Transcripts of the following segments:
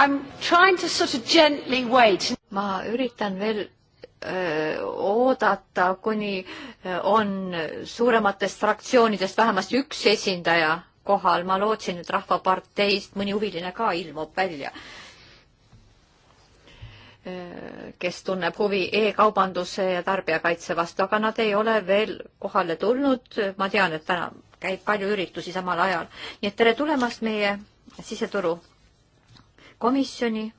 Sort of ma üritan veel öö, oodata, kuni on suurematest fraktsioonidest vähemasti üks esindaja kohal. ma lootsin, et Rahvaparteist mõni huviline ka ilmub välja, kes tunneb huvi e-kaubanduse ja tarbijakaitse vastu, aga nad ei ole veel kohale tulnud. ma tean, et täna käib palju üritusi samal ajal. nii et tere tulemast meie siseturu komisjoni.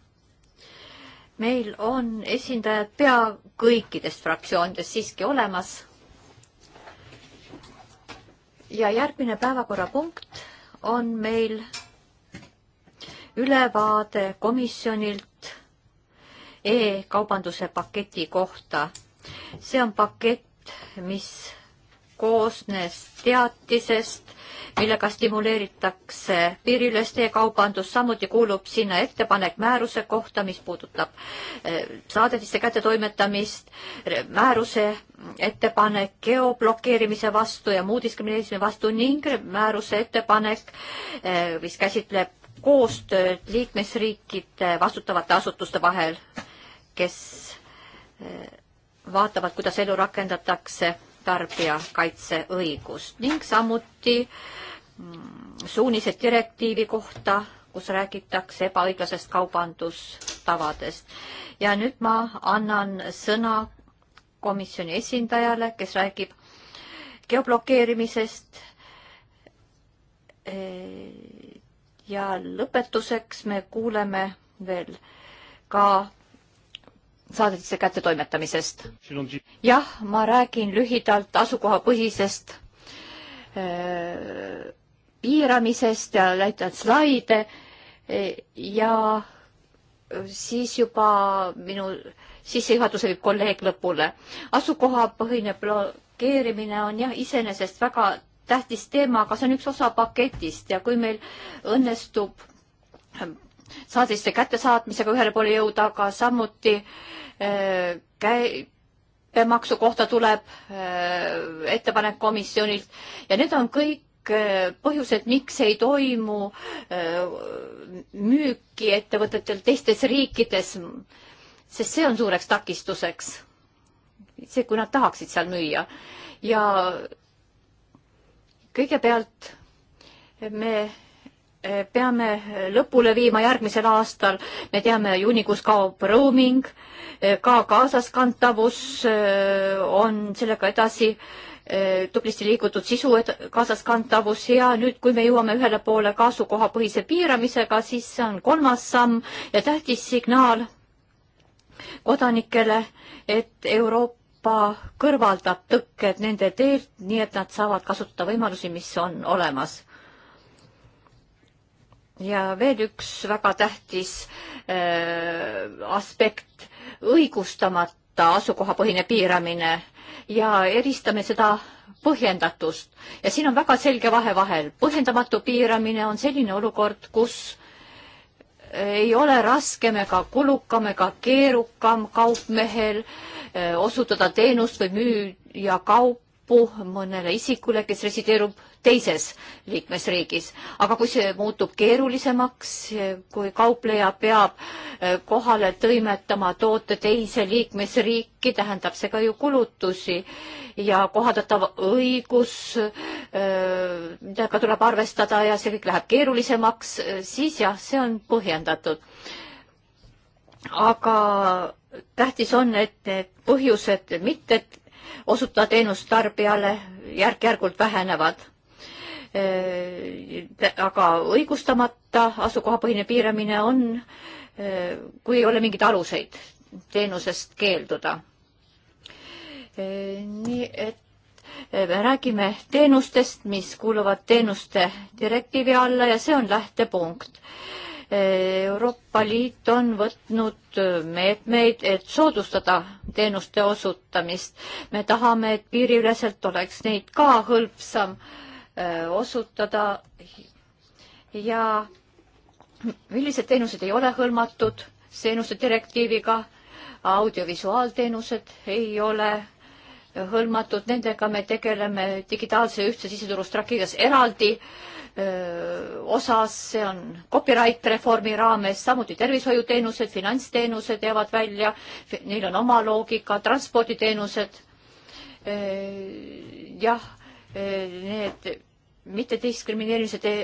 meil on esindajad pea kõikidest fraktsioonidest siiski olemas. ja järgmine päevakorrapunkt on meil ülevaade komisjonilt e-kaubanduse paketi kohta. see on pakett, mis koosnes teatisest, millega stimuleeritakse piiriülest e-kaubandust, samuti kuulub sinna ettepanek määruse kohta, mis puudutab eh, saadetiste kättetoimetamist, määruse ettepanek geoblokeerimise vastu ja muu diskrimineerimise vastu ning määruse ettepanek, eh, mis käsitleb koostööd liikmesriikide vastutavate asutuste vahel, kes eh, vaatavad, kuidas elu rakendatakse tarbijakaitseõigust ning samuti mm, suunised direktiivi kohta, kus räägitakse ebaõiglasest kaubandustavadest. ja nüüd ma annan sõna komisjoni esindajale, kes räägib geoblokeerimisest. ja lõpetuseks me kuuleme veel ka saadetiste kättetoimetamisest. jah, ma räägin lühidalt asukohapõhisest öö, äh, piiramisest ja näitan slaide äh, ja siis juba minu sissejuhatuse viib kolleeg lõpule. asukohapõhine blokeerimine on jah, iseenesest väga tähtis teema, aga see on üks osa paketist ja kui meil õnnestub saadiste kättesaatmisega ühele poole jõuda, aga samuti eh, käibemaksu kohta tuleb eh, ettepanek komisjonilt ja need on kõik eh, põhjused, miks ei toimu müüki ettevõtetel teistes riikides, sest see on suureks takistuseks. see, kui nad tahaksid seal müüa ja kõigepealt me Eh, peame lõpule viima järgmisel aastal. me teame, juunikuus kaob roaming, eh, ka kaasaskantavus eh, on sellega edasi tublisti liigutud sisu kaasaskantavus ja nüüd, kui me jõuame ühele poole kaasukohapõhise piiramisega, siis see on kolmas samm ja tähtis signaal kodanikele, et Euroopa kõrvaldab tõkked nende teelt, nii et nad saavad kasutada võimalusi, mis on olemas ja veel üks väga tähtis äh, aspekt, õigustamata asukohapõhine piiramine ja eristame seda põhjendatust. ja siin on väga selge vahe vahel. põhjendamatu piiramine on selline olukord, kus äh, ei ole raskem ega kulukam ega keerukam kaupmehel öö, äh, osutada teenust või müüa kaupu mõnele isikule, kes resideerub teises liikmesriigis. aga kui see muutub keerulisemaks, kui kaupleja peab e, kohale toimetama toote teise liikmesriiki, tähendab see ka ju kulutusi ja kohaldatav õigus, e, millega tuleb arvestada ja see kõik läheb keerulisemaks, e, siis jah, see on põhjendatud. aga tähtis on, et need põhjused mitte osutada teenust tarbijale järk-järgult vähenevad Äh, aga õigustamata asukohapõhine piiramine on, äh, kui ei ole mingeid aluseid teenusest keelduda. Äh, nii et me räägime teenustest, mis kuuluvad teenuste direktiivi alla ja see on lähtepunkt. Euroopa Liit on võtnud meetmeid, et soodustada teenuste osutamist. me tahame, et piiriüleselt oleks neid ka hõlpsam äh, osutada ja millised teenused ei ole hõlmatud teenuste direktiiviga, audiovisuaalteenused ei ole hõlmatud, nendega me tegeleme digitaalse ühtse siseturu strateegias eraldi öö, osas, see on copyright reformi raames, samuti tervishoiuteenused, finantsteenused jäävad välja, neil on oma loogika, transporditeenused, jah need mittediskrimineerimise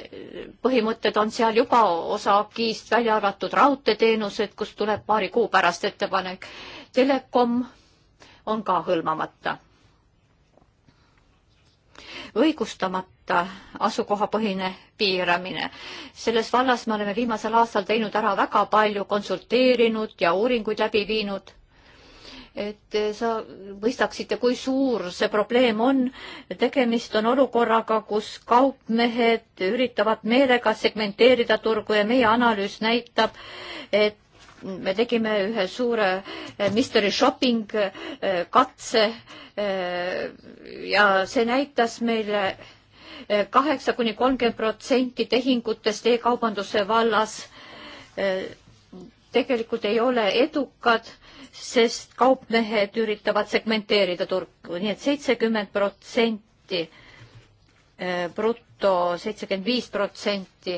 põhimõtted on seal juba osa AK-ist, välja arvatud raudteeteenused, kus tuleb paari kuu pärast ettepanek. Telekom on ka hõlmamata. õigustamata asukohapõhine piiramine. selles vallas me oleme viimasel aastal teinud ära väga palju, konsulteerinud ja uuringuid läbi viinud et sa mõistaksite, kui suur see probleem on. tegemist on olukorraga, kus kaupmehed üritavad meelega segmenteerida turgu ja meie analüüs näitab, et me tegime ühe suure eh, mystery shopping eh, katse eh, ja see näitas meile kaheksa kuni kolmkümmend protsenti tehingutest e-kaubanduse vallas tegelikult ei ole edukad sest kaupmehed üritavad segmenteerida turgu, nii et seitsekümmend protsenti eh, bruto, seitsekümmend viis protsenti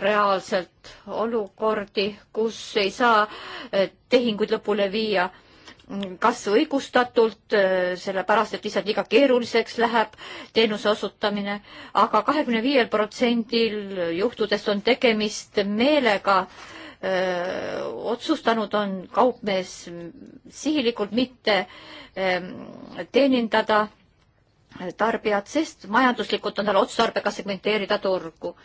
reaalselt olukordi, kus ei saa eh, tehinguid lõpule viia mm, kas õigustatult, eh, sellepärast et lihtsalt liiga keeruliseks läheb teenuse osutamine aga, aga kahekümne viiel protsendil juhtudest on tegemist meelega äh, öö, otsustanud on kaupmees sihilikult mitte öö, ehm, teenindada tarbijat, sest majanduslikult on tal otstarbega segmenteerida turgu.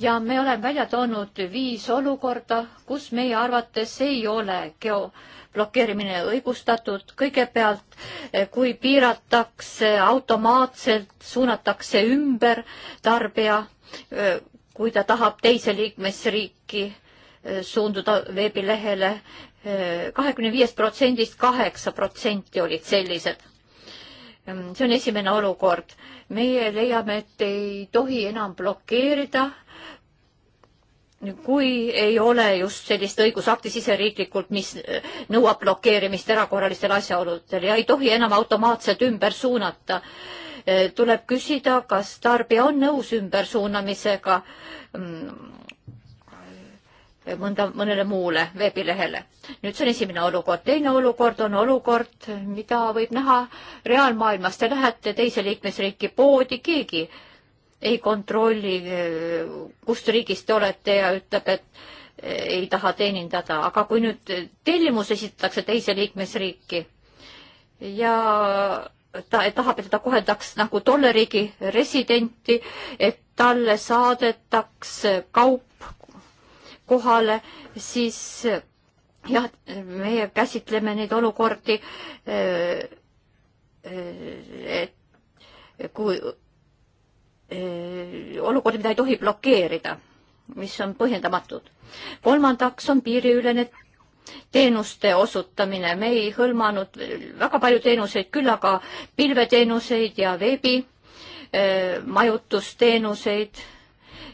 ja me oleme välja toonud viis olukorda, kus meie arvates ei ole geoblokeerimine õigustatud. kõigepealt, eh, kui piiratakse automaatselt, suunatakse ümber tarbija, eh, kui ta tahab teise liikmesriiki suunduda veebilehele. kahekümne viiest protsendist kaheksa protsenti olid sellised. see on esimene olukord. meie leiame, et ei tohi enam blokeerida kui ei ole just sellist õigusakti siseriiklikult, mis nõuab blokeerimist erakorralistel asjaoludel ja ei tohi enam automaatselt ümber suunata, tuleb küsida, kas tarbija on nõus ümbersuunamisega mõnda, mõnele muule veebilehele. nüüd see on esimene olukord. teine olukord on olukord, mida võib näha reaalmaailmas. Te lähete teise liikmesriiki poodi, keegi ei kontrolli, kust riigist te olete ja ütleb, et eh, ei taha teenindada, aga kui nüüd tellimus esitatakse teise liikmesriiki ja ta tahab, et teda koheldaks nagu tolle riigi residenti, et talle saadetaks kaup kohale, siis jah, meie käsitleme neid olukordi, äh, äh, et kui äh, olukordi, mida ei tohi blokeerida, mis on põhjendamatud. kolmandaks on piiriülene teenuste osutamine, me ei hõlmanud väga palju teenuseid, küll aga pilveteenuseid ja veebi majutusteenuseid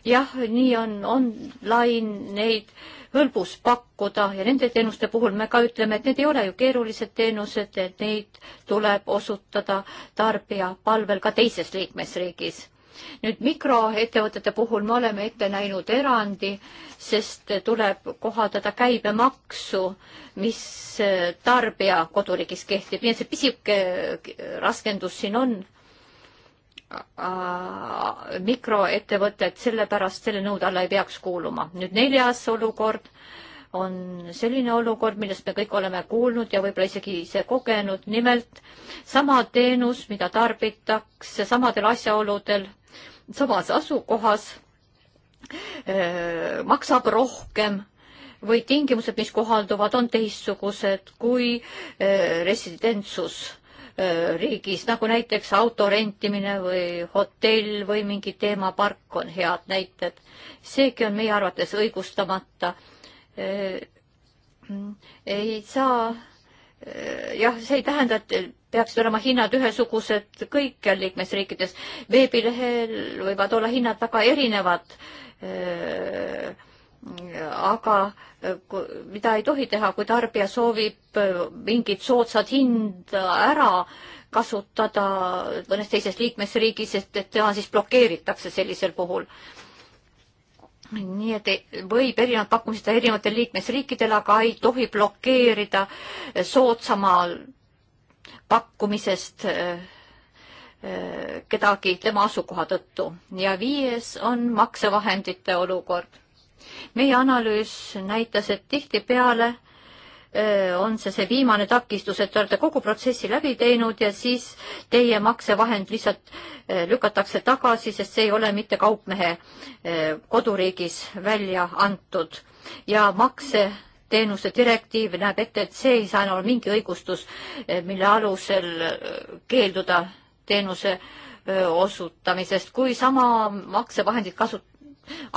jah, nii on online neid hõlbus pakkuda ja nende teenuste puhul me ka ütleme, et need ei ole ju keerulised teenused, et neid tuleb osutada tarbija palvel ka teises liikmesriigis nüüd mikroettevõtete puhul me oleme ette näinud erandi, sest tuleb kohaldada käibemaksu, mis tarbija koduriigis kehtib, nii et see pisike raskendus siin on Äh, mikroettevõtted sellepärast selle nõude alla ei peaks kuuluma. nüüd neljas olukord on selline olukord, millest me kõik oleme kuulnud ja võib-olla isegi ise kogenud, nimelt sama teenus, mida tarbitakse samadel asjaoludel samas asukohas, äh, maksab rohkem või tingimused, mis kohalduvad, on teistsugused kui äh, residentsus riigis, nagu näiteks auto rentimine või hotell või mingi teemapark on head näited. seegi on meie arvates õigustamata. Äh, ei saa, äh, jah, see ei tähenda, et peaksid olema hinnad ühesugused kõikjal liikmesriikides. veebilehel võivad olla hinnad väga erinevad äh, aga eh, mida ei tohi teha, kui tarbija soovib eh, mingit soodsat hinda ära kasutada mõnes teises liikmesriigis, sest et teda siis blokeeritakse sellisel puhul. nii et võib erinevad pakkumised teha erinevatel liikmesriikidel, aga ei tohi blokeerida soodsama pakkumisest eh, kedagi tema asukoha tõttu. ja viies on maksevahendite olukord meie analüüs näitas, et tihtipeale on see see viimane takistus, et te olete kogu protsessi läbi teinud ja siis teie maksevahend lihtsalt lükatakse tagasi, sest see ei ole mitte kaupmehe koduriigis välja antud ja makseteenuste direktiiv näeb ette, et see ei saa enam olla mingi õigustus, mille alusel keelduda teenuse osutamisest, kui sama maksevahendit kasut-,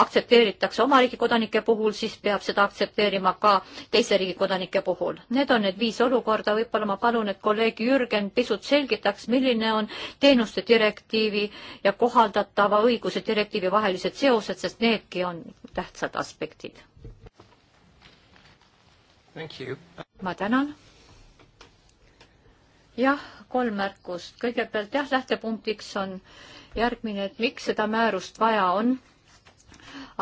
aktsepteeritakse oma riigi kodanike puhul, siis peab seda aktsepteerima ka teise riigi kodanike puhul. Need on need viis olukorda, võib-olla ma palun, et kolleeg Jürgen pisut selgitaks, milline on teenuste direktiivi ja kohaldatava õiguse direktiivi vahelised seosed, sest needki on tähtsad aspektid. ma tänan jah, kolm märkust. kõigepealt jah, lähtepunktiks on järgmine, et miks seda määrust vaja on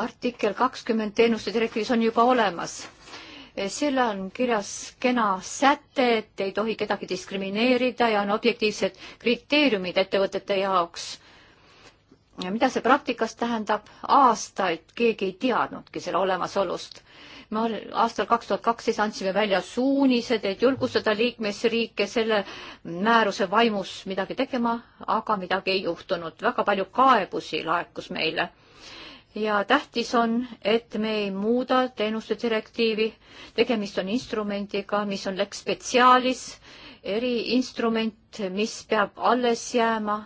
artikkel kakskümmend teenuste direktiivis on juba olemas. selle on kirjas kena säte, et ei tohi kedagi diskrimineerida ja on objektiivsed kriteeriumid ettevõtete jaoks. ja mida see praktikas tähendab? aastaid keegi ei teadnudki selle olemasolust me aastal kaks tuhat kaksteist andsime välja suunised, et julgustada liikmesriike selle määruse vaimus midagi tegema, aga midagi ei juhtunud. väga palju kaebusi laekus meile ja tähtis on, et me ei muuda teenuste direktiivi. tegemist on instrumendiga, mis on Lex Specialis, eriinstrument, mis peab alles jääma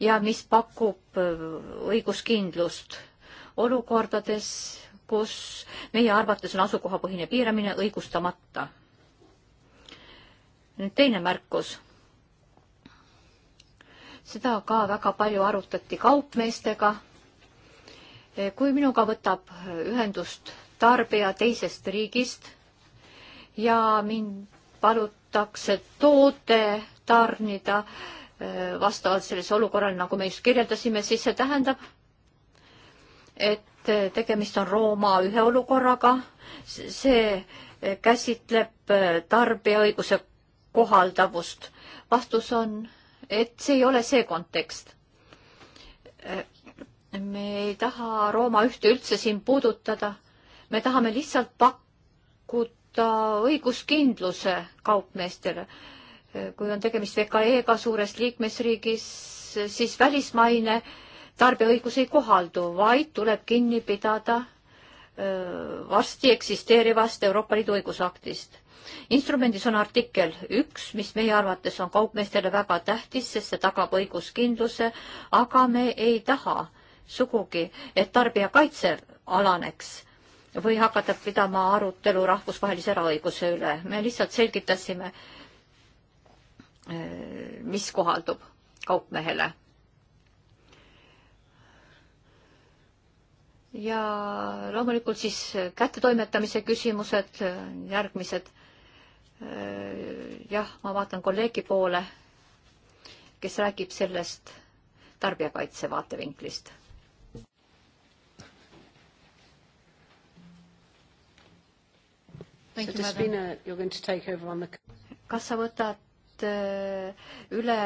ja mis pakub äh, õiguskindlust olukordades, kus meie arvates on asukohapõhine piiramine õigustamata. nüüd teine märkus. seda ka väga palju arutati kaupmeestega kui minuga võtab ühendust tarbija teisest riigist ja mind palutakse toote tarnida äh, vastavalt sellisele olukorrale, nagu me just kirjeldasime, siis see tähendab, et äh, tegemist on Rooma ühe olukorraga, see äh, käsitleb tarbijaõiguse kohaldavust. vastus on, et see ei ole see kontekst me ei taha Rooma ühte üldse siin puudutada. me tahame lihtsalt pakkuda õiguskindluse kaupmeestele. kui on tegemist VKE-ga suures liikmesriigis, siis välismaine tarbijaõigus ei kohaldu, vaid tuleb kinni pidada varsti eksisteerivast Euroopa Liidu õigusaktist instrumendis on artikkel üks, mis meie arvates on kaupmeestele väga tähtis, sest see tagab õiguskindluse, aga me ei taha sugugi, et tarbijakaitse alaneks või hakata pidama arutelu rahvusvahelise eraõiguse üle. me lihtsalt selgitasime, äh, mis kohaldub kaupmehele. ja loomulikult siis kättetoimetamise küsimused, järgmised. Äh, jah, ma vaatan kolleegi poole, kes räägib sellest tarbijakaitse vaatevinklist kas sa võtad äh, üle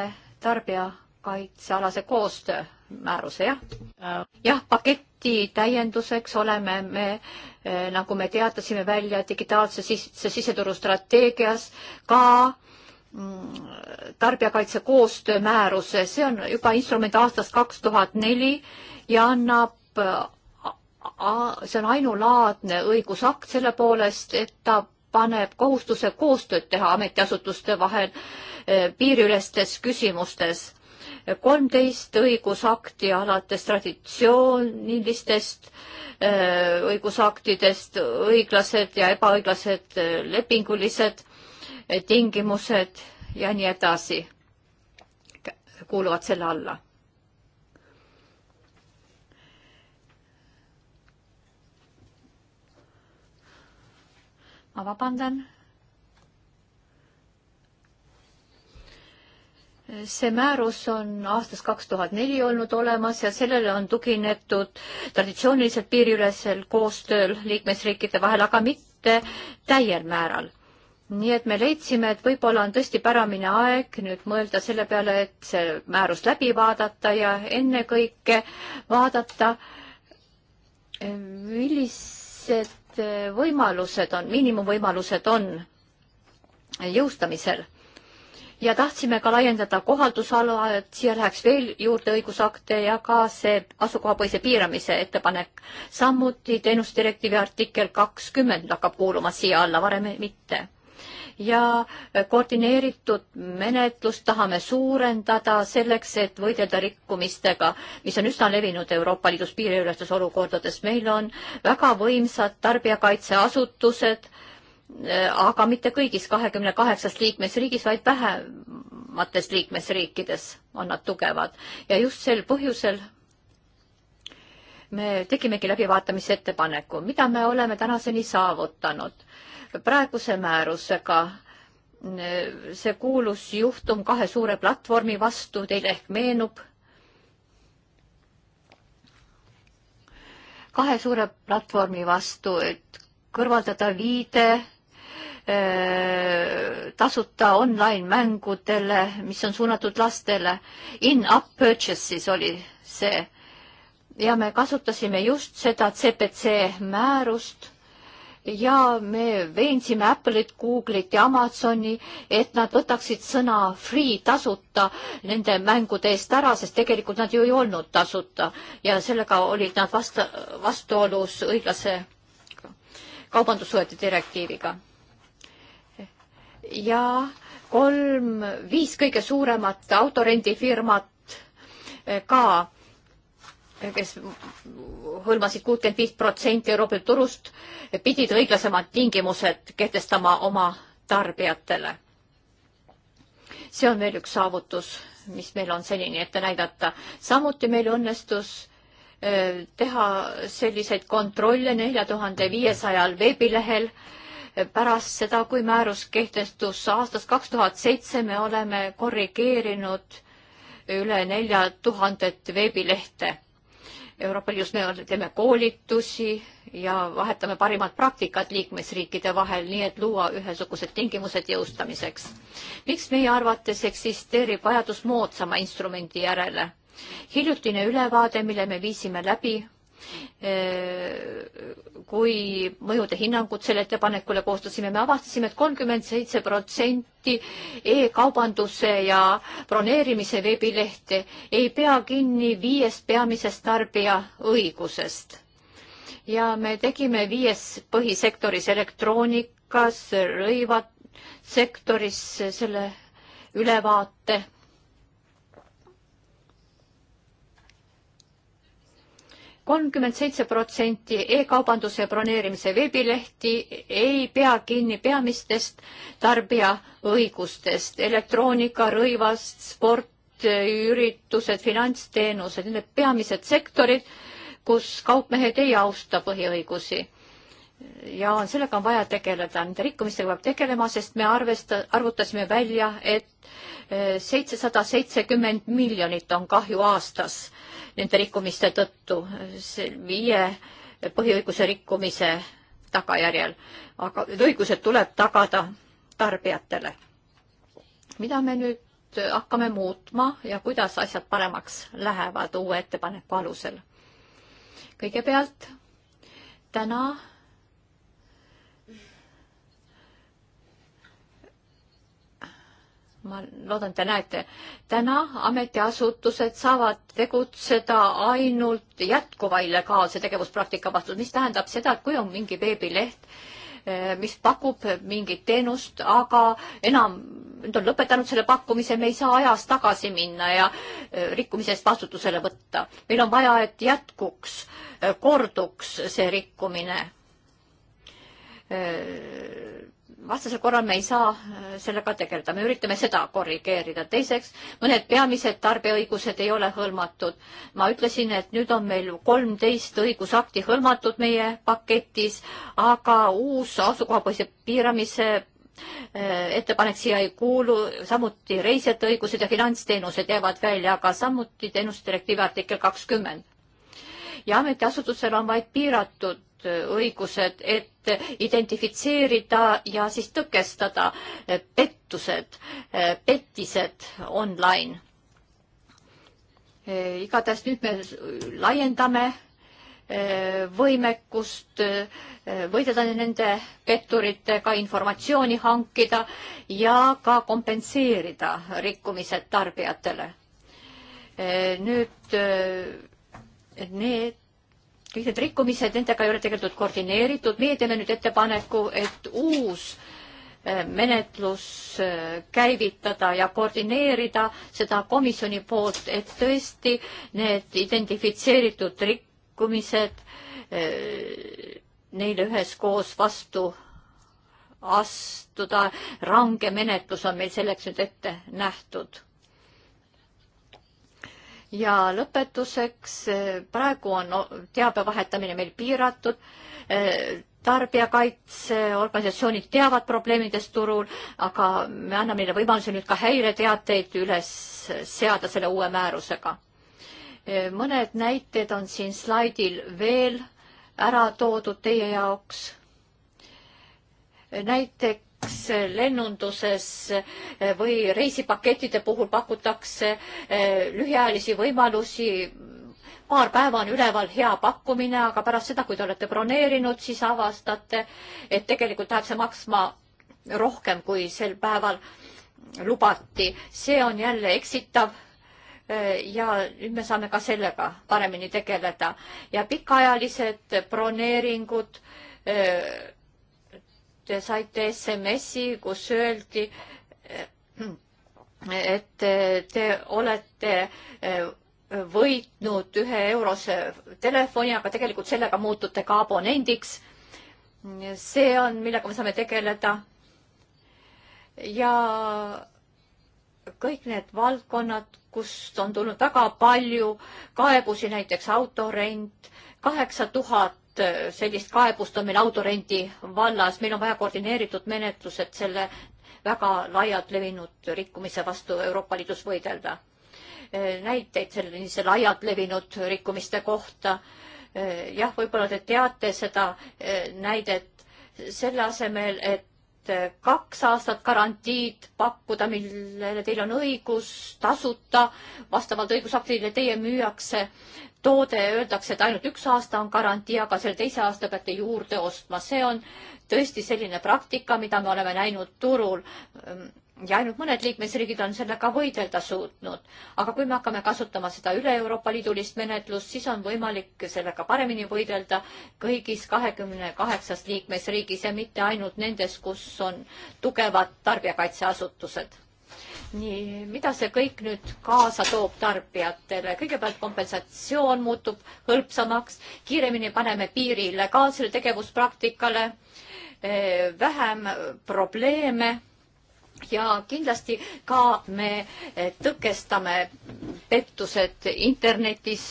tarbijakaitsealase koostöö määruse, jah? Uh, jah, paketi täienduseks oleme me, äh, nagu me teatasime välja digitaalse sisse, siseturu strateegias ka mm, tarbijakaitse koostöömääruse, see on juba instrument aastast kaks tuhat neli ja annab äh, see on ainulaadne õigusakt selle poolest, et ta paneb kohustuse koostööd teha ametiasutuste vahel e, piiriülestes küsimustes. kolmteist õigusakti alates traditsioonilistest e, õigusaktidest, õiglased ja ebaõiglased e, lepingulised tingimused ja nii edasi kuuluvad selle alla ma vabandan. see määrus on aastast kaks tuhat neli olnud olemas ja sellele on tuginetud traditsiooniliselt piiriülesel koostööl liikmesriikide vahel, aga mitte täiel määral nii et me leidsime, et võib-olla on tõesti päramine aeg nüüd mõelda selle peale, et see määrus läbi vaadata ja ennekõike vaadata, millised võimalused on, miinimumvõimalused on jõustamisel. ja tahtsime ka laiendada kohaldusala, et siia läheks veel juurde õigusakte ja ka see asukohapõhise piiramise ettepanek. samuti teenusdirektiivi artikkel kakskümmend hakkab kuuluma siia alla, varem mitte ja koordineeritud menetlust tahame suurendada selleks, et võidelda rikkumistega, mis on üsna levinud Euroopa Liidus piiriülestes olukordades. meil on väga võimsad tarbijakaitseasutused, äh, aga mitte kõigis kahekümne kaheksas liikmesriigis, vaid vähemates liikmesriikides on nad tugevad ja just sel põhjusel me tegimegi läbivaatamisettepaneku, mida me oleme tänaseni saavutanud. praeguse määrusega see kuulus juhtum kahe suure platvormi vastu teile ehk meenub. kahe suure platvormi vastu, et kõrvaldada viide e, tasuta online mängudele, mis on suunatud lastele. In-app purchases oli see ja me kasutasime just seda CPC määrust ja me veensime Apple'it, Google'it ja Amazoni, et nad võtaksid sõna free, tasuta nende mängude eest ära, sest tegelikult nad ju ei olnud tasuta ja sellega olid nad vasta, vastuolus õiglase kaubandussuhete direktiiviga. ja kolm, viis kõige suuremat autorendifirmat ka kes hõlmasid kuutkümmend viis protsenti Euroopa Liidu turust, pidid õiglasemad tingimused kehtestama oma tarbijatele. see on veel üks saavutus, mis meil on senini ette näidata. samuti meil õnnestus äh, teha selliseid kontrolle nelja tuhande viiesajal veebilehel pärast seda, kui määrus kehtestus aastast kaks tuhat seitse, me oleme korrigeerinud üle nelja tuhandet veebilehte Euroopa Liidus me teeme koolitusi ja vahetame parimad praktikad liikmesriikide vahel, nii et luua ühesugused tingimused jõustamiseks. miks meie arvates eksisteerib vajadus moodsama instrumendi järele? hiljutine ülevaade, mille me viisime läbi Äh, kui mõjude hinnangut selle ettepanekule koostasime, me avastasime et, et kolmkümmend seitse protsenti e-kaubanduse ja broneerimise veebilehte ei pea kinni viiest peamisest tarbija õigusest. ja me tegime viies põhisektoris elektroonikas, rõivad sektoris selle ülevaate kolmkümmend seitse protsenti e-kaubanduse broneerimise veebilehti ei pea kinni peamistest tarbija õigustest, elektroonika, rõivast, sport, üritused, finantsteenused, need peamised sektorid, kus kaupmehed ei austa põhiõigusi ja sellega on vaja tegeleda, nende rikkumistega peab tegelema, sest me arvesta-, arvutasime välja, et eh, seitsesada seitsekümmend miljonit on kahju aastas nende rikkumiste tõttu, viie põhiõiguse rikkumise tagajärjel. aga need õigused tuleb tagada tarbijatele. mida me nüüd hakkame muutma ja kuidas asjad paremaks lähevad uue ettepaneku alusel? kõigepealt täna ma loodan, te näete, täna ametiasutused saavad tegutseda ainult jätkuva illegaalse tegevuspraktika vastu, mis tähendab seda, et kui on mingi veebileht, eh, mis pakub mingit teenust, aga enam, nüüd on lõpetanud selle pakkumise, me ei saa ajas tagasi minna ja eh, rikkumise eest vastutusele võtta. meil on vaja, et jätkuks, eh, korduks see rikkumine vastasel korral me ei saa äh, sellega tegeleda, me üritame seda korrigeerida. teiseks, mõned peamised tarbijaõigused ei ole hõlmatud. ma ütlesin, et nüüd on meil kolmteist õigusakti hõlmatud meie paketis, aga uus asukohapõhise piiramise äh, ettepanek siia ei kuulu, samuti reisijate õigused ja finantsteenused jäävad välja, aga samuti teenuste direktiivi artikkel kakskümmend. ja ametiasutusel on vaid piiratud õigused, et identifitseerida ja siis tõkestada pettused, pettised online. igatahes nüüd me laiendame eh, võimekust eh, võidelda nende petturitega, informatsiooni hankida ja ka kompenseerida rikkumised tarbijatele. Eh, nüüd need kõik need rikkumised, nendega ei ole tegelikult koordineeritud. meie teeme nüüd ettepaneku, et uus äh, menetlus äh, käivitada ja koordineerida seda komisjoni poolt, et tõesti need identifitseeritud rikkumised äh, neile üheskoos vastu astuda. range menetlus on meil selleks nüüd ette nähtud ja lõpetuseks, eh, praegu on teabe vahetamine meil piiratud, eh, tarbijakaitseorganisatsioonid teavad probleemidest turul, aga me anname neile võimaluse nüüd ka häireteateid üles seada selle uue määrusega. Eh, mõned näited on siin slaidil veel ära toodud teie jaoks. näiteks näiteks lennunduses või reisipakettide puhul pakutakse eh, lühiajalisi võimalusi paar päeva on üleval hea pakkumine, aga pärast seda, kui te olete broneerinud, siis avastate, et tegelikult läheb see maksma rohkem, kui sel päeval lubati. see on jälle eksitav. Eh, ja nüüd me saame ka sellega paremini tegeleda ja pikaajalised broneeringud eh, te saite SMS-i, kus öeldi, et te olete eh, võitnud ühe eurose telefoni, aga tegelikult sellega muutute ka abonendiks. see on, millega me saame tegeleda. ja kõik need valdkonnad, kust on tulnud väga palju kaebusi, näiteks autorent, kaheksa tuhat Äh, sellist kaebust on meil autorendi vallas, meil on vaja koordineeritud menetlused selle väga laialt levinud rikkumise vastu Euroopa Liidus võidelda. Äh, näiteid sellise laialt levinud rikkumiste kohta. Äh, jah, võib-olla te teate seda näidet selle asemel, et võite kaks aastat garantiid pakkuda, millele teil on õigus tasuta, vastavalt õigusaktile teie müüakse toode, öeldakse, et ainult üks aasta on garantii, aga selle teise aasta peate juurde ostma. see on tõesti selline praktika, mida me oleme näinud turul ja ainult mõned liikmesriigid on sellega võidelda suutnud. aga kui me hakkame kasutama seda üle Euroopa Liidulist menetlust, siis on võimalik sellega paremini võidelda kõigis kahekümne kaheksas liikmesriigis ja mitte ainult nendes, kus on tugevad tarbijakaitseasutused. nii, mida see kõik nüüd kaasa toob tarbijatele? kõigepealt kompensatsioon muutub hõlpsamaks, kiiremini paneme piiri legaalsele tegevuspraktikale, eh, vähem probleeme ja kindlasti ka me tõkestame pettused internetis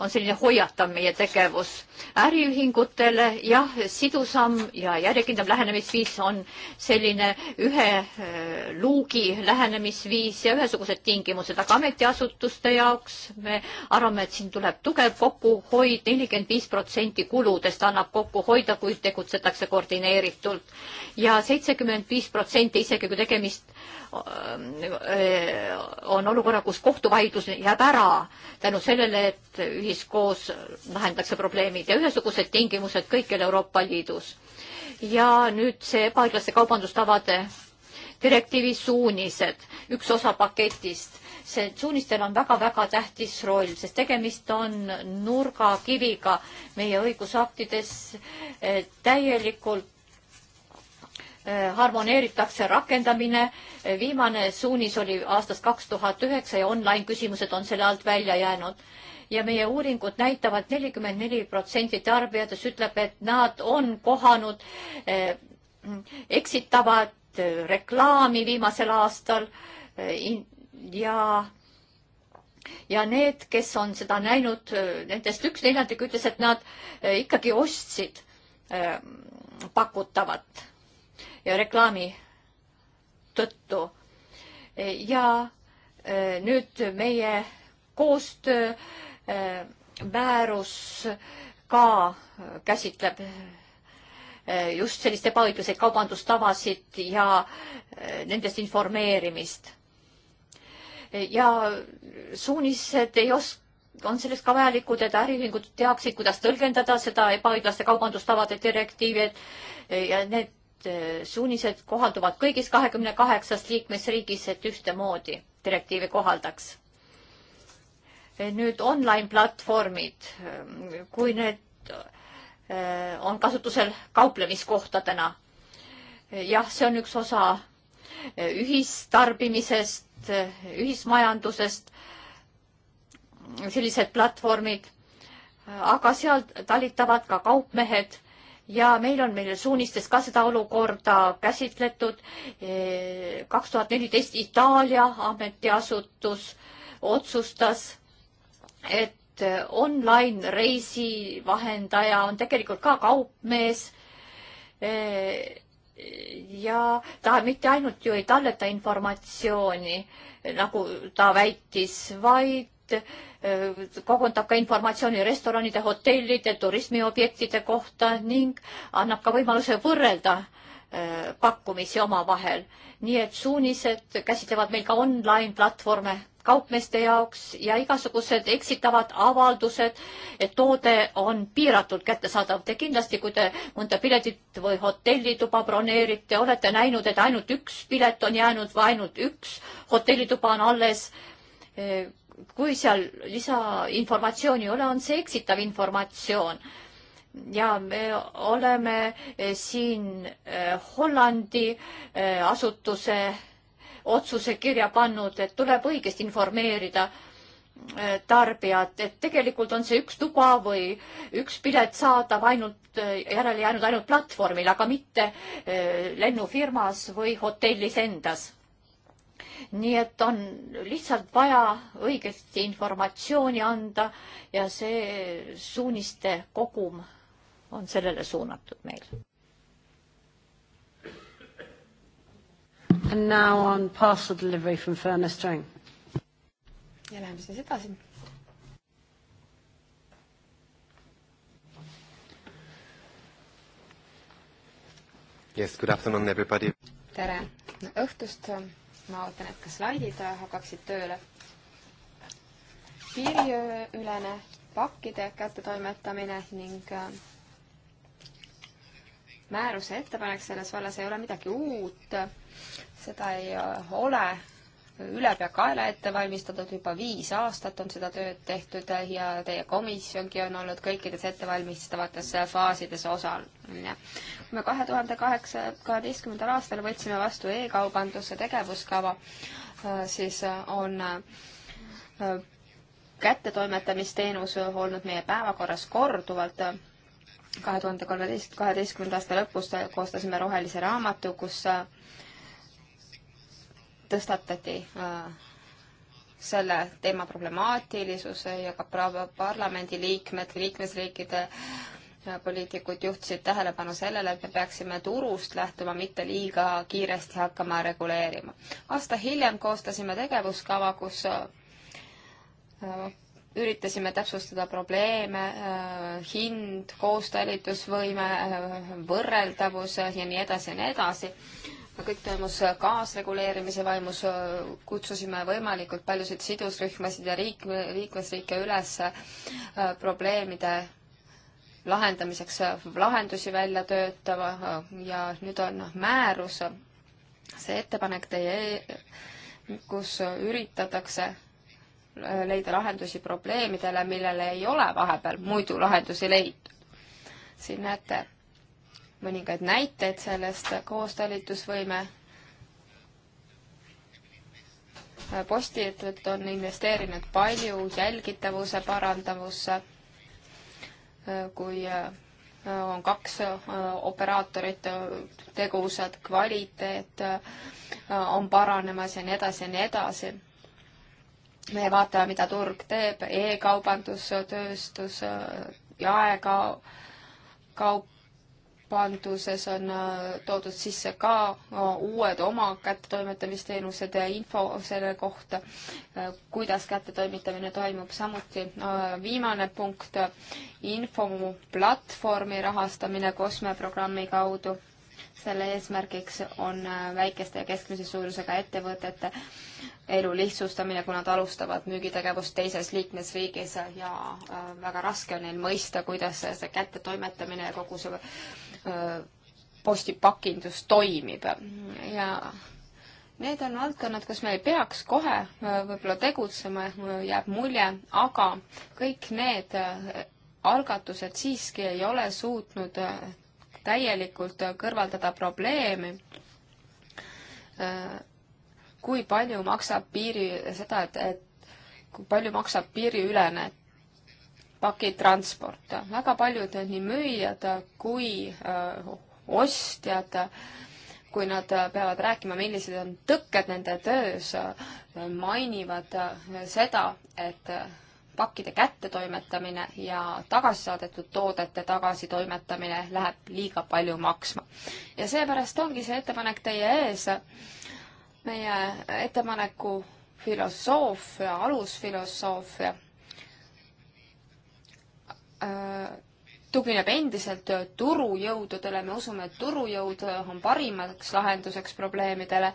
on selline hoiatav meie tegevus. äriühingutele jah, sidusam ja järjekindlam lähenemisviis on selline ühe eh, luugi lähenemisviis ja ühesugused tingimused, aga ametiasutuste jaoks me arvame, et siin tuleb tugev kokkuhoid, nelikümmend viis protsenti kuludest annab kokku hoida, kui tegutsetakse koordineeritult ja seitsekümmend viis protsenti, isegi kui tegemist eh, on olukorra, kus kohtuvaidlus jääb ära tänu sellele, et ühiskoos lahendatakse probleemid ja ühesugused tingimused kõikjal Euroopa Liidus. ja nüüd see ebaõiglaste kaubandustavade direktiivi suunised, üks osa paketist. see suunistel on väga-väga tähtis roll, sest tegemist on nurgakiviga meie õigusaktides täielikult eh, harmoneeritakse rakendamine. viimane suunis oli aastast kaks tuhat üheksa ja online küsimused on selle alt välja jäänud ja meie uuringud näitavad, nelikümmend neli protsenti tarbijatest ütleb, et nad on kohanud eh, eksitavat eh, reklaami viimasel aastal eh, ja ja need, kes on seda näinud, nendest üks neljandik ütles, et nad ikkagi ostsid pakutavat ja reklaami tõttu. ja nüüd meie koostöö Äh, määrus ka käsitleb äh, just sellist ebaõiglaseid kaubandustavasid ja äh, nendest informeerimist. ja suunised ei os-, on selleks ka vajalikud, et äriühingud teaksid, kuidas tõlgendada seda ebaõiglaste kaubandustavade direktiivi, et ja need suunised kohalduvad kõigis kahekümne kaheksas liikmesriigis, et ühtemoodi direktiivi kohaldaks Eh, nüüd online platvormid, eh, kui need eh, on kasutusel kauplemiskohtadena. jah, see on üks osa ühistarbimisest, ühismajandusest, sellised platvormid, aga seal talitavad ka kaupmehed ja meil on meil suunistes ka seda olukorda käsitletud. kaks tuhat neliteist Itaalia ametiasutus otsustas et äh, online reisivahendaja on tegelikult ka kaupmees äh, ja ta mitte ainult ju ei talleta informatsiooni, nagu ta väitis, vaid äh, kogundab ka informatsiooni restoranide, hotellide, turismiobjektide kohta ning annab ka võimaluse võrrelda pakkumisi omavahel. nii et suunised käsitlevad meil ka online platvorme kaupmeeste jaoks ja igasugused eksitavad avaldused, et toode on piiratult kättesaadav. Te kindlasti, kui te mõnda piletit või hotellituba broneerite, olete näinud, et ainult üks pilet on jäänud või ainult üks hotellituba on alles. kui seal lisainformatsiooni ei ole, on see eksitav informatsioon ja me oleme siin eh, Hollandi eh, asutuse otsuse kirja pannud, et tuleb õigesti informeerida äh, tarbijat, et tegelikult on see üks tuba või üks pilet saadav ainult, äh, järele jäänud ainult platvormil, aga mitte äh, lennufirmas või hotellis endas. nii et on lihtsalt vaja õigesti informatsiooni anda ja see suuniste kogum on sellele suunatud meil And now on parcel delivery from Ferner String. ja läheme siis edasi. Yes, good afternoon everybody. tere õhtust. ma ootan, et ka slaidid hakkaksid tööle. piiriülene pakkide kättetoimetamine ning äh, määruse ettepanek selles vallas ei ole midagi uut seda ei äh, ole ülepeakaela ette valmistatud, juba viis aastat on seda tööd tehtud äh, ja teie komisjongi on olnud kõikides ettevalmistavates äh, faasides osaline. kui me kahe tuhande kaheksa, kaheteistkümnendal aastal võtsime vastu e-kaubanduse tegevuskava, siis on kättetoimetamisteenus olnud meie päevakorras korduvalt kahe tuhande kolmeteist, kaheteistkümnenda aasta lõpus koostasime rohelise raamatu, kus tõstatati äh, selle teema problemaatilisuse ja ka parlamendi liikmed, liikmesriikide äh, poliitikud juhtisid tähelepanu sellele, et me peaksime turust lähtuma, mitte liiga kiiresti hakkama reguleerima. aasta hiljem koostasime tegevuskava, kus äh, üritasime täpsustada probleeme, hind, koostalitusvõime, võrreldavus ja nii edasi ja nii edasi kõik toimus kaasreguleerimise vaimus, kutsusime võimalikult paljusid sidusrühmasid ja riik, liikmesriike üles äh, probleemide lahendamiseks äh, lahendusi välja töötama ja nüüd on määrus, see ettepanek teie, kus üritatakse äh, leida lahendusi probleemidele, millele ei ole vahepeal muidu lahendusi leitud. siin näete mõningaid näiteid sellest koostalitusvõime. postiettevõtted on investeerinud palju jälgitavuse parandavusse, kui äh, on kaks äh, operaatorit äh, tegusad, kvaliteet on paranemas ja nii edasi ja nii edasi. me vaatame, mida turg teeb e, e-kaubandustööstus, jaekaup, panduses on äh, toodud sisse ka äh, uued oma kättetoimetamisteenused ja info selle kohta, äh, kuidas kättetoimetamine toimub. samuti viimane punkt, infoplatvormi rahastamine COSME programmi kaudu. selle eesmärgiks on väikeste ja keskmise suurusega ettevõtete elu lihtsustamine, kui nad alustavad müügitegevust teises liikmesriigis ja väga raske on neil mõista, kuidas see kättetoimetamine ja kogu see Äh, postipakindus toimib ja need on valdkonnad, kus me ei peaks kohe äh, võib-olla tegutsema, jääb mulje, aga kõik need äh, algatused siiski ei ole suutnud täielikult kõrvaldada probleemi, kui palju maksab piiri, seda, et, et kui palju maksab piiriülene pakitransport. väga paljud nii müüjad kui äh, ostjad, kui nad peavad rääkima, millised on tõkked nende töös, mainivad seda, et pakkide kättetoimetamine ja tagasisaadetud toodete tagasitoimetamine läheb liiga palju maksma. ja seepärast ongi see ettepanek teie ees. meie ettepaneku filosoofia, alusfilosoofia Äh, tugineb endiselt turujõududele, me usume, et turujõud on parimaks lahenduseks probleemidele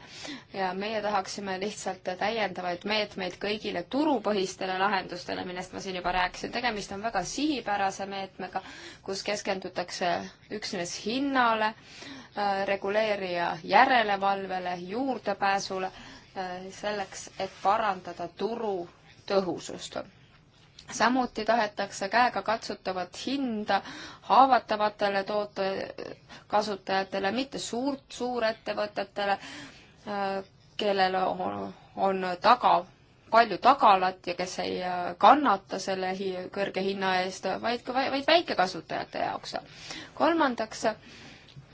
ja meie tahaksime lihtsalt täiendavaid meetmeid kõigile turupõhistele lahendustele, millest ma siin juba rääkisin. tegemist on väga sihipärase meetmega, kus keskendutakse üksnes hinnale, äh, reguleerija järelevalvele, juurdepääsule, äh, selleks, et parandada turu tõhusust samuti tahetakse käegakatsutavat hinda haavatavatele toote kasutajatele, mitte suurt, suurettevõtetele, kellel on, on taga, palju tagalat ja kes ei äh, kannata selle hi kõrge hinna eest, vaid ka, vaid väikekasutajate jaoks. kolmandaks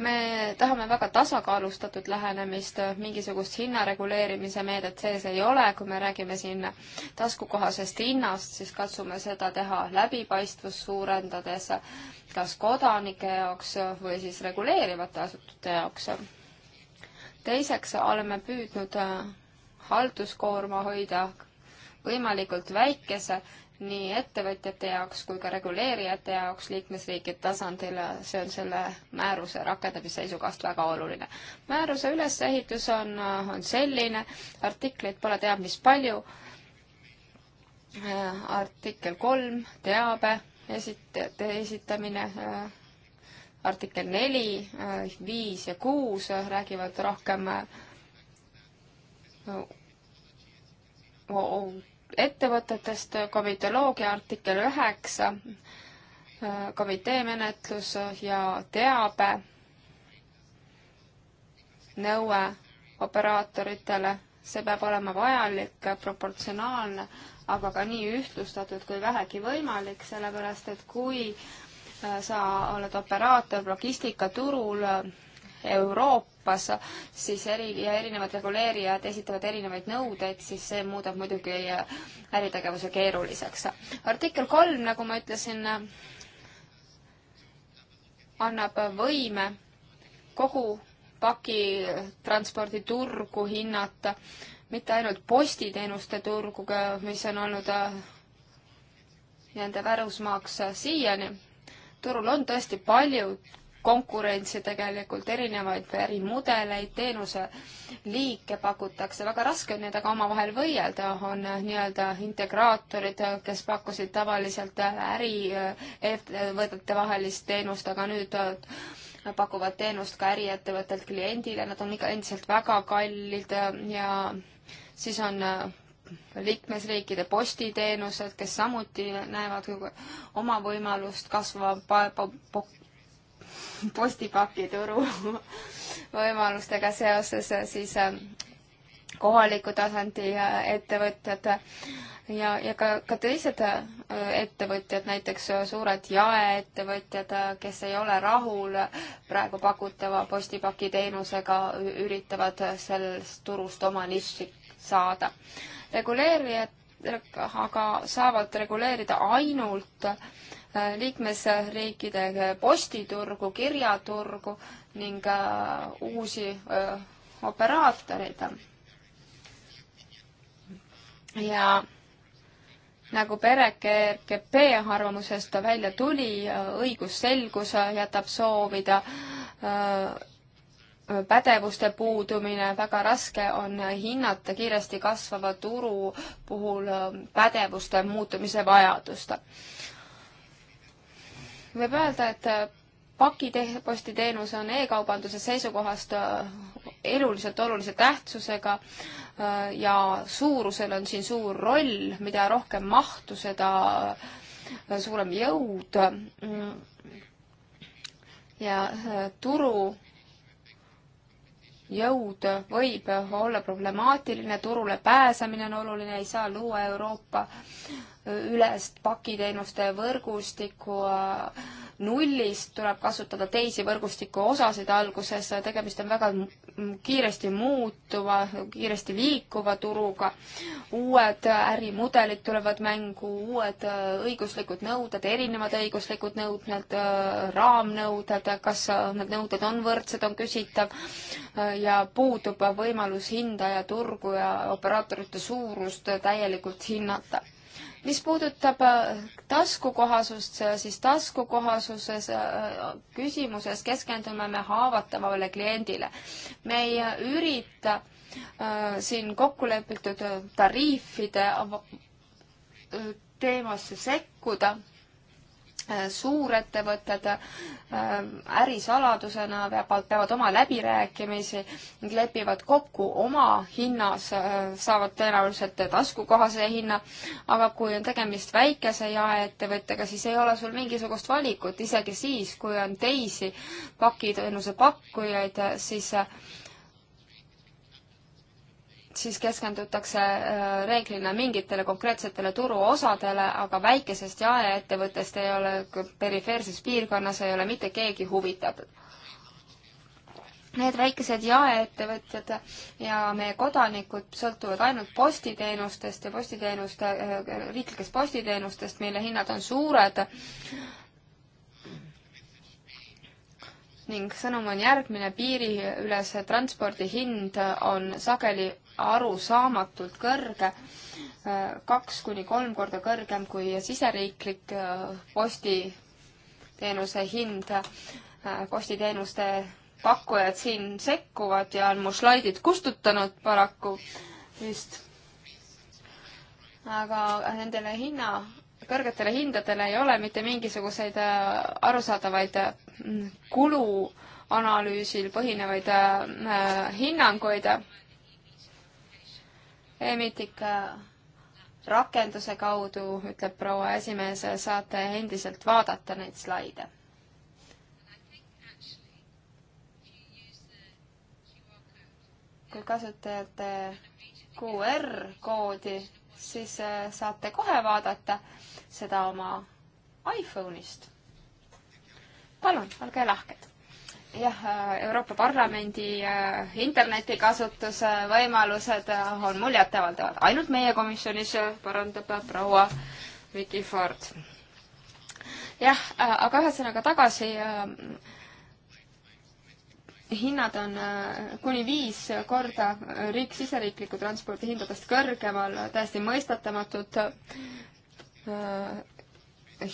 me tahame väga tasakaalustatud lähenemist, mingisugust hinnareguleerimise meedet sees ei ole, kui me räägime siin taskukohasest hinnast, siis katsume seda teha läbipaistvust suurendades kas kodanike jaoks või siis reguleerivate asutute jaoks. teiseks oleme püüdnud halduskoorma hoida võimalikult väikese nii ettevõtjate jaoks kui ka reguleerijate jaoks liikmesriikide tasandil, see on selle määruse rakendamise seisukohast väga oluline. määruse ülesehitus on, on selline, artikleid pole teab mis palju, artikkel kolm, teabe esit-, esitamine, artikkel neli, viis ja kuus räägivad rohkem ettevõtetest, komitoloogia artikkel üheksa, komitee menetlus ja teabe nõue operaatoritele, see peab olema vajalik, proportsionaalne, aga ka nii ühtlustatud kui vähegi võimalik, sellepärast et kui äh, sa oled operaator logistikaturul äh, Euroopas, Euroopas, siis eri, ja erinevad reguleerijad esitavad erinevaid nõudeid, siis see muudab muidugi äh, äritegevuse keeruliseks. artikkel kolm, nagu ma ütlesin, annab võime kogu pakitransporditurgu hinnata, mitte ainult postiteenuste turgu, mis on olnud äh, nende pärusmaaks äh, siiani. turul on tõesti palju konkurentsi tegelikult, erinevaid ärimudeleid, teenuse liike pakutakse, väga raske on nendega omavahel võidelda, on äh, nii-öelda integraatorid, äh, kes pakkusid tavaliselt äh, äriettevõtete vahelist teenust, aga nüüd Nad pakuvad teenust ka äriettevõttelt kliendile, nad on ikka endiselt väga kallid ja siis on liikmesriikide postiteenused, kes samuti näevad oma võimalust kasvava postipakituru võimalustega seoses siis äh, kohaliku tasandi äh, ettevõtjad ja, ja ka, ka teised äh, ettevõtjad, näiteks suured jaeettevõtjad, kes ei ole rahul praegu pakutava postipakiteenusega, üritavad sellest turust oma nišši saada. reguleerijad aga saavad reguleerida ainult äh, Äh, liikmesriikide postiturgu, kirjaturgu ning äh, uusi äh, operaatoreid. ja nagu PRKP arvamusest välja tuli, õigusselgus jätab soovida, pädevuste puudumine, väga raske on hinnata kiiresti kasvava turu puhul pädevuste muutumise vajadust võib öelda, et äh, pakipostiteenus on e-kaubanduse seisukohast äh, eluliselt olulise tähtsusega äh, ja suurusel on siin suur roll, mida rohkem mahtu, seda suurem jõud. Mm. ja turu jõud võib olla problemaatiline, turule pääsemine on oluline, ei saa luua Euroopa ülest pakiteenuste võrgustikku nullist, tuleb kasutada teisi võrgustiku osasid alguses, tegemist on väga kiiresti muutuva, kiiresti liikuva turuga, uued ärimudelid tulevad mängu, uued äh, õiguslikud nõuded, erinevad õiguslikud nõuded, äh, raamnõuded, kas äh, need nõuded on võrdsed, on küsitav, ja puudub võimalus hinda ja turgu ja operaatorite suurust täielikult hinnata mis puudutab äh, taskukohasust, äh, siis taskukohasuses äh, küsimuses keskendume me haavatavale kliendile. me ei ürita siin kokkulepitud tariifide teemasse sekkuda Äh, suurettevõtted äh, ärisaladusena peavad, peavad oma läbirääkimisi ning lepivad kokku oma hinnas, äh, saavad tõenäoliselt taskukohase hinna, aga kui on tegemist väikese jaeettevõttega, siis ei ole sul mingisugust valikut, isegi siis, kui on teisi pakiteenuse pakkujaid, siis siis keskendutakse äh, reeglina mingitele konkreetsetele turuosadele, aga väikesest jaeettevõttest ei ole, perifeerses piirkonnas ei ole mitte keegi huvitatud. Need väikesed jaeettevõtjad ja meie kodanikud sõltuvad ainult postiteenustest ja postiteenuste, äh, riiklikest postiteenustest, mille hinnad on suured ning sõnum on järgmine, piiriülese transpordi hind on sageli arusaamatult kõrge, kaks kuni kolm korda kõrgem kui siseriiklik äh, postiteenuse hind. Äh, postiteenuste pakkujad siin sekkuvad ja on mu slaidid kustutanud paraku vist. aga nendele hinna kõrgetele hindadele ei ole mitte mingisuguseid äh, arusaadavaid äh, kuluanalüüsil põhinevaid äh, hinnanguid. Emitika rakenduse kaudu, ütleb proua esimees, saate endiselt vaadata neid slaide kui kasutajate QR koodi siis äh, saate kohe vaadata seda oma iPhone'ist. palun, olge lahked. jah, äh, Euroopa Parlamendi äh, internetikasutuse võimalused on muljetavaldavad, ainult meie komisjonis parandab proua Vicky Ford. jah, aga ühesõnaga tagasi hinnad on äh, kuni viis korda riik siseriikliku transpordi hindadest kõrgemal, täiesti mõistatamatud äh,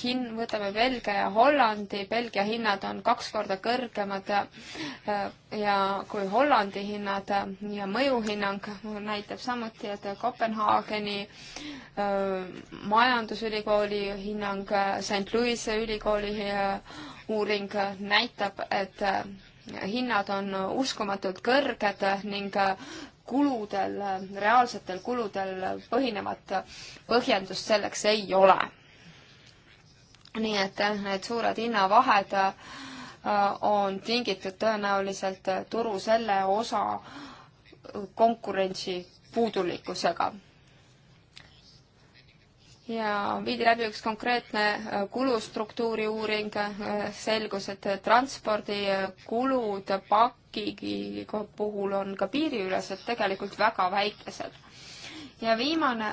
hin-, võtame Belgia ja Hollandi, Belgia hinnad on kaks korda kõrgemad ja, äh, ja kui Hollandi hinnad ja mõjuhinnang näitab samuti, et Kopenhaageni majandusülikooli hinnang, St Louis'e ülikooli öö, uuring näitab, et öö, hinnad on uskumatult kõrged ning kuludel, reaalsetel kuludel põhinevat põhjendust selleks ei ole. nii et eh, need suured hinnavahed eh, on tingitud tõenäoliselt turu selle osa konkurentsi puudulikkusega ja viidi läbi üks konkreetne äh, kulustruktuuri uuring, äh, selgus, et äh, transpordikulud pakigi puhul on ka piiriülesed tegelikult väga väikesed. ja viimane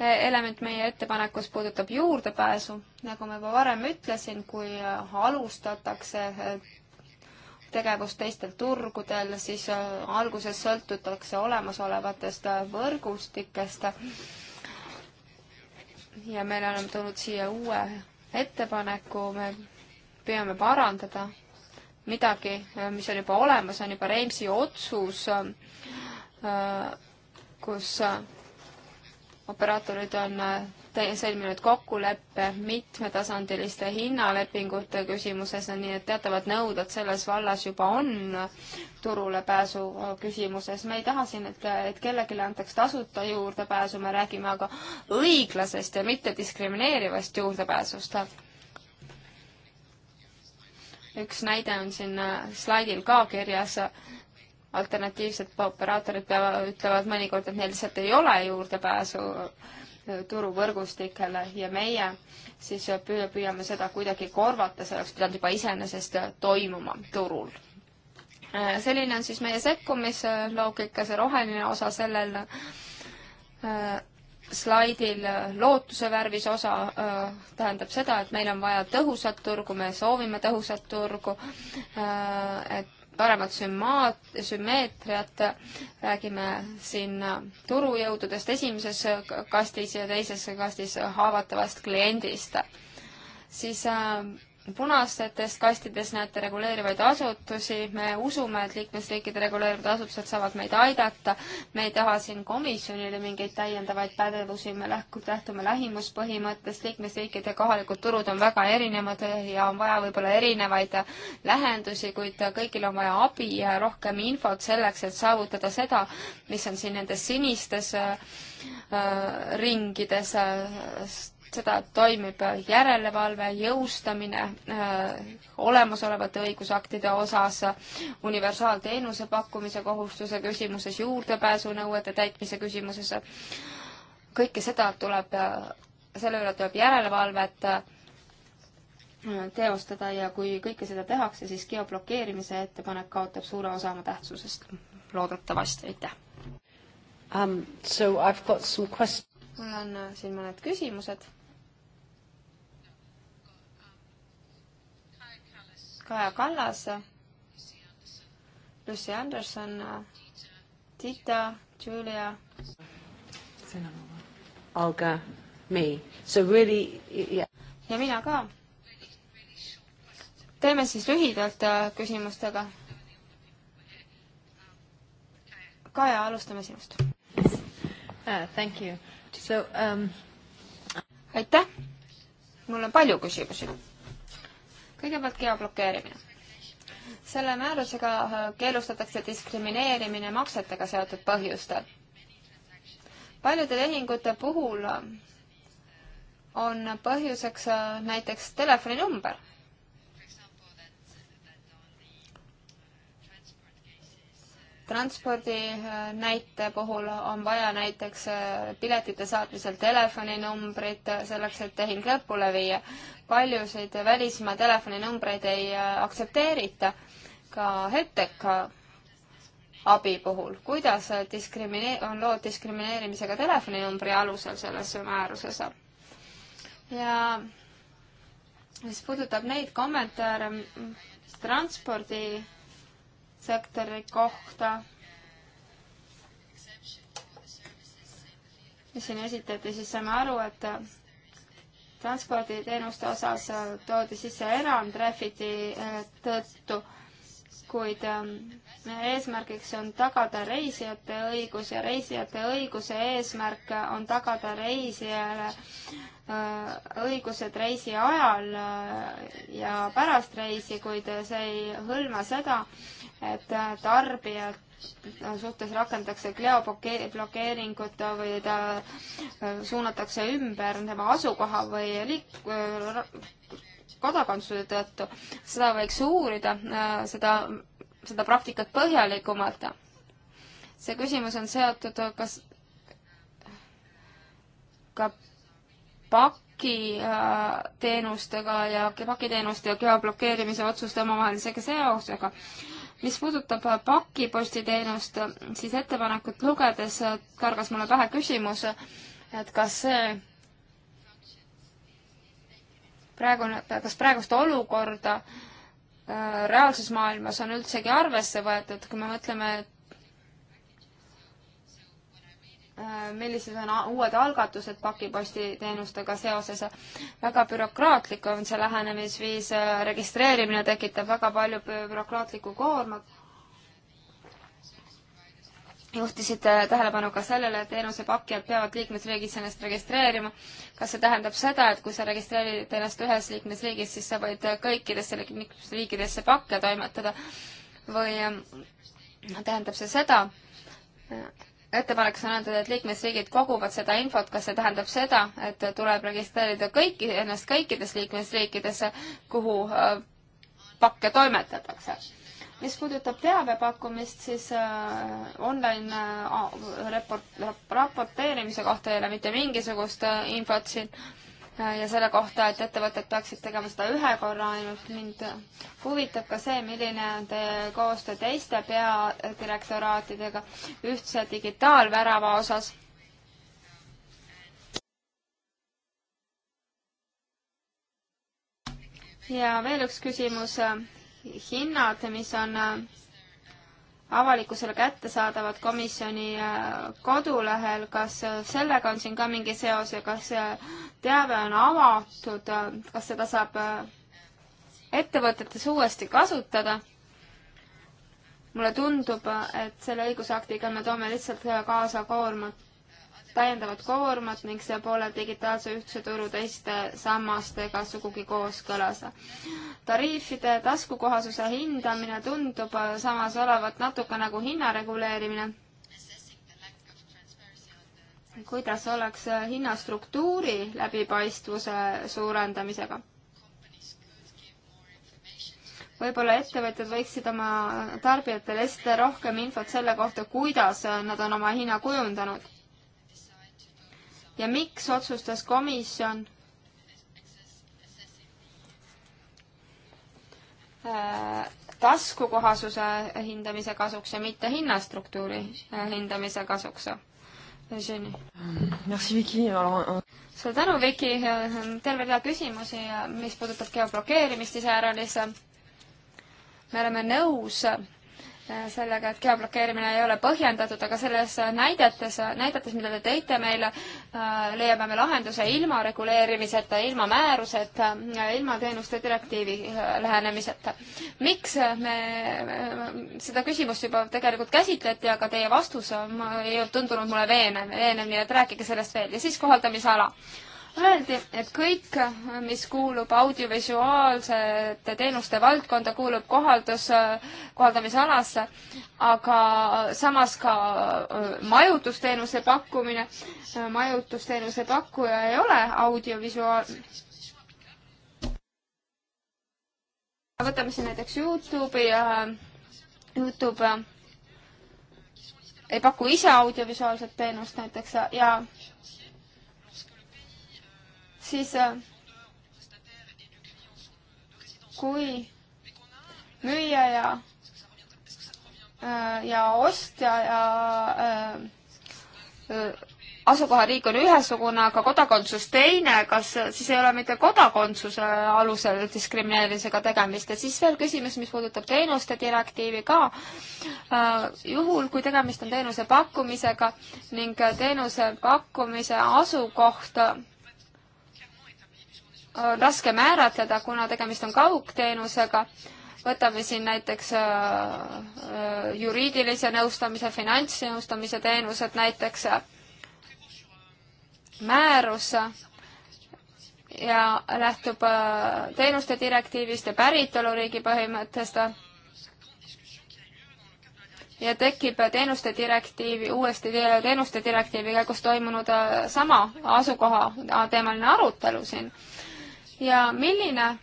element meie ettepanekus puudutab juurdepääsu, nagu ma juba varem ütlesin, kui alustatakse tegevust teistel turgudel, siis alguses sõltutakse olemasolevatest võrgustikest ja me oleme tulnud siia uue ettepaneku, me püüame parandada midagi, mis on juba olemas, on juba Reimsi otsus, äh, kus operaatorid on äh, sõlminud kokkuleppe mitmetasandiliste hinnalepingute küsimuses, nii et teatavad nõuded selles vallas juba on turule pääsu äh, küsimuses. me ei taha siin, et, et kellelegi antaks tasuta juurdepääsu, me räägime aga õiglasest ja mittediskrimineerivast juurdepääsust. üks näide on siin äh, slaidil ka kirjas alternatiivsed operaatorid peavad, ütlevad mõnikord, et neil lihtsalt ei ole juurdepääsu turuvõrgustikele ja meie siis püüa, püüame seda kuidagi korvata, see oleks pidanud juba iseenesest toimuma turul. Äh, selline on siis meie sekkumisloogika, see roheline osa sellel äh, slaidil lootuse värvis osa äh, tähendab seda, et meil on vaja tõhusat turgu, me soovime tõhusat turgu, et paremat sümmaat-, sümmeetriat, räägime siin turujõududest esimeses kastis ja teises kastis haavatavast kliendist, siis äh, punastest kastides näete reguleerivaid asutusi, me usume, et liikmesriikide reguleerivad asutused saavad meid aidata, me ei taha siin komisjonile mingeid täiendavaid pädevusi, me lähtume, lähtume lähimuspõhimõttest, liikmesriikide kohalikud turud on väga erinevad ja on vaja võib-olla erinevaid lähendusi, kuid kõigil on vaja abi ja rohkem infot selleks, et saavutada seda, mis on siin nendes sinistes äh, äh, ringides äh, seda, et toimib järelevalve, jõustamine äh, olemasolevate õigusaktide osas, universaalteenuse pakkumise kohustuse küsimuses, juurdepääsunõuete täitmise küsimuses, kõike seda tuleb, äh, selle üle tuleb järelevalvet äh, teostada ja kui kõike seda tehakse, siis geoblokeerimise ettepanek kaotab suure osa oma tähtsusest. loodetavasti, aitäh um,! So I've got some questions mul on siin mõned küsimused. Kaja Kallas, Lucy Anderson, Tita, Julia. Olga, me. So really, yeah. ja mina ka. teeme siis lühidalt äh, küsimustega. Kaja, alustame sinust uh,. Thank you. So um.... aitäh. mul on palju küsimusi kõigepealt geoblokeerimine. selle määrusega äh, keelustatakse diskrimineerimine maksetega seotud põhjustel. paljude tehingute puhul on põhjuseks äh, näiteks telefoninumber transpordi äh, näite puhul on vaja näiteks äh, piletite saatmisel telefoninumbrit äh, selleks, et tehing lõpule viia. paljusid välismaa telefoninumbreid ei aktsepteerita ka HETEK abi puhul. kuidas diskrimineer-, on lood diskrimineerimisega telefoninumbri alusel selles määruses? ja mis puudutab neid kommentaare transpordi sektori kohta. ja siin esitati, siis saime aru, et transporditeenuste osas toodi sisse erand Refiti eh, tõttu kuid ähm, eesmärgiks on tagada reisijate õigus ja reisijate õiguse eesmärk on tagada reisijale äh, õigused reisi ajal äh, ja pärast reisi, kuid see ei hõlma seda, et äh, tarbijad suhtes rakendatakse geoblokeeringut või ta suunatakse ümber tema asukoha või liik-, kodakondsuse tõttu, seda võiks uurida, äh, seda, seda praktikat põhjalikumalt. see küsimus on seotud äh, kas ka pakiteenustega äh, ja pakiteenuste ja geoblokeerimise otsuste omavahelisega seosega. mis puudutab pakipostiteenust, siis ettepanekut lugedes kargas mulle pähe küsimus, et kas see praegune, kas praegust olukorda äh, reaalses maailmas on üldsegi arvesse võetud, kui me mõtleme, et äh, millised on uued algatused pakipostiteenustega seoses. väga bürokraatlik on see lähenemisviis, äh, registreerimine tekitab väga palju bürokraatlikku koormat juhtisid äh, tähelepanu ka sellele, et teenusepakkijad peavad liikmesriigis ennast registreerima. kas see tähendab seda, et kui sa registreerid ennast ühes liikmesriigis, siis sa võid kõikidesse liikmesriikidesse pakke toimetada või ähm, tähendab see seda, äh, ettepanekus on öeldud, et liikmesriigid koguvad seda infot, kas see tähendab seda, et tuleb registreerida kõiki, ennast kõikides liikmesriikides, kuhu äh, pakke toimetatakse mis puudutab teabe pakkumist, siis äh, online äh, report, raporteerimise kohta ei ole mitte mingisugust äh, infot siin äh, ja selle kohta, et ettevõtted peaksid tegema seda ühe korra ainult. mind huvitab ka see, milline on teie koostöö teiste peadirektoraatidega ühtse digitaalvärava osas. ja veel üks küsimus äh, hinnad, mis on äh, avalikkusele kättesaadavad komisjoni äh, kodulehel, kas äh, sellega on siin ka mingi seos ja kas teave on avatud, kas seda saab ettevõtetes uuesti kasutada? mulle tundub, et selle õigusaktiga me toome lihtsalt kaasa koormat täiendavat koormat ning see pole digitaalse ühtse turu teiste sammastega sugugi kooskõlas. tariifide taskukohasuse hindamine tundub samas olevat natuke nagu hinna reguleerimine. kuidas oleks hinnastruktuuri läbipaistvuse suurendamisega? võib-olla ettevõtjad võiksid oma tarbijatele esitada rohkem infot selle kohta, kuidas nad on oma hinna kujundanud ja miks otsustas komisjon äh, taskukohasuse hindamise kasuks ja mitte hinnastruktuuri äh, hindamise kasuks. suur tänu, Viki, terve rida küsimusi, mis puudutab geoblokeerimist iseäranis. me oleme nõus Äh, sellega, et geoblokeerimine ei ole põhjendatud, aga selles näidetes, näidetes, mida te tõite meile, äh, leiame me lahenduse ilma reguleerimiseta, ilma määruseta, äh, ilma teenuste direktiivi lähenemiseta. miks me, seda küsimust juba tegelikult käsitleti, aga teie vastus ei tundunud mulle veenev, veenev, nii et rääkige sellest veel ja siis kohaldamisala Öeldi, et kõik, mis kuulub audiovisuaalsete teenuste valdkonda, kuulub kohaldus, kohaldamisalasse, aga samas ka äh, majutusteenuse pakkumine, äh, majutusteenuse pakkuja ei ole audiovisuaal-. võtame siin näiteks Youtube'i ja äh, Youtube ei paku ise audiovisuaalset teenust näiteks ja siis äh, kui müüja ja, äh, ja ostja ja äh, asukohariik on ühesugune, aga kodakondsus teine, kas siis ei ole mitte kodakondsuse alusel diskrimineerimisega tegemist ja siis veel küsimus, mis puudutab teenuste direktiivi ka. juhul, kui tegemist on teenuse pakkumisega ning teenuse pakkumise asukoht on raske määratleda, kuna tegemist on kaugteenusega. võtame siin näiteks äh, äh, juriidilise nõustamise, finantsnõustamise teenused näiteks. määrus ja lähtub äh, teenuste direktiivist ja päritoluriigi põhimõttest ja tekib teenuste direktiivi, uuesti teenuste direktiivi käigus toimunud sama asukoha teemaline arutelu siin ja milline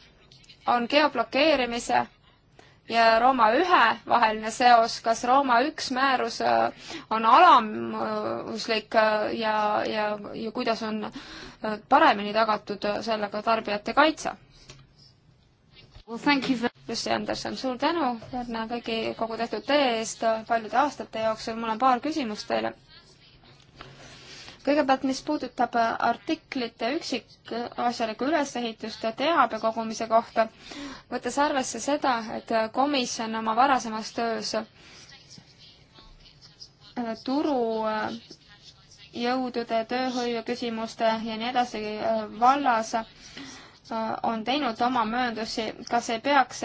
on geoblokeerimise ja Rooma ühe vaheline seos, kas Rooma üks määrus äh, on alamuslik äh, ja, ja, ja kuidas on äh, paremini tagatud sellega tarbijate kaitse? Jussi Anderson, suur tänu, Järna, kõigi kogu tehtud tee eest paljude aastate jooksul, mul on paar küsimust teile kõigepealt, mis puudutab äh, artiklite üksikasjalikku ülesehitust teabe kogumise kohta, võttes arvesse seda, et äh, komisjon oma varasemas töös äh, turu jõudude, tööhõive küsimuste ja nii edasi vallas on teinud oma mööndusi, kas ei peaks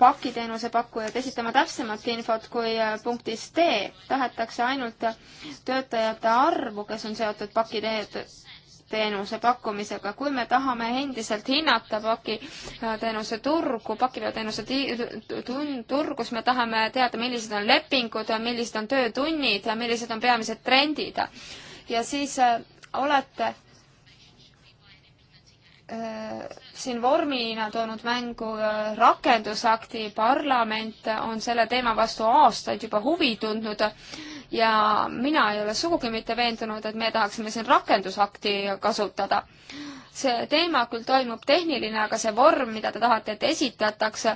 pakiteenuse pakkujad esitama täpsemat infot kui äh, punktis D. tahetakse ainult töötajate arvu, kes on seotud pakiteenuse pakkumisega. kui me tahame endiselt hinnata pakiteenuse äh, turgu, pakiveoteenuse turgu, siis me tahame teada, millised on lepingud, millised on töötunnid, millised on peamised trendid. ja siis äh, olete siin vormina toonud mängu äh, rakendusakti, parlament on selle teema vastu aastaid juba huvi tundnud ja mina ei ole sugugi mitte veendunud, et me tahaksime siin rakendusakti kasutada see teema küll toimub tehniline, aga see vorm, mida te tahate, et esitatakse,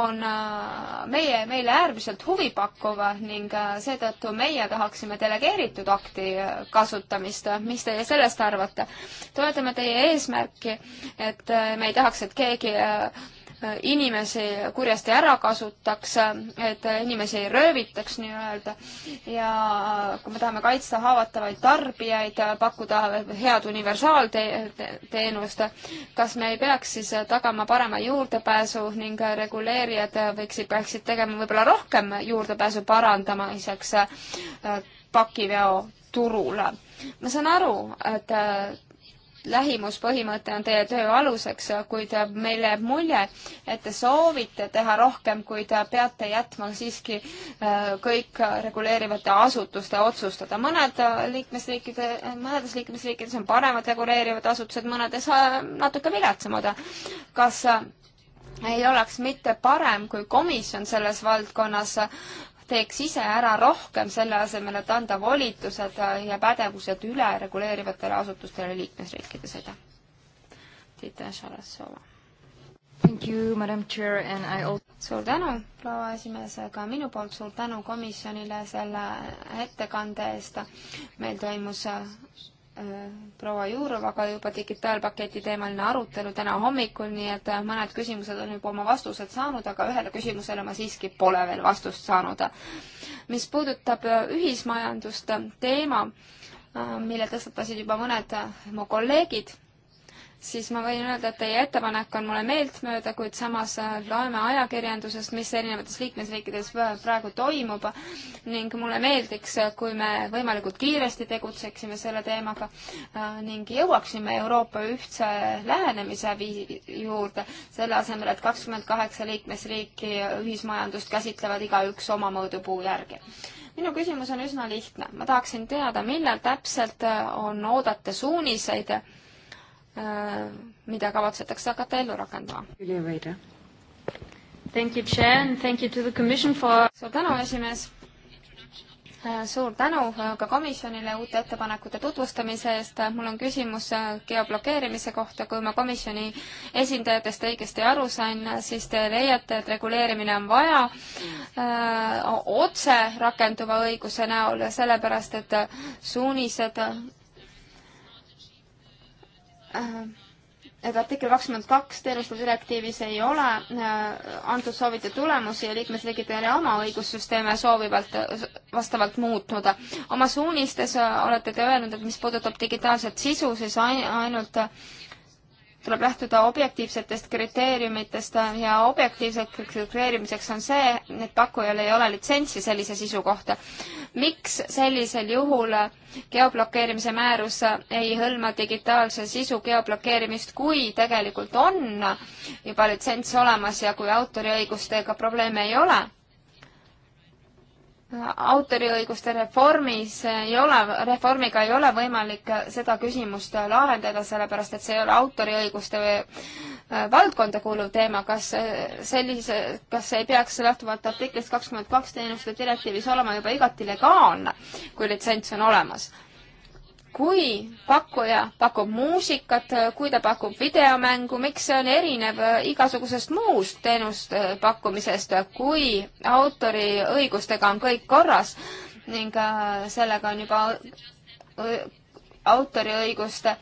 on äh, meie, meile äärmiselt huvipakkuv ning äh, seetõttu meie tahaksime delegeeritud akti äh, kasutamist. mis teie sellest arvate? toetame teie eesmärki, et me ei tahaks, et keegi inimesi kurjasti ära kasutaks, et inimesi ei röövitaks nii-öelda ja kui me tahame kaitsta haavatavaid tarbijaid, pakkuda head universaalteenust, kas me ei peaks siis tagama parema juurdepääsu ning reguleerijad võiksid, peaksid tegema võib-olla rohkem juurdepääsu parandamiseks eh, pakiveo turule. ma saan aru, et lähimuspõhimõte on teie töö aluseks, kuid meile jääb mulje, et te soovite teha rohkem, kuid peate jätma siiski äh, kõik reguleerivate asutuste otsustada. mõned liikmesriikide, mõnedes liikmesriikides on paremad reguleerivad asutused, mõnedes äh, natuke viletsamad. kas äh, ei oleks mitte parem, kui komisjon selles valdkonnas teeks ise ära rohkem, selle asemel, et anda volitused ja pädevused üle reguleerivatele asutustele liikmesriikides, aitäh. Tiita Šarasova. Thank you, madam chair and I also suur tänu, proua esimees, ka minu poolt suur tänu komisjonile selle ettekande eest. meil toimus proua Juurovaga juba digitaalpaketi teemaline arutelu täna hommikul, nii et äh, mõned küsimused on juba oma vastused saanud, aga ühele küsimusele ma siiski pole veel vastust saanud. mis puudutab äh, ühismajandust äh, teema, mille tõstatasid juba mõned mu kolleegid, siis ma võin öelda, et teie ettepanek on mulle meeltmööda, kuid samas äh, loeme ajakirjandusest, mis erinevates liikmesriikides äh, praegu toimub ning mulle meeldiks, äh, kui me võimalikult kiiresti tegutseksime selle teemaga ning jõuaksime Euroopa ühtse lähenemise juurde, selle asemel, et kakskümmend kaheksa liikmesriiki ühismajandust käsitlevad igaüks oma mõõdupuu järgi minu küsimus on üsna lihtne. ma tahaksin teada, millal täpselt on oodata suuniseid Äh, mida kavatsetakse hakata ellu rakendama. For... suur tänu, esimees! Äh, suur tänu äh, ka komisjonile uute ettepanekute tutvustamise eest. mul on küsimus geoblokeerimise kohta. kui ma komisjoni esindajatest õigesti aru sain, siis te leiate, et reguleerimine on vaja öö, otse rakenduva õiguse näol, sellepärast et suunised Äh, et artikkel kakskümmend kaks teenuste direktiivis ei ole äh, antud soovitud tulemusi ja liikmesriigid ei ole oma õigussüsteeme soovivalt, vastavalt muutnud. oma suunistes äh, olete te öelnud, et mis puudutab digitaalset sisu, siis ainult tuleb lähtuda objektiivsetest kriteeriumitest ja objektiivseks kriteeriumiseks on see, et pakkujal ei ole litsentsi sellise sisu kohta. miks sellisel juhul geoblokeerimise määrus ei hõlma digitaalse sisu geoblokeerimist, kui tegelikult on juba litsents olemas ja kui autoriõigustega probleeme ei ole? autoriõiguste reformis ei ole, reformiga ei ole võimalik seda küsimust lahendada, sellepärast et see ei ole autoriõiguste valdkonda kuuluv teema, kas sellise, kas ei peaks lähtuvalt artiklist kakskümmend kaks teenuste direktiivis olema juba igati legaalne, kui litsents on olemas? kui pakkuja pakub muusikat, kui ta pakub videomängu, miks see on erinev igasugusest muust teenust pakkumisest, kui autoriõigustega on kõik korras ning äh, sellega on juba autoriõiguste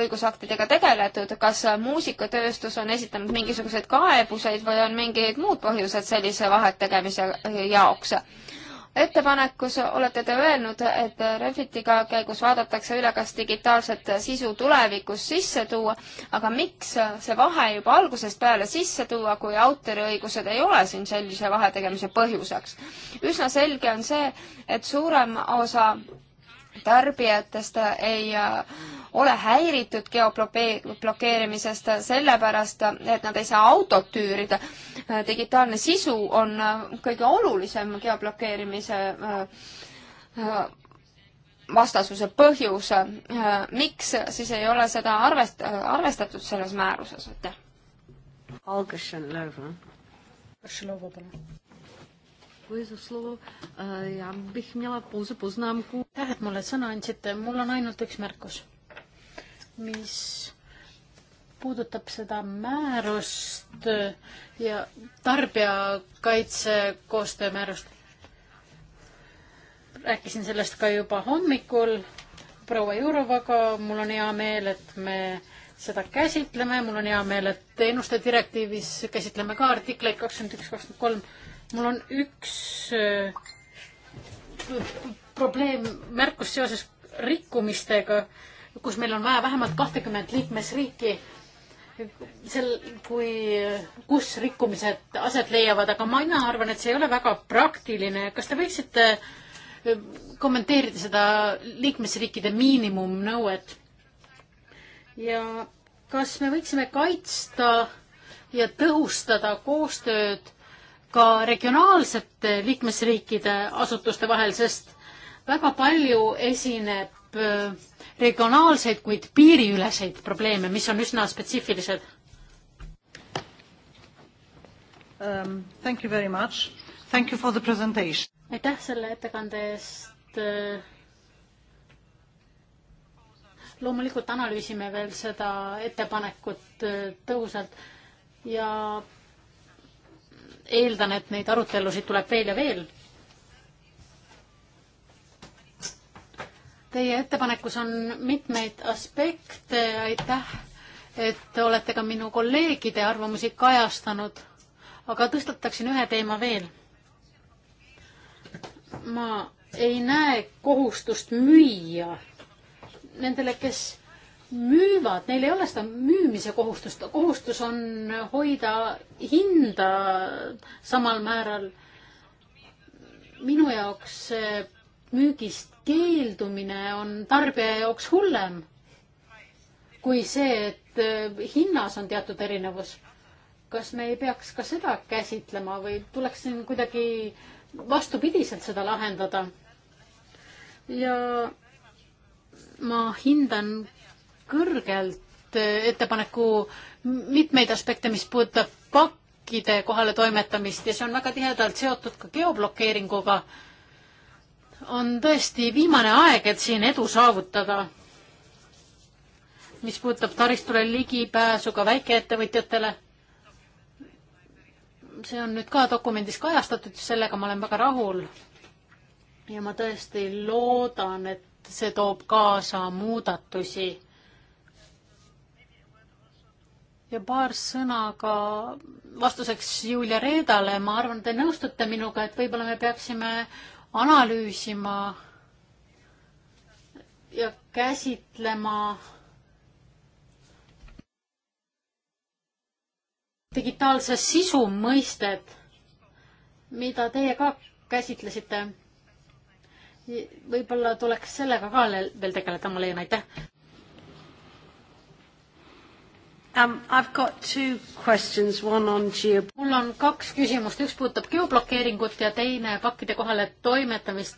õigusaktidega tegeletud, kas muusikatööstus on esitanud mingisuguseid kaebuseid või on mingid muud põhjused sellise vahet tegemise jaoks? ettepanekus olete te öelnud, et Refitiga käigus vaadatakse üle, kas digitaalset sisu tulevikus sisse tuua, aga miks see vahe juba algusest peale sisse tuua, kui autoriõigused ei ole siin sellise vahe tegemise põhjuseks? üsna selge on see, et suurem osa tarbijatest ei äh, ole häiritud geoblokeerimisest sellepärast, et nad ei saa autot tüürida. digitaalne sisu on äh, kõige olulisem geoblokeerimise äh, äh, vastasuse põhjus. miks siis ei ole seda arvest-, arvestatud selles määruses, aitäh? Olga Šenlova. Šenlova, palun. Děkuji za slovo. Já bych měla pouze poznámku. Tak, mulle sõna andsite. Mul on ainult üks märkus mis puudutab seda määrust ja tarbijakaitse koostöömäärust. rääkisin sellest ka juba hommikul proua Jurovaga, mul on hea meel, et me seda käsitleme, mul on hea meel, et teenuste direktiivis käsitleme ka artikleid kakskümmend üks, kakskümmend kolm. mul on üks äh, probleem, märkus seoses rikkumistega kus meil on vaja vähemalt kahtekümmet liikmesriiki, sel, kui, kus rikkumised aset leiavad, aga mina arvan, et see ei ole väga praktiline. kas te võiksite eh, kommenteerida seda liikmesriikide miinimumnõuet? ja kas me võiksime kaitsta ja tõhustada koostööd ka regionaalsete liikmesriikide asutuste vahel, sest väga palju esineb lahendab äh, regionaalseid, kuid piiriüleseid probleeme, mis on üsna spetsiifilised um,? Thank you very much. Thank you for the presentation. aitäh selle ettekande eest. loomulikult analüüsime veel seda ettepanekut äh, tõhusalt ja eeldan, et neid arutelusid tuleb veel ja veel Teie ettepanekus on mitmeid aspekte, aitäh, et olete ka minu kolleegide arvamusi kajastanud, aga tõstataksin ühe teema veel. ma ei näe kohustust müüa nendele, kes müüvad, neil ei ole seda müümise kohustust, kohustus on hoida hinda samal määral. minu jaoks müügist keeldumine on tarbija jaoks hullem kui see, et eh, hinnas on teatud erinevus. kas me ei peaks ka seda käsitlema või tuleks siin kuidagi vastupidiselt seda lahendada? ja ma hindan kõrgelt eh, ettepaneku mitmeid aspekte, mis puudutab pakkide kohaletoimetamist ja see on väga tihedalt seotud ka geoblokeeringuga on tõesti viimane aeg, et siin edu saavutada. mis puudutab taristule ligipääsu ka väikeettevõtjatele. see on nüüd ka dokumendis kajastatud, sellega ma olen väga rahul. ja ma tõesti loodan, et see toob kaasa muudatusi. ja paar sõna ka vastuseks Julia Reedale, ma arvan, te nõustute minuga, et võib-olla me peaksime analüüsima ja käsitlema digitaalse sisu mõisted, mida teie ka käsitlesite. võib-olla tuleks sellega ka veel tegeleda, ma leian, aitäh. Um, I've got two questions, one on geo... mul on kaks küsimust, üks puudutab geoblokeeringut ja teine pakkide kohale toimetamist.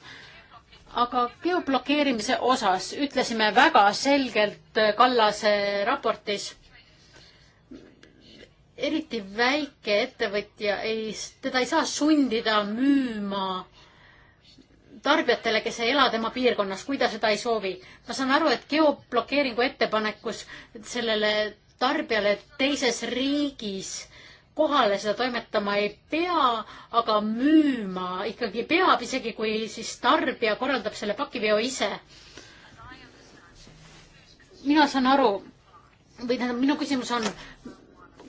aga geoblokeerimise osas ütlesime väga selgelt äh, Kallase raportis, eriti väikeettevõtja ei, teda ei saa sundida müüma tarbijatele, kes ei ela tema piirkonnas, kui ta seda ei soovi. ma saan aru, et geoblokeeringu ettepanekus sellele tarbijale teises riigis kohale seda toimetama ei pea, aga müüma ikkagi peab, isegi kui siis tarbija korraldab selle pakiveo ise. mina saan aru või tähendab, minu küsimus on,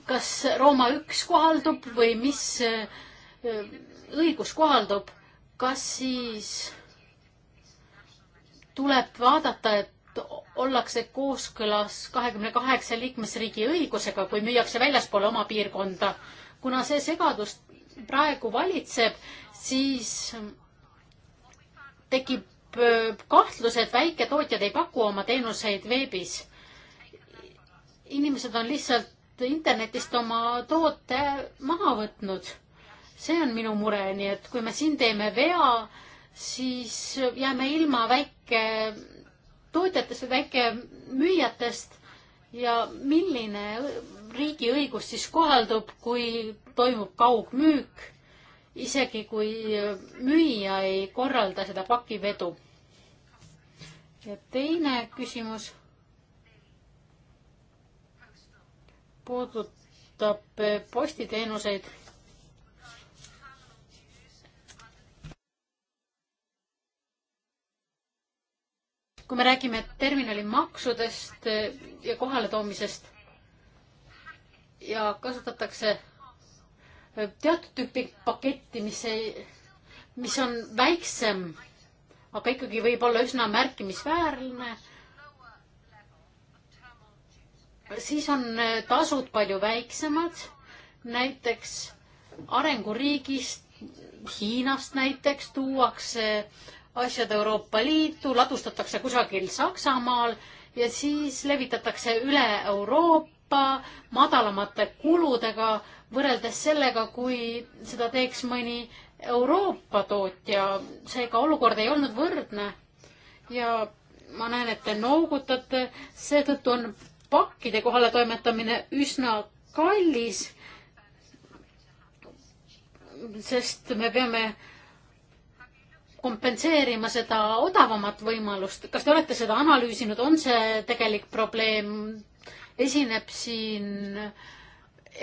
kas Rooma üks kohaldub või mis eh, õigus kohaldub, kas siis tuleb vaadata, et ollakse kooskõlas kahekümne kaheksa liikmesriigi õigusega, kui müüakse väljaspoole oma piirkonda. kuna see segadus praegu valitseb, siis tekib äh, kahtlus, et väiketootjad ei paku oma teenuseid veebis. inimesed on lihtsalt internetist oma toote maha võtnud. see on minu mure, nii et kui me siin teeme vea, siis jääme ilma väike tootjatest või väikemüüjatest ja milline riigi õigus siis kohaldub, kui toimub kaugmüük, isegi kui müüja ei korralda seda pakivedu? ja teine küsimus puudutab eh, postiteenuseid kui me räägime terminali maksudest eh, ja kohaletoomisest ja kasutatakse eh, teatud tüüpi paketti, mis ei, mis on väiksem, aga ikkagi võib olla üsna märkimisväärne, siis on eh, tasud palju väiksemad, näiteks arenguriigist, Hiinast näiteks tuuakse asjad Euroopa Liitu, ladustatakse kusagil Saksamaal ja siis levitatakse üle Euroopa madalamate kuludega võrreldes sellega, kui seda teeks mõni Euroopa tootja. seega olukord ei olnud võrdne. ja ma näen, et te noogutate, seetõttu on pakkide kohale toimetamine üsna kallis. sest me peame kompenseerima seda odavamat võimalust. kas te olete seda analüüsinud, on see tegelik probleem? esineb siin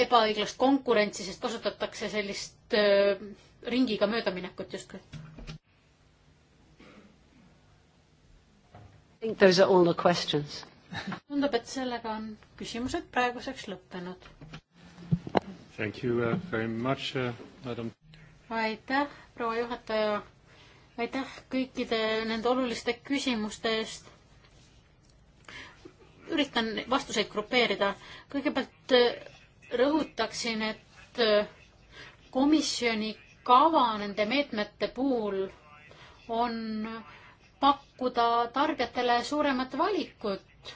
ebaõiglast konkurentsi, sest kasutatakse sellist äh, ringiga möödaminekut justkui? tundub, et sellega on küsimused praeguseks lõppenud. Thank you uh, very much uh,, madam. aitäh, proua juhataja aitäh kõikide nende oluliste küsimuste eest. üritan vastuseid grupeerida. kõigepealt äh, rõhutaksin, et äh, komisjoni kava nende meetmete puhul on pakkuda tarbijatele suuremat valikut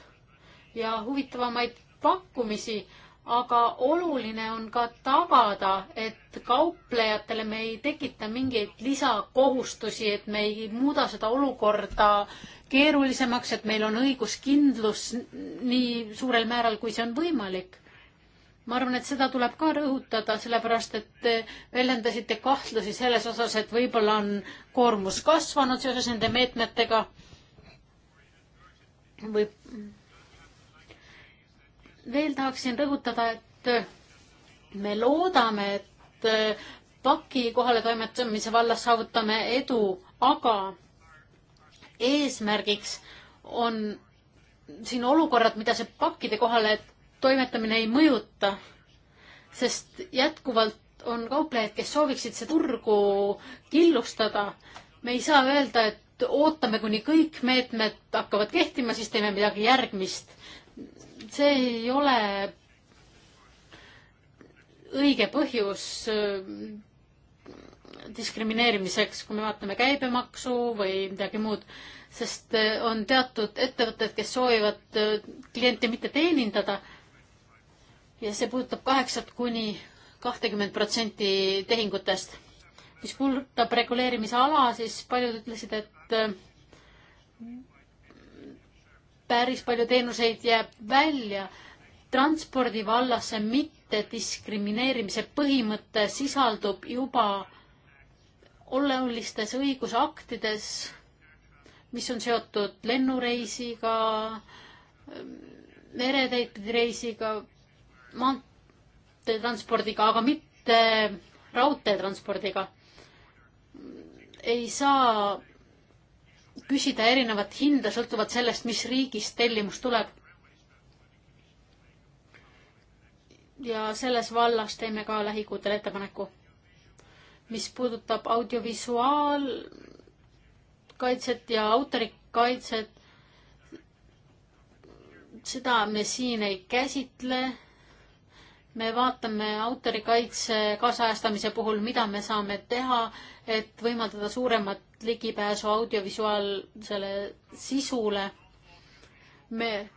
ja huvitavamaid pakkumisi aga oluline on ka tagada, et kauplejatele me ei tekita mingeid lisakohustusi, et me ei muuda seda olukorda keerulisemaks, et meil on õiguskindlus nii suurel määral, kui see on võimalik. ma arvan, et seda tuleb ka rõhutada, sellepärast et te väljendasite kahtlusi selles osas, et võib-olla on koormus kasvanud seoses nende meetmetega. võib veel tahaksin rõhutada, et me loodame, et eh, paki kohaletoimetamise vallas saavutame edu, aga eesmärgiks on siin olukorrad, mida see pakkide kohale toimetamine ei mõjuta, sest jätkuvalt on kauplejaid, kes sooviksid see turgu killustada. me ei saa öelda, et ootame, kuni kõik meetmed hakkavad kehtima, siis teeme midagi järgmist see ei ole õige põhjus äh, diskrimineerimiseks, kui me vaatame käibemaksu või midagi muud, sest äh, on teatud ettevõtted, kes soovivad äh, kliente mitte teenindada ja see puudutab kaheksat kuni kahtekümmend protsenti tehingutest. mis puudutab reguleerimisala, siis paljud ütlesid, et päris palju teenuseid jääb välja. transpordi vallas see mittediskrimineerimise põhimõte sisaldub juba olulistes õigusaktides, mis on seotud lennureisiga, mereteidreisiga, maanteetranspordiga, aga mitte raudteetranspordiga. ei saa küsida erinevat hinda sõltuvalt sellest, mis riigist tellimus tuleb. ja selles vallas teeme ka lähikuudel ettepaneku. mis puudutab audiovisuaalkaitset ja autorikaitset, seda me siin ei käsitle. me vaatame autorikaitse kaasajastamise puhul, mida me saame teha, et võimaldada suuremat ligipääsu audiovisuaalsele sisule. me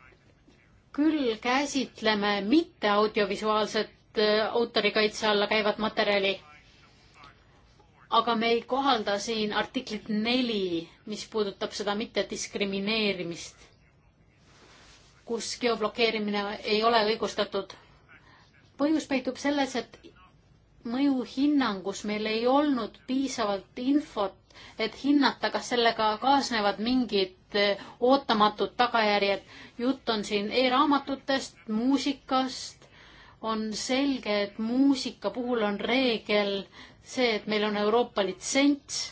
küll käsitleme mitte audiovisuaalset äh, autorikaitse alla käivat materjali, aga me ei kohalda siin artiklit neli, mis puudutab seda mittediskrimineerimist, kus geoblokeerimine ei ole õigustatud. põhjus peitub selles, et mõjuhinnangus meil ei olnud piisavalt infot et hinnata, kas sellega kaasnevad mingid eh, ootamatud tagajärjed. jutt on siin e-raamatutest, muusikast. on selge, et muusika puhul on reegel see, et meil on Euroopa litsents,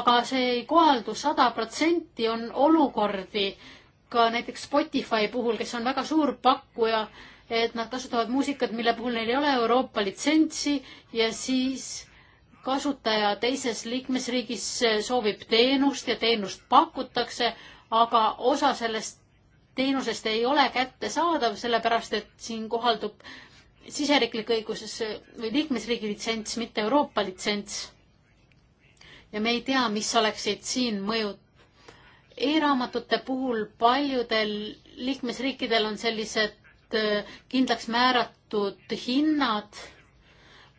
aga see ei kohaldu sada protsenti, on olukordi ka näiteks Spotify puhul, kes on väga suur pakkuja, et nad kasutavad muusikat, mille puhul neil ei ole Euroopa litsentsi ja siis kasutaja teises liikmesriigis eh, soovib teenust ja teenust pakutakse, aga osa sellest teenusest ei ole kättesaadav, sellepärast et siin kohaldub siseriiklik õiguses eh, või liikmesriigi litsents, mitte Euroopa litsents. ja me ei tea, mis oleksid siin mõjud. e-raamatute puhul paljudel liikmesriikidel on sellised eh, kindlaks määratud hinnad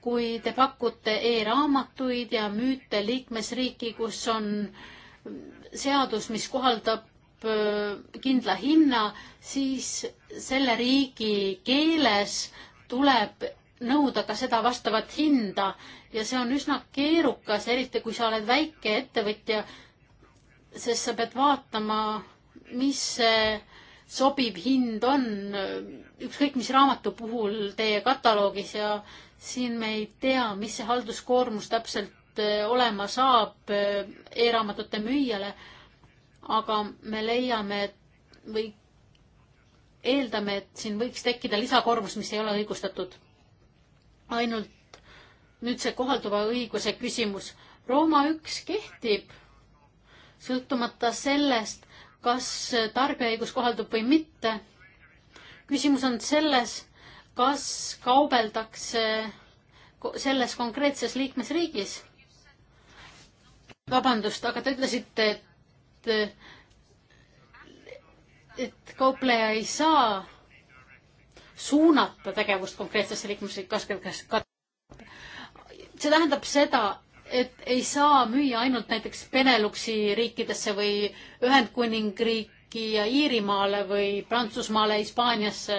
kui te pakute e-raamatuid ja müüte liikmesriiki, kus on seadus, mis kohaldab äh, kindla hinna, siis selle riigi keeles tuleb nõuda ka seda vastavat hinda ja see on üsna keerukas, eriti kui sa oled väike ettevõtja, sest sa pead vaatama, mis see sobiv hind on, ükskõik mis raamatu puhul teie kataloogis ja siin me ei tea, mis see halduskoormus täpselt äh, olema saab äh, e-raamatute müüjale, aga me leiame või eeldame, et siin võiks tekkida lisakoormus, mis ei ole õigustatud. ainult nüüd see kohalduva õiguse küsimus. Rooma üks kehtib sõltumata sellest, kas tarbijaõigus kohaldub või mitte. küsimus on selles kas kaubeldakse selles konkreetses liikmesriigis? vabandust, aga te ütlesite, et, et kaupleja ei saa suunata tegevust konkreetsesse liikmesriiki, kas, kas, see tähendab seda, et ei saa müüa ainult näiteks Beneluxi riikidesse või Ühendkuningriiki ja Iirimaale või Prantsusmaale, Hispaaniasse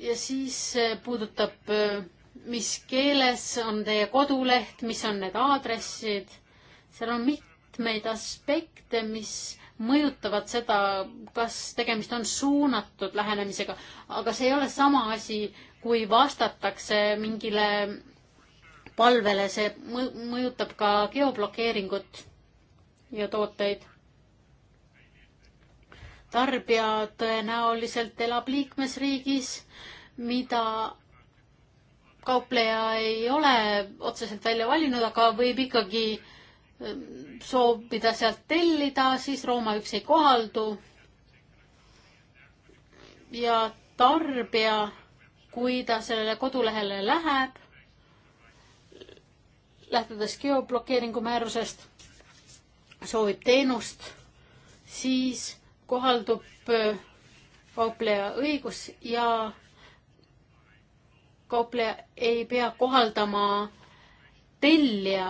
ja siis eh, puudutab, eh, mis keeles on teie koduleht, mis on need aadressid. seal on mitmeid aspekte, mis mõjutavad seda, kas tegemist on suunatud lähenemisega, aga see ei ole sama asi, kui vastatakse mingile palvele, see mõjutab ka geoblokeeringut ja tooteid. tarbija tõenäoliselt elab liikmesriigis mida kaupleja ei ole otseselt välja valinud, aga võib ikkagi ähm, soovida sealt tellida, siis Rooma üks ei kohaldu. ja tarbija, kui ta sellele kodulehele läheb, lähtudes geoblokeeringu määrusest, soovib teenust, siis kohaldub äh, kaupleja õigus ja kaupleja ei pea kohaldama tellija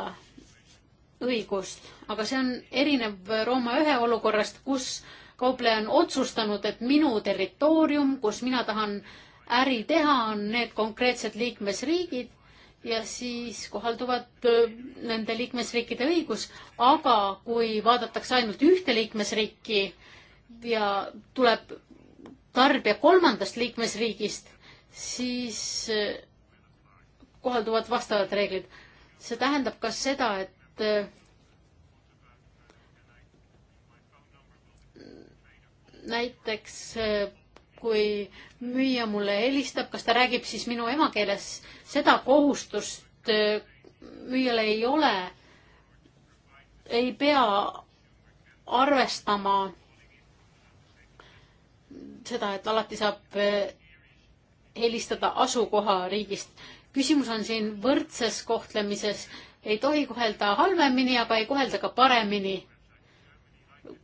õigust, aga see on erinev Rooma ühe olukorrast, kus kaupleja on otsustanud, et minu territoorium, kus mina tahan äri teha, on need konkreetsed liikmesriigid ja siis kohalduvad nende liikmesriikide õigus, aga kui vaadatakse ainult ühte liikmesriiki ja tuleb tarbija kolmandast liikmesriigist, siis eh, kohalduvad vastavad reeglid. see tähendab ka seda, et eh, näiteks eh, kui müüja mulle helistab, kas ta räägib siis minu emakeeles, seda kohustust müüjal ei ole. ei pea arvestama seda, et alati saab eelistada asukohariigist. küsimus on siin võrdses kohtlemises, ei tohi kohelda halvemini, aga ei kohelda ka paremini.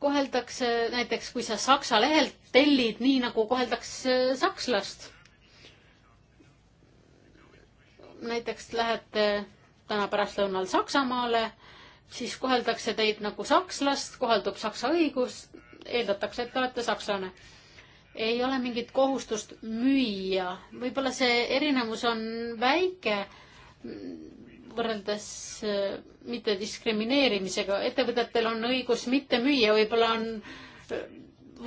koheldakse näiteks, kui sa Saksa lehelt tellid, nii nagu koheldakse sakslast. näiteks lähete täna pärastlõunal Saksamaale, siis koheldakse teid nagu sakslast, kohaldub saksa õigus, eeldatakse, et te olete sakslane ei ole mingit kohustust müüa. võib-olla see erinevus on väike võrreldes äh, mittediskrimineerimisega. ettevõtetel on õigus mitte müüa, võib-olla on äh,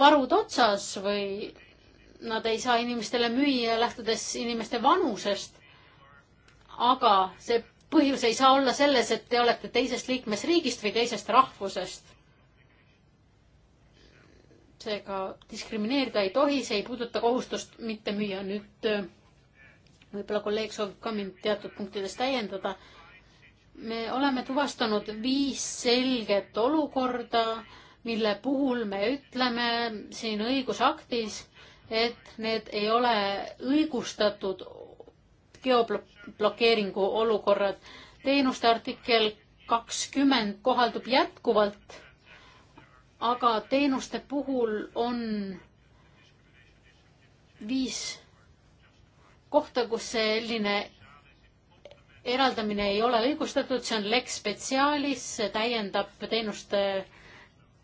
varud otsas või nad ei saa inimestele müüa, lähtudes inimeste vanusest. aga see põhjus ei saa olla selles, et te olete teisest liikmesriigist või teisest rahvusest seega diskrimineerida ei tohi, see ei puuduta kohustust mitte müüa. nüüd äh, võib-olla kolleeg soovib ka mind teatud punktides täiendada. me oleme tuvastanud viis selget olukorda, mille puhul me ütleme siin õigusaktis, et need ei ole õigustatud geoblokeeringu olukorrad. teenuste artikkel kakskümmend kohaldub jätkuvalt aga teenuste puhul on viis kohta, kus selline eraldamine ei ole õigustatud, see on Lex Specialis, see täiendab teenuste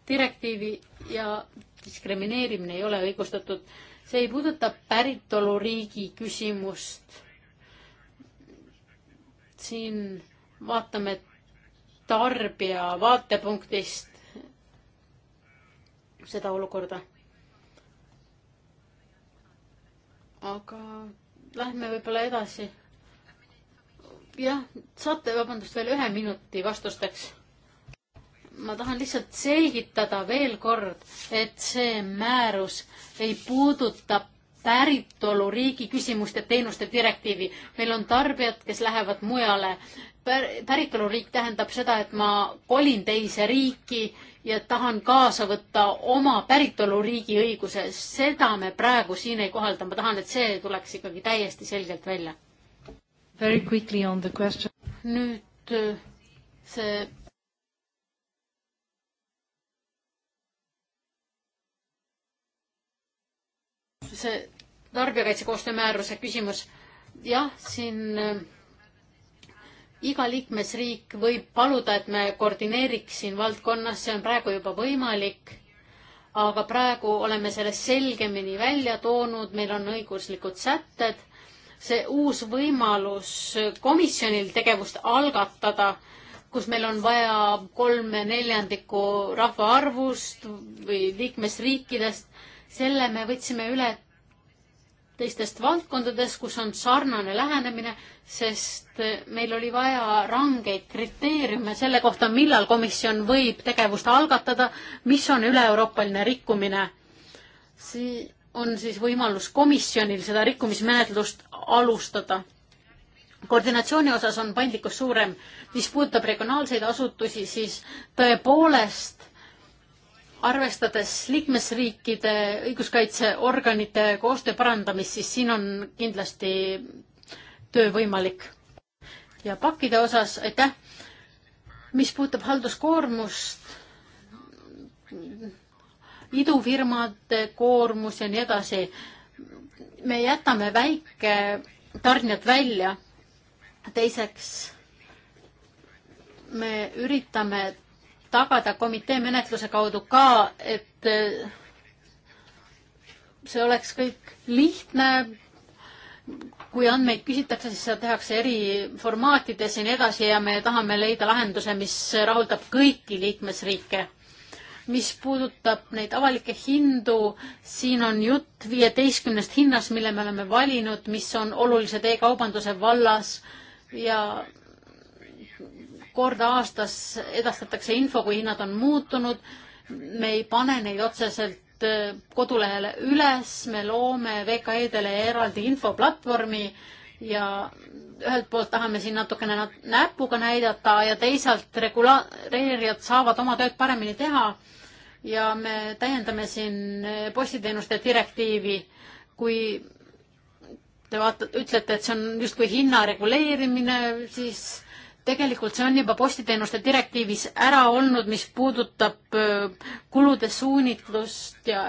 direktiivi ja diskrimineerimine ei ole õigustatud. see ei puuduta päritoluriigi küsimust. siin vaatame tarbija vaatepunktist seda olukorda. aga lähme võib-olla edasi. jah, saate, vabandust, veel ühe minuti vastusteks. ma tahan lihtsalt selgitada veel kord, et see määrus ei puuduta päritoluriigi küsimust ja teenuste direktiivi. meil on tarbijad, kes lähevad mujale päritoluriik tähendab seda, et ma kolin teise riiki ja tahan kaasa võtta oma päritoluriigi õiguse, seda me praegu siin ei kohalda, ma tahan, et see tuleks ikkagi täiesti selgelt välja. nüüd äh, see see tarbijakaitsekoostöö määruse küsimus, jah, siin äh, iga liikmesriik võib paluda, et me koordineeriks siin valdkonnas, see on praegu juba võimalik, aga praegu oleme selles selgemini välja toonud, meil on õiguslikud sätted, see uus võimalus komisjonil tegevust algatada, kus meil on vaja kolme neljandikku rahvaarvust või liikmesriikidest, selle me võtsime üle teistest valdkondadest, kus on sarnane lähenemine, sest meil oli vaja rangeid kriteeriume selle kohta, millal komisjon võib tegevust algatada, mis on üle-euroopaline rikkumine. sii-, on siis võimalus komisjonil seda rikkumismenetlust alustada. koordinatsiooni osas on paindlikkus suurem. mis puudutab regionaalseid asutusi, siis tõepoolest arvestades liikmesriikide õiguskaitseorganite koostöö parandamist, siis siin on kindlasti töö võimalik. ja pakkide osas, aitäh, mis puudutab halduskoormust, idufirmade koormus ja nii edasi, me jätame väiketarnijad välja. teiseks, me üritame tagada komitee menetluse kaudu ka, et eh, see oleks kõik lihtne. kui andmeid küsitakse, siis seda tehakse eri formaatides ja nii edasi ja me tahame leida lahenduse, mis rahuldab kõiki liikmesriike. mis puudutab neid avalikke hindu, siin on jutt viieteistkümnest hinnast, mille me oleme valinud, mis on olulised e-kaubanduse vallas ja korda aastas edastatakse info, kui hinnad on muutunud. me ei pane neid otseselt äh, kodulehele üles, me loome VKE-dele eraldi infoplatvormi ja ühelt poolt tahame siin natukene näpuga näidata ja teisalt reguleerijad saavad oma tööd paremini teha. ja me täiendame siin äh, postiteenuste direktiivi, kui te vaata, ütlete, et see on justkui hinna reguleerimine, siis tegelikult see on juba postiteenuste direktiivis ära olnud, mis puudutab äh, kulude suunitlust ja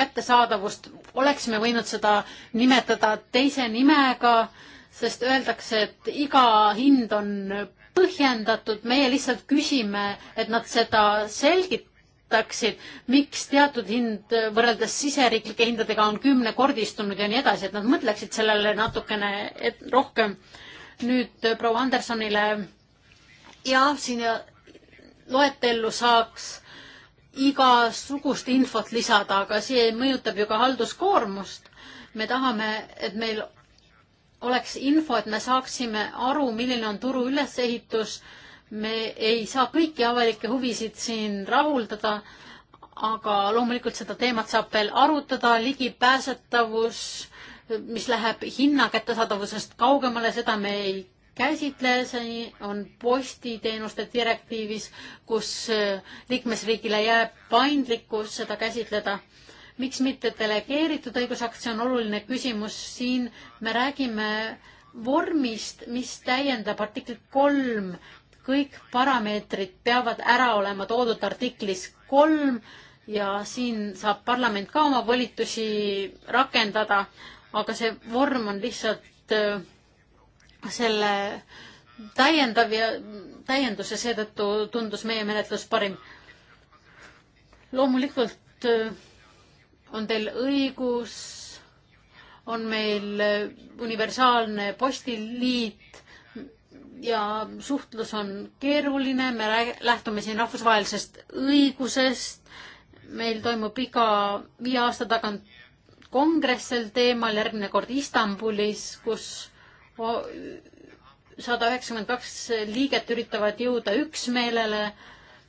kättesaadavust. oleksime võinud seda nimetada teise nimega, sest öeldakse, et iga hind on põhjendatud, meie lihtsalt küsime, et nad seda selgitaksid, miks teatud hind võrreldes siseriiklike hindadega on kümnekordistunud ja nii edasi, et nad mõtleksid sellele natukene rohkem nüüd proua Andersonile. jah, siin loetellu saaks igasugust infot lisada, aga see mõjutab ju ka halduskoormust. me tahame, et meil oleks info, et me saaksime aru, milline on turu ülesehitus. me ei saa kõiki avalikke huvisid siin rahuldada, aga loomulikult seda teemat saab veel arutada, ligipääsetavus mis läheb hinna kättesaadavusest kaugemale, seda me ei käsitle, see on postiteenuste direktiivis, kus eh, liikmesriigile jääb paindlikkus seda käsitleda. miks mitte delegeeritud õigusakt, see on oluline küsimus, siin me räägime vormist, mis täiendab artiklit kolm, kõik parameetrid peavad ära olema toodud artiklis kolm ja siin saab parlament ka oma volitusi rakendada aga see vorm on lihtsalt äh, selle täiendav ja täiendus ja seetõttu tundus meie menetlus parim. loomulikult äh, on teil õigus, on meil äh, universaalne postiliit ja suhtlus on keeruline, me lähtume siin rahvusvahelisest õigusest, meil toimub iga viie aasta tagant kongress sel teemal, järgmine kord Istanbulis, kus sada üheksakümmend kaks liiget üritavad jõuda üksmeelele,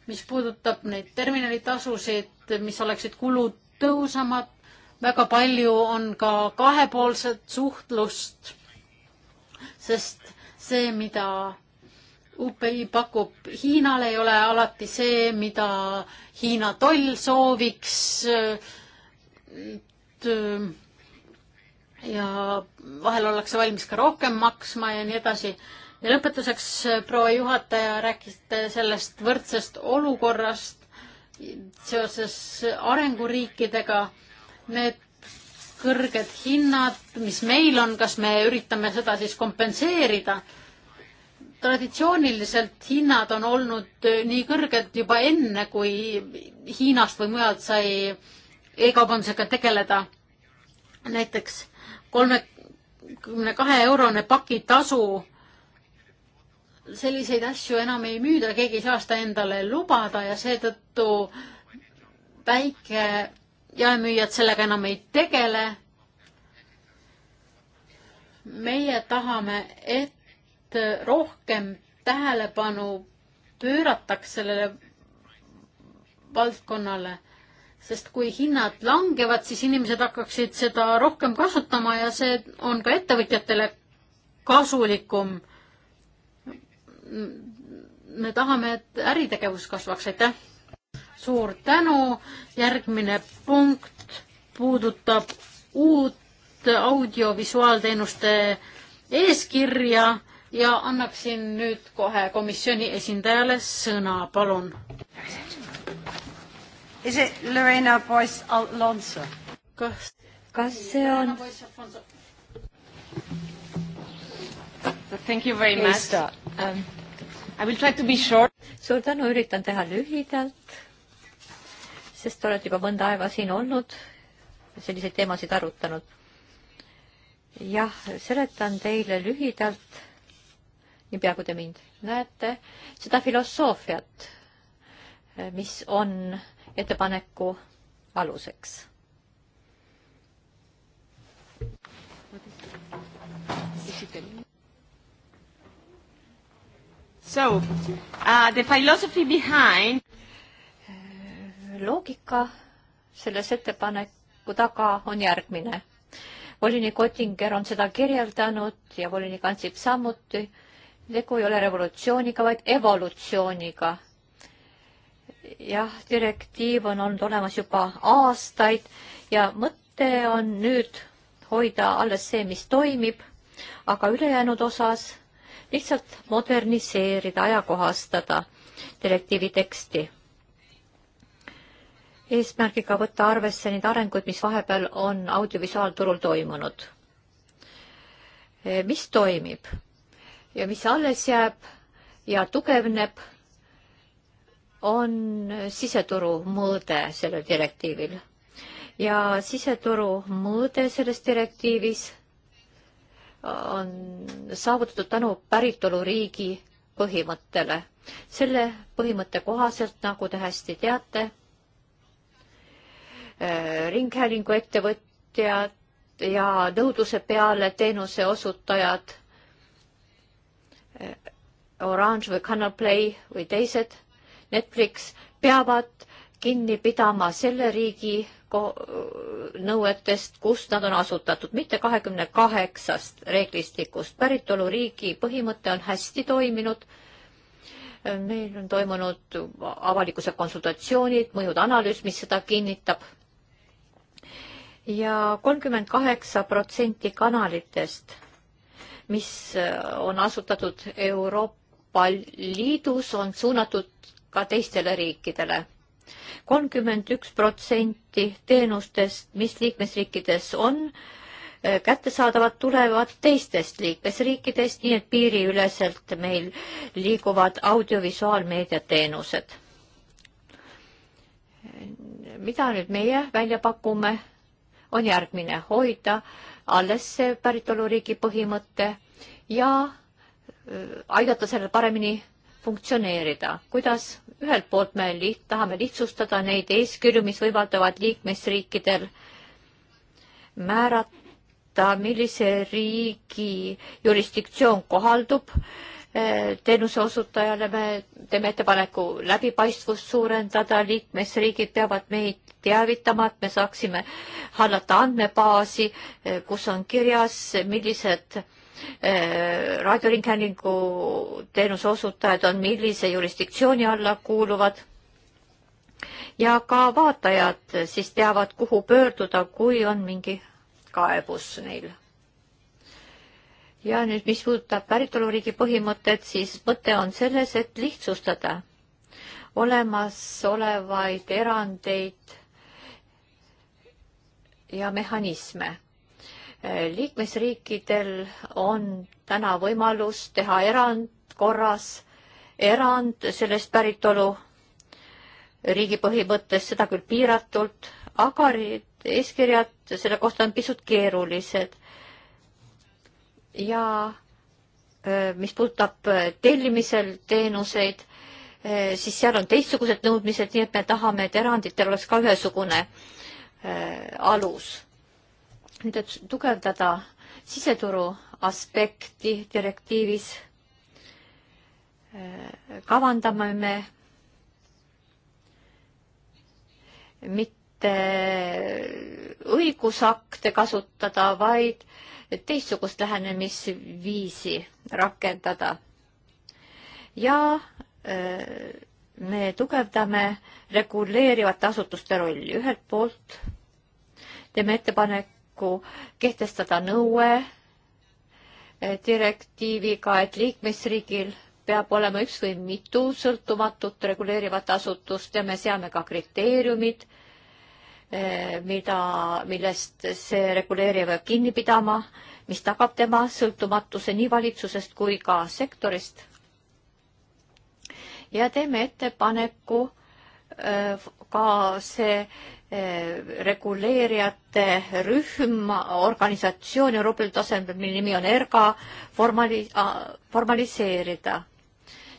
mis puudutab neid terminalitasusid, mis oleksid kulud tõhusamad. väga palju on ka kahepoolset suhtlust, sest see, mida UPI pakub Hiinale, ei ole alati see, mida Hiina toll sooviks Äh, ja vahel ollakse valmis ka rohkem maksma ja nii edasi. ja lõpetuseks, äh, proua juhataja, rääkisite sellest võrdsest olukorrast seoses arenguriikidega. Need kõrged hinnad, mis meil on, kas me üritame seda siis kompenseerida? traditsiooniliselt hinnad on olnud äh, nii kõrged juba enne, kui Hiinast või mujalt sai äh, e-kaubandusega tegeleda. näiteks kolmekümne kahe eurone pakitasu. selliseid asju enam ei müüda, keegi ei saa seda endale lubada ja seetõttu väike jaemüüjad sellega enam ei tegele. meie tahame, et rohkem tähelepanu pöörataks sellele valdkonnale sest kui hinnad langevad, siis inimesed hakkaksid seda rohkem kasutama ja see on ka ettevõtjatele kasulikum. me tahame, et äritegevus kasvaks, aitäh. suur tänu. järgmine punkt puudutab uut audiovisuaalteenuste eeskirja ja annaksin nüüd kohe komisjoni esindajale sõna, palun. Is it Lorena Boyce Alonso? kas, kas see on? Thank you very much. Um, I will try to be short. suur tänu, üritan teha lühidalt, sest te olete juba mõnda aega siin olnud, selliseid teemasid arutanud. jah, seletan teile lühidalt, niipea kui te mind näete, seda filosoofiat, mis on äh, ettepaneku aluseks. So uh, the philosophy behind loogika selles ettepaneku taga on järgmine. volinik Ottinger on seda kirjeldanud ja volinik Ansip samuti. tegu ei ole revolutsiooniga, vaid evolutsiooniga jah, direktiiv on olnud olemas juba aastaid ja mõte on nüüd hoida alles see, mis toimib, aga ülejäänud osas lihtsalt moderniseerida, ajakohastada direktiivi teksti. eesmärgiga võtta arvesse neid arenguid, mis vahepeal on audiovisuaalturul toimunud. mis toimib ja mis alles jääb ja tugevneb on siseturu mõõde sellel direktiivil ja siseturu mõõde selles direktiivis on saavutatud tänu päritoluriigi põhimõttele. selle põhimõtte kohaselt, nagu te hästi teate, äh, ringhäälinguettevõtjad ja nõudluse peale teenuse osutajad, äh, Orange või Canal Play või teised Netflix peavad kinni pidama selle riigi nõuetest, kust nad on asutatud, mitte kahekümne kaheksast reeglistikust. päritoluriigi põhimõte on hästi toiminud. meil on toimunud avalikkuse konsultatsioonid, mõjude analüüs, mis seda kinnitab ja kolmkümmend kaheksa protsenti kanalitest, mis on asutatud Euroopa Liidus, on suunatud ka teistele riikidele. kolmkümmend üks protsenti teenustest, mis liikmesriikides on, äh, kättesaadavad tulevad teistest liikmesriikidest, nii et piiriüleselt meil liiguvad audiovisuaalmeedia teenused. mida nüüd meie välja pakume, on järgmine, hoida alles see päritoluriigi põhimõte ja äh, aidata sellel paremini funktsioneerida, kuidas ühelt poolt me liht-, tahame lihtsustada neid eeskirju, mis võimaldavad liikmesriikidel määrata, millise riigi jurisdiktsioon kohaldub eh, teenuse osutajale, me teeme ettepaneku läbipaistvust suurendada, liikmesriigid peavad meid teavitama, et me saaksime hallata andmebaasi, eh, kus on kirjas, millised Äh, raadioringhäälingu teenuse osutajad on, millise jurisdiktsiooni alla kuuluvad ja ka vaatajad siis teavad, kuhu pöörduda, kui on mingi kaebus neil. ja nüüd, mis puudutab päritoluriigi põhimõtet, siis mõte on selles, et lihtsustada olemasolevaid erandeid ja mehhanisme liikmesriikidel on täna võimalus teha erand korras, erand sellest päritolu riigi põhimõttest, seda küll piiratult, aga eeskirjad selle kohta on pisut keerulised. ja mis puudutab tellimisel teenuseid, siis seal on teistsugused nõudmised, nii et me tahame, et eranditel oleks ka ühesugune alus nüüd, et tugevdada siseturu aspekti direktiivis, äh, kavandame me mitte õigusakte kasutada, vaid teistsugust lähenemisviisi rakendada. ja äh, me tugevdame reguleerivate asutuste rolli. ühelt poolt teeme ettepaneku ettepaneku kehtestada nõue eh, direktiiviga, et liikmesriigil peab olema üks või mitu sõltumatut reguleerivat asutust ja me seame ka kriteeriumid, eh, mida, millest see reguleerija peab kinni pidama, mis tagab tema sõltumatuse nii valitsusest kui ka sektorist. ja teeme ettepaneku eh, ka see Eh, reguleerijate rühm, organisatsioon Euroopa Liidu tasemel, mille nimi on ERGA, formali-, formaliseerida.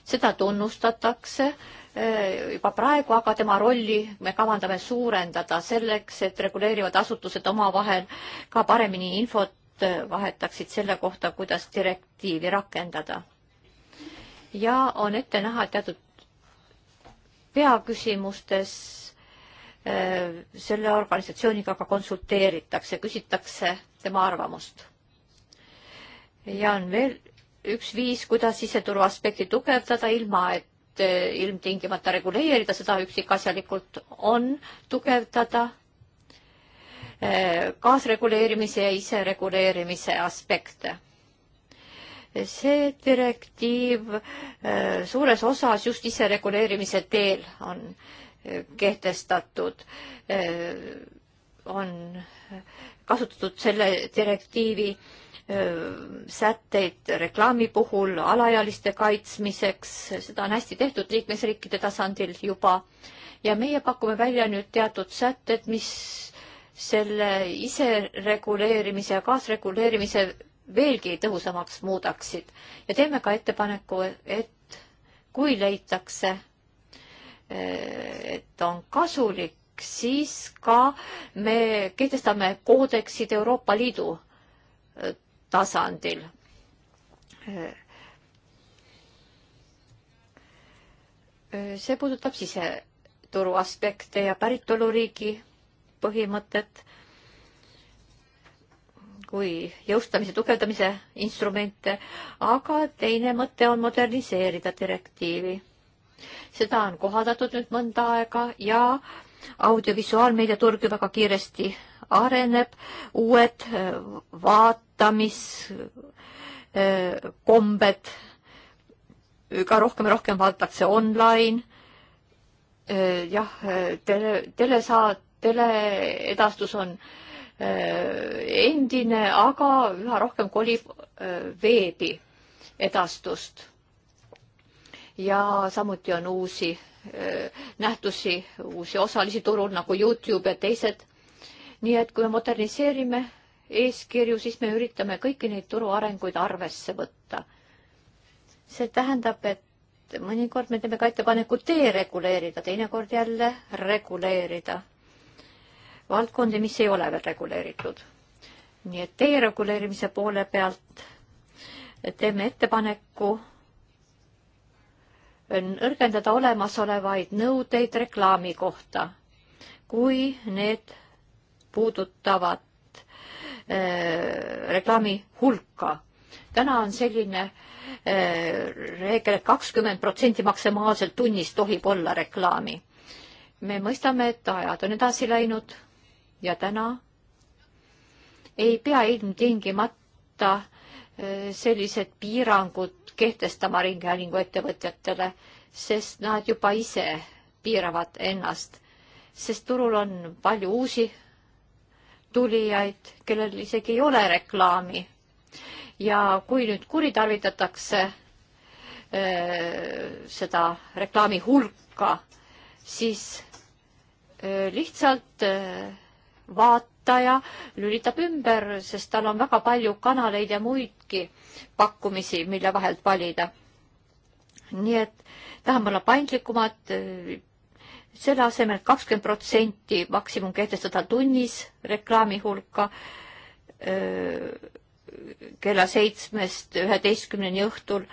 seda tunnustatakse eh, juba praegu, aga tema rolli me kavandame suurendada selleks, et reguleerivad asutused omavahel ka paremini infot eh, vahetaksid selle kohta, kuidas direktiivi rakendada. ja on ette näha teatud peaküsimustes Äh, selle organisatsiooniga ka konsulteeritakse, küsitakse tema arvamust. ja on veel üks viis, kuidas siseturu aspekti tugevdada, ilma et äh, ilmtingimata reguleerida, seda üksikasjalikult on tugevdada äh, kaasreguleerimise ja isereguleerimise aspekte. see direktiiv suures osas just isereguleerimise teel on kehtestatud, on kasutatud selle direktiivi sätteid reklaami puhul alaealiste kaitsmiseks, seda on hästi tehtud liikmesriikide tasandil juba ja meie pakume välja nüüd teatud sätted, mis selle isereguleerimise ja kaasreguleerimise veelgi tõhusamaks muudaksid ja teeme ka ettepaneku, et kui leitakse, Eh, et on kasulik, siis ka me kehtestame koodeksid Euroopa Liidu eh, tasandil. Eh, see puudutab siseturu aspekte ja päritoluriigi põhimõtet kui jõustamise tugevdamise instrumente, aga teine mõte on moderniseerida direktiivi seda on kohandatud nüüd mõnda aega ja audiovisuaalmeedia turg ju väga kiiresti areneb, uued äh, vaatamiskombed, äh, äh, ka rohkem ja rohkem vaadatakse online, jah, tele, telesaat, teleedastus on endine, aga üha rohkem kolib veebi edastust ja samuti on uusi äh, nähtusi, uusi osalisi turul nagu Youtube ja teised. nii et kui me moderniseerime eeskirju, siis me üritame kõiki neid turu arenguid arvesse võtta. see tähendab, et mõnikord me teeme ka ettepaneku dereguleerida, teinekord jälle reguleerida valdkondi, mis ei ole veel reguleeritud. nii et dereguleerimise poole pealt teeme ettepaneku nõrgendada olemasolevaid nõudeid reklaami kohta, kui need puudutavad äh, reklaami hulka. täna on selline äh, reegel, et kakskümmend protsenti maksimaalselt tunnis tohib olla reklaami. me mõistame, et ajad on edasi läinud ja täna ei pea ilmtingimata äh, sellised piirangud kehtestama ringhäälingu ettevõtjatele, sest nad juba ise piiravad ennast, sest turul on palju uusi tulijaid, kellel isegi ei ole reklaami. ja kui nüüd kuritarvitatakse öö, äh, seda reklaami hulka, siis öö, äh, lihtsalt öö, äh, vaat-, töötaja lülitab ümber, sest tal on väga palju kanaleid ja muidki pakkumisi, mille vahelt valida. nii et tahame olla paindlikumad, selle asemel kakskümmend protsenti maksimum kehtestada tunnis reklaami hulka kella seitsmest üheteistkümneni õhtul.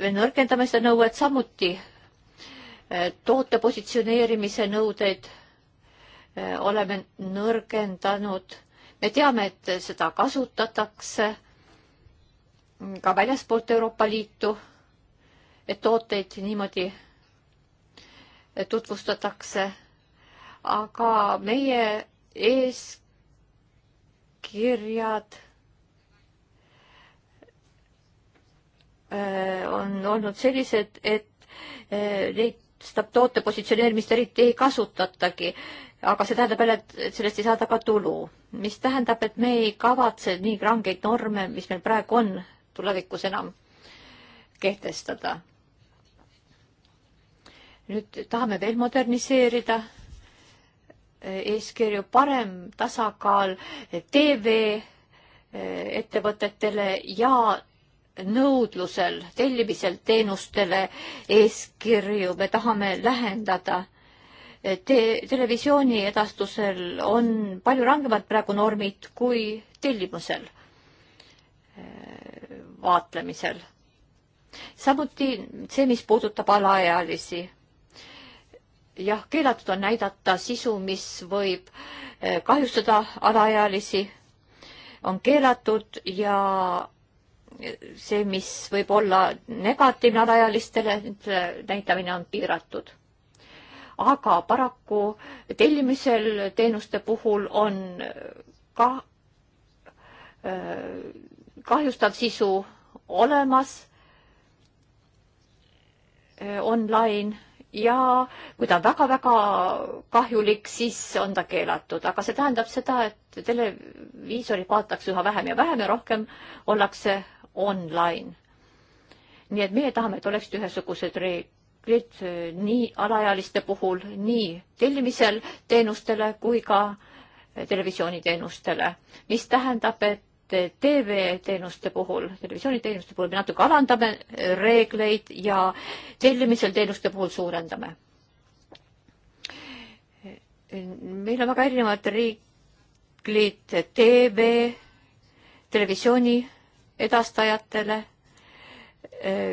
me nõrgendame seda nõuet samuti, toote positsioneerimise nõudeid Äh, oleme nõrgendanud. me teame, et seda kasutatakse ka väljaspoolt Euroopa Liitu, et tooteid niimoodi äh, tutvustatakse, aga meie eeskirjad äh, on olnud sellised, et neid, seda toote positsioneerimist eriti ei kasutatagi aga see tähendab jälle, et sellest ei saada ka tulu, mis tähendab, et me ei kavatse nii rangeid norme, mis meil praegu on, tulevikus enam kehtestada. nüüd tahame veel moderniseerida eh, eeskirju, parem tasakaal eh, TV eh, ettevõtetele ja nõudlusel, tellimisel teenustele eeskirju, me tahame lähendada te-, televisiooni edastusel on palju rangemad praegu normid kui tellimusel äh, vaatlemisel. samuti see, mis puudutab alaealisi. jah, keelatud on näidata sisu, mis võib äh, kahjustada alaealisi, on keelatud ja see, mis võib olla negatiivne alaealistele, näitamine on piiratud aga paraku tellimisel teenuste puhul on ka äh, kahjustav sisu olemas äh, online ja kui ta on väga-väga kahjulik, siis on ta keelatud, aga see tähendab seda, et televiisorit vaadatakse üha vähem ja vähem ja rohkem ollakse online. nii et meie tahame, et oleksid ühesugused reeglid artiklid äh, nii alaealiste puhul, nii tellimisel teenustele kui ka äh, televisiooniteenustele, mis tähendab, et äh, TV-teenuste puhul, televisiooniteenuste puhul me natuke alandame reegleid ja tellimisel teenuste puhul suurendame. meil on väga erinevad reeglid TV, televisiooni edastajatele,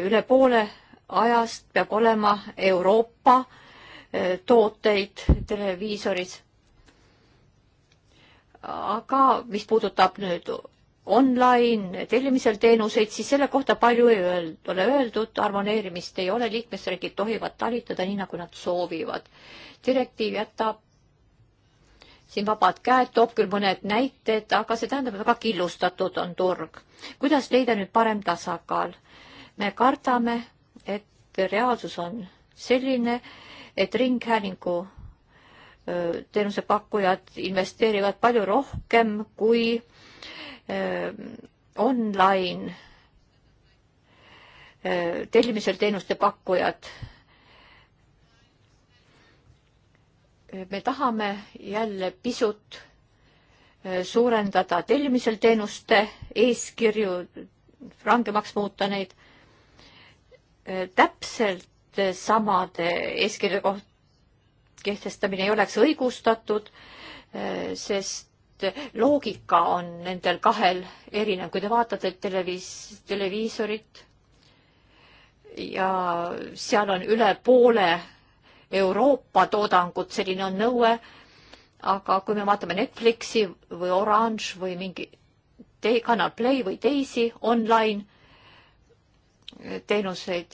üle poole ajast peab olema Euroopa eh, tooteid televiisoris. aga mis puudutab nüüd online tellimisel teenuseid, siis selle kohta palju ei öeld, ole öeldud, harmoneerimist ei ole, liikmesriigid tohivad talitada nii, nagu nad soovivad. direktiiv jätab siin vabad käed, toob küll mõned näited, aga see tähendab, et väga killustatud on turg. kuidas leida nüüd parem tasakaal? me kardame et reaalsus on selline, et ringhäälingu teenusepakkujad investeerivad palju rohkem kui online tellimisel teenuste pakkujad. me tahame jälle pisut suurendada tellimisel teenuste eeskirju, rangemaks muuta neid täpselt samade eeskirjade koht-, kehtestamine ei oleks õigustatud, sest loogika on nendel kahel erinev, kui te vaatate televiis-, televiisorit ja seal on üle poole Euroopa toodangut, selline on nõue, aga kui me vaatame Netflixi või Orange või mingi tei-, Kanal Play või teisi online teenuseid.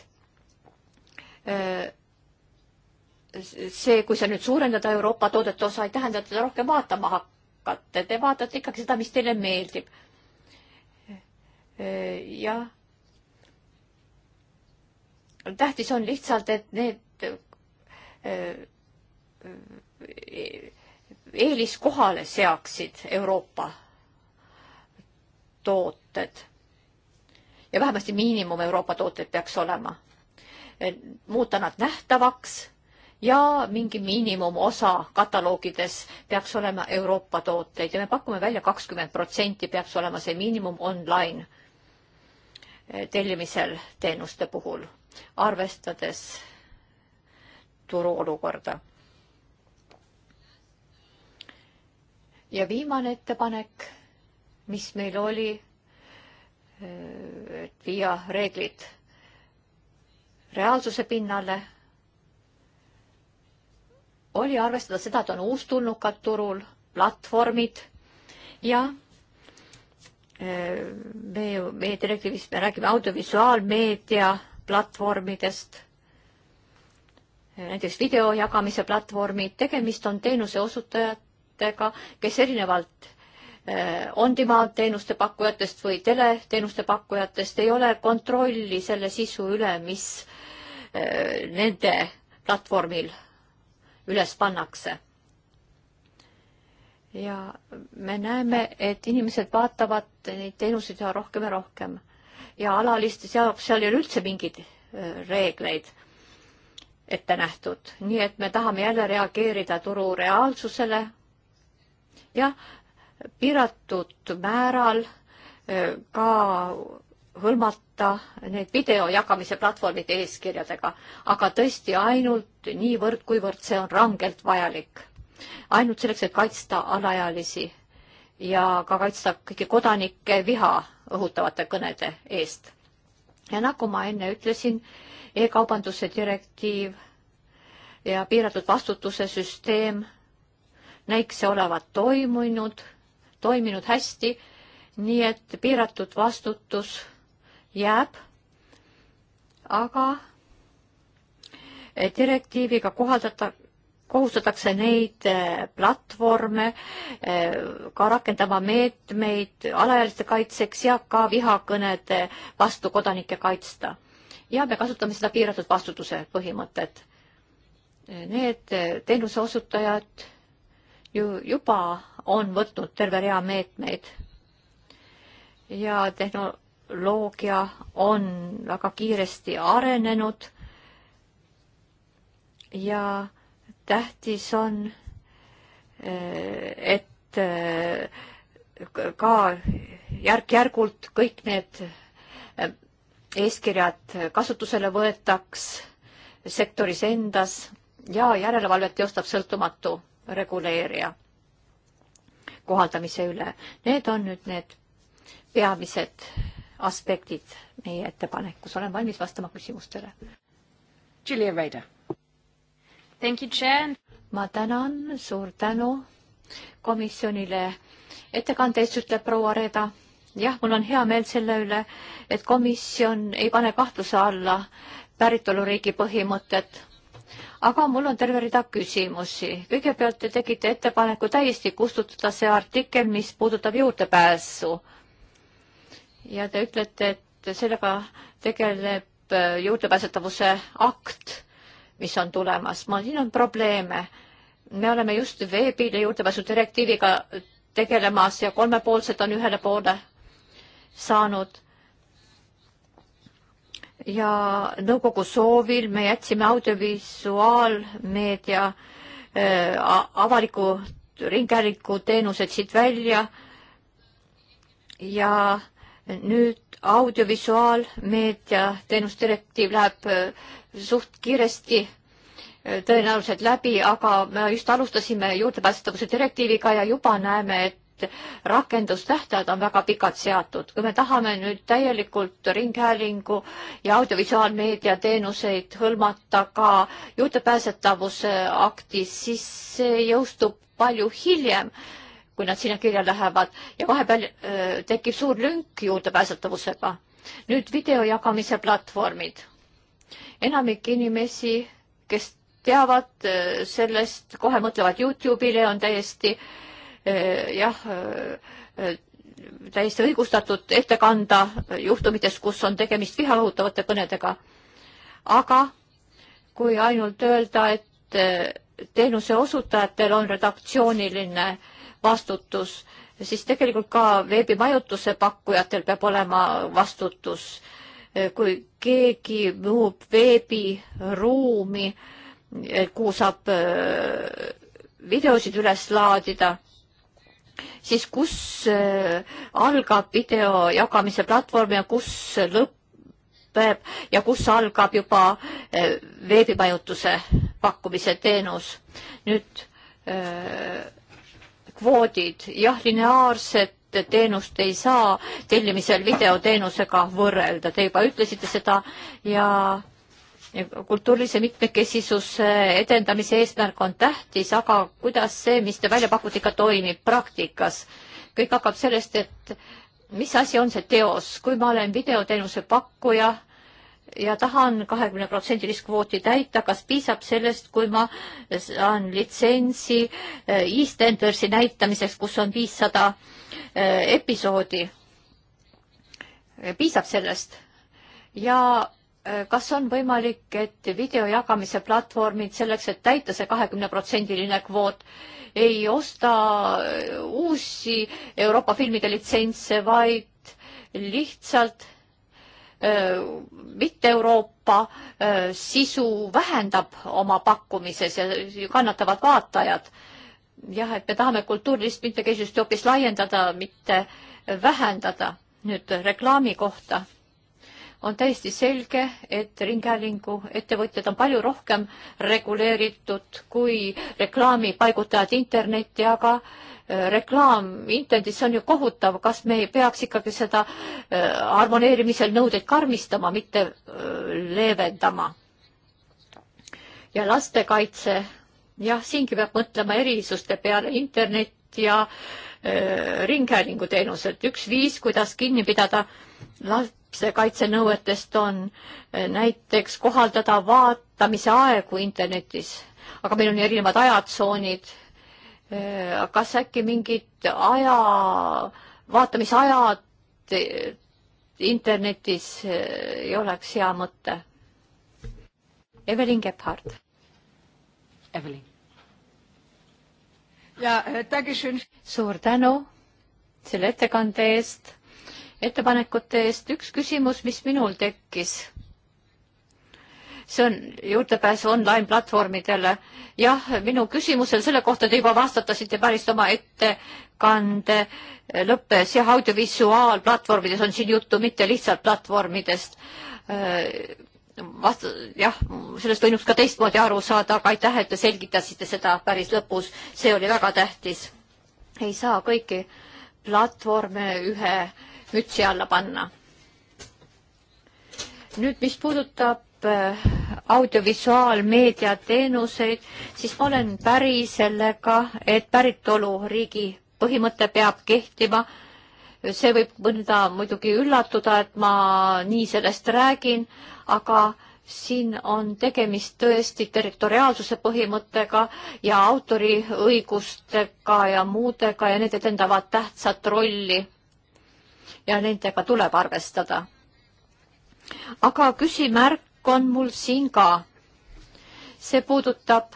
see, kui sa nüüd suurendada Euroopa toodete osa, ei tähenda, et te rohkem vaatama hakkate, te vaatate ikkagi seda, mis teile meeldib. jah. tähtis on lihtsalt, et need eeliskohale seaksid Euroopa tooted ja vähemasti miinimum Euroopa tooteid peaks olema. muuta nad nähtavaks ja mingi miinimumosa kataloogides peaks olema Euroopa tooteid ja me pakume välja kakskümmend protsenti peaks olema see miinimum online tellimisel teenuste puhul, arvestades turuolukorda. ja viimane ettepanek, mis meil oli et viia reeglid reaalsuse pinnale, oli arvestada seda, et on uustulnukad turul, platvormid ja e, me, meie direktiivis me räägime audiovisuaalmeedia platvormidest, e, näiteks video jagamise platvormid, tegemist on teenuseosutajatega, kes erinevalt Äh, on-demand teenuste pakkujatest või teleteenuste pakkujatest, ei ole kontrolli selle sisu üle, mis äh, nende platvormil üles pannakse. ja me näeme, et inimesed vaatavad neid teenuseid üha rohkem ja rohkem ja alalistes jaoks seal ei ole üldse mingeid äh, reegleid ette nähtud, nii et me tahame jälle reageerida turu reaalsusele. jah, piiratud määral eh, ka hõlmata need video jagamise platvormide eeskirjadega, aga tõesti ainult niivõrd, kuivõrd see on rangelt vajalik. ainult selleks, et kaitsta alaealisi ja ka kaitsta kõiki kodanikke viha õhutavate kõnede eest. ja nagu ma enne ütlesin e, e-kaubanduse direktiiv ja piiratud vastutuse süsteem näikse olevat toimunud toiminud hästi, nii et piiratud vastutus jääb, aga eh, direktiiviga kohaldata, kohustatakse neid eh, platvorme eh, ka rakendama meetmeid alaealiste kaitseks ja ka vihakõnede vastu kodanikke kaitsta. ja me kasutame seda piiratud vastutuse põhimõtet. Need teenuseosutajad ju juba on võtnud terve rea meetmeid ja tehnoloogia on väga kiiresti arenenud ja tähtis on, eh, et eh, ka järk-järgult kõik need eh, eeskirjad kasutusele võetaks sektoris endas ja järelevalvet teostab sõltumatu reguleerija kohaldamise üle. Need on nüüd need peamised aspektid meie ettepanekus. olen valmis vastama küsimustele. Julia Raider. Thank you, Chair. ma tänan, suur tänu komisjonile ettekande eest, ütleb proua Reeda. jah, mul on hea meel selle üle, et komisjon ei pane kahtluse alla päritoluriigi põhimõtet aga mul on terve rida küsimusi. kõigepealt te tegite ettepaneku täiesti kustutada see artikkel, mis puudutab juurdepääsu. ja te ütlete, et sellega tegeleb äh, juurdepääsetavuse akt, mis on tulemas. ma, siin on probleeme. me oleme just veebile juurdepääsu direktiiviga tegelemas ja kolmepoolsed on ühele poole saanud ja nõukogu soovil me jätsime audiovisuaalmeedia äh, avaliku ringhäälingu teenused siit välja ja nüüd audiovisuaalmeedia teenusdirektiiv läheb äh, suht kiiresti äh, tõenäoliselt läbi, aga me just alustasime juurdepääsetavuse direktiiviga ja juba näeme, et et rakendustähtajad on väga pikad seatud. kui me tahame nüüd täielikult ringhäälingu ja audiovisuaalmeedia teenuseid hõlmata ka juurdepääsetavuse aktis, siis see jõustub palju hiljem, kui nad sinna kirja lähevad ja vahepeal öö, tekib suur lünk juurdepääsetavusega. nüüd video jagamise platvormid. enamik inimesi, kes teavad sellest, kohe mõtlevad Youtube'ile, on täiesti äh, Eh, jah, eh, täiesti õigustatud ette kanda juhtumites, kus on tegemist viha õhutavate kõnedega. aga kui ainult öelda, et eh, teenuse osutajatel on redaktsiooniline vastutus, siis tegelikult ka veebimajutuse pakkujatel peab olema vastutus. kui keegi muub veebiruumi, kuhu saab videosid üles laadida siis kus äh, algab video jagamise platvorm ja kus lõpeb ja kus algab juba äh, veebimajutuse pakkumise teenus. nüüd äh, kvoodid, jah, lineaarset teenust ei saa tellimisel videoteenusega võrrelda, te juba ütlesite seda ja kultuurilise mitmekesisuse edendamise eesmärk on tähtis, aga kuidas see, mis te välja pakute, ikka toimib praktikas? kõik hakkab sellest, et mis asi on see teos, kui ma olen videoteenuse pakkuja ja tahan kahekümne protsendilist kvooti täita, kas piisab sellest, kui ma saan litsentsi EastEndersi eh, näitamiseks, kus on viissada eh, episoodi? piisab sellest ja Äh, kas on võimalik, et videojagamise platvormid selleks, et täita see kahekümneprotsendiline kvoot, ei osta äh, uusi Euroopa filmide litsentse, vaid lihtsalt äh, mitte Euroopa sisu vähendab oma pakkumises ja kannatavad vaatajad. jah, et me tahame kultuurilist mitmekesisust hoopis laiendada, mitte vähendada. nüüd reklaami kohta on täiesti selge, et ringhäälingu ettevõtjad on palju rohkem reguleeritud kui reklaamipaigutajad internetti, aga äh, reklaam internetis on ju kohutav, kas me ei peaks ikkagi seda äh, harmoneerimisel nõudeid karmistama, mitte äh, leevendama? ja lastekaitse, jah, siingi peab mõtlema erisuste peale, internet ja ringhäälinguteenused, üks viis, kuidas kinni pidada last-, see kaitsenõuetest on, eh, näiteks kohaldada vaatamise aegu internetis, aga meil on erinevad ajatsoonid. Eh, kas äkki mingid aja, vaatamisajad eh, internetis ei oleks hea mõte? Evelyn Gebhardt. Evelyn. ja äh,, suur tänu selle ettekande eest ettepanekute eest. üks küsimus, mis minul tekkis. see on juurdepääs online platvormidele. jah, minu küsimusel selle kohta te juba vastatasite päris oma ettekande lõppes. jah, audiovisuaalplatvormides on siin juttu, mitte lihtsalt platvormidest äh, vast-, jah, sellest võinuks ka teistmoodi aru saada, aga aitäh, et te selgitasite seda päris lõpus, see oli väga tähtis. ei saa kõiki platvorme ühe mütsi alla panna. nüüd, mis puudutab äh, audiovisuaalmeedia teenuseid, siis ma olen päri sellega, et päritoluriigi põhimõte peab kehtima. see võib mõnda muidugi üllatuda, et ma nii sellest räägin, aga siin on tegemist tõesti territoriaalsuse põhimõttega ja autoriõigustega ja muudega ja need edendavad tähtsat rolli ja nendega tuleb arvestada. aga küsimärk on mul siin ka. see puudutab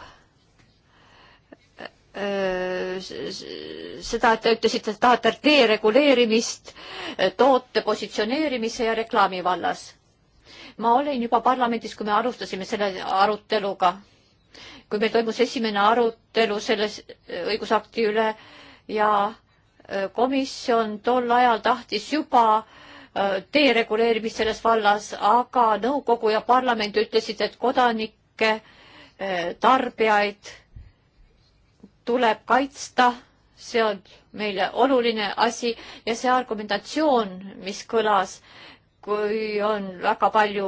öö, äh, seda, et te ütlesite, et tahate dereguleerimist äh, toote positsioneerimise ja reklaami vallas. ma olin juba parlamendis, kui me alustasime selle aruteluga, kui meil toimus esimene arutelu selles õigusakti üle ja äh, Äh, komisjon tol ajal tahtis juba äh, dereguleerimist selles vallas, aga nõukogu ja parlament ütlesid, et kodanikke, äh, tarbijaid tuleb kaitsta, see on meile oluline asi ja see argumentatsioon, mis kõlas, kui on väga palju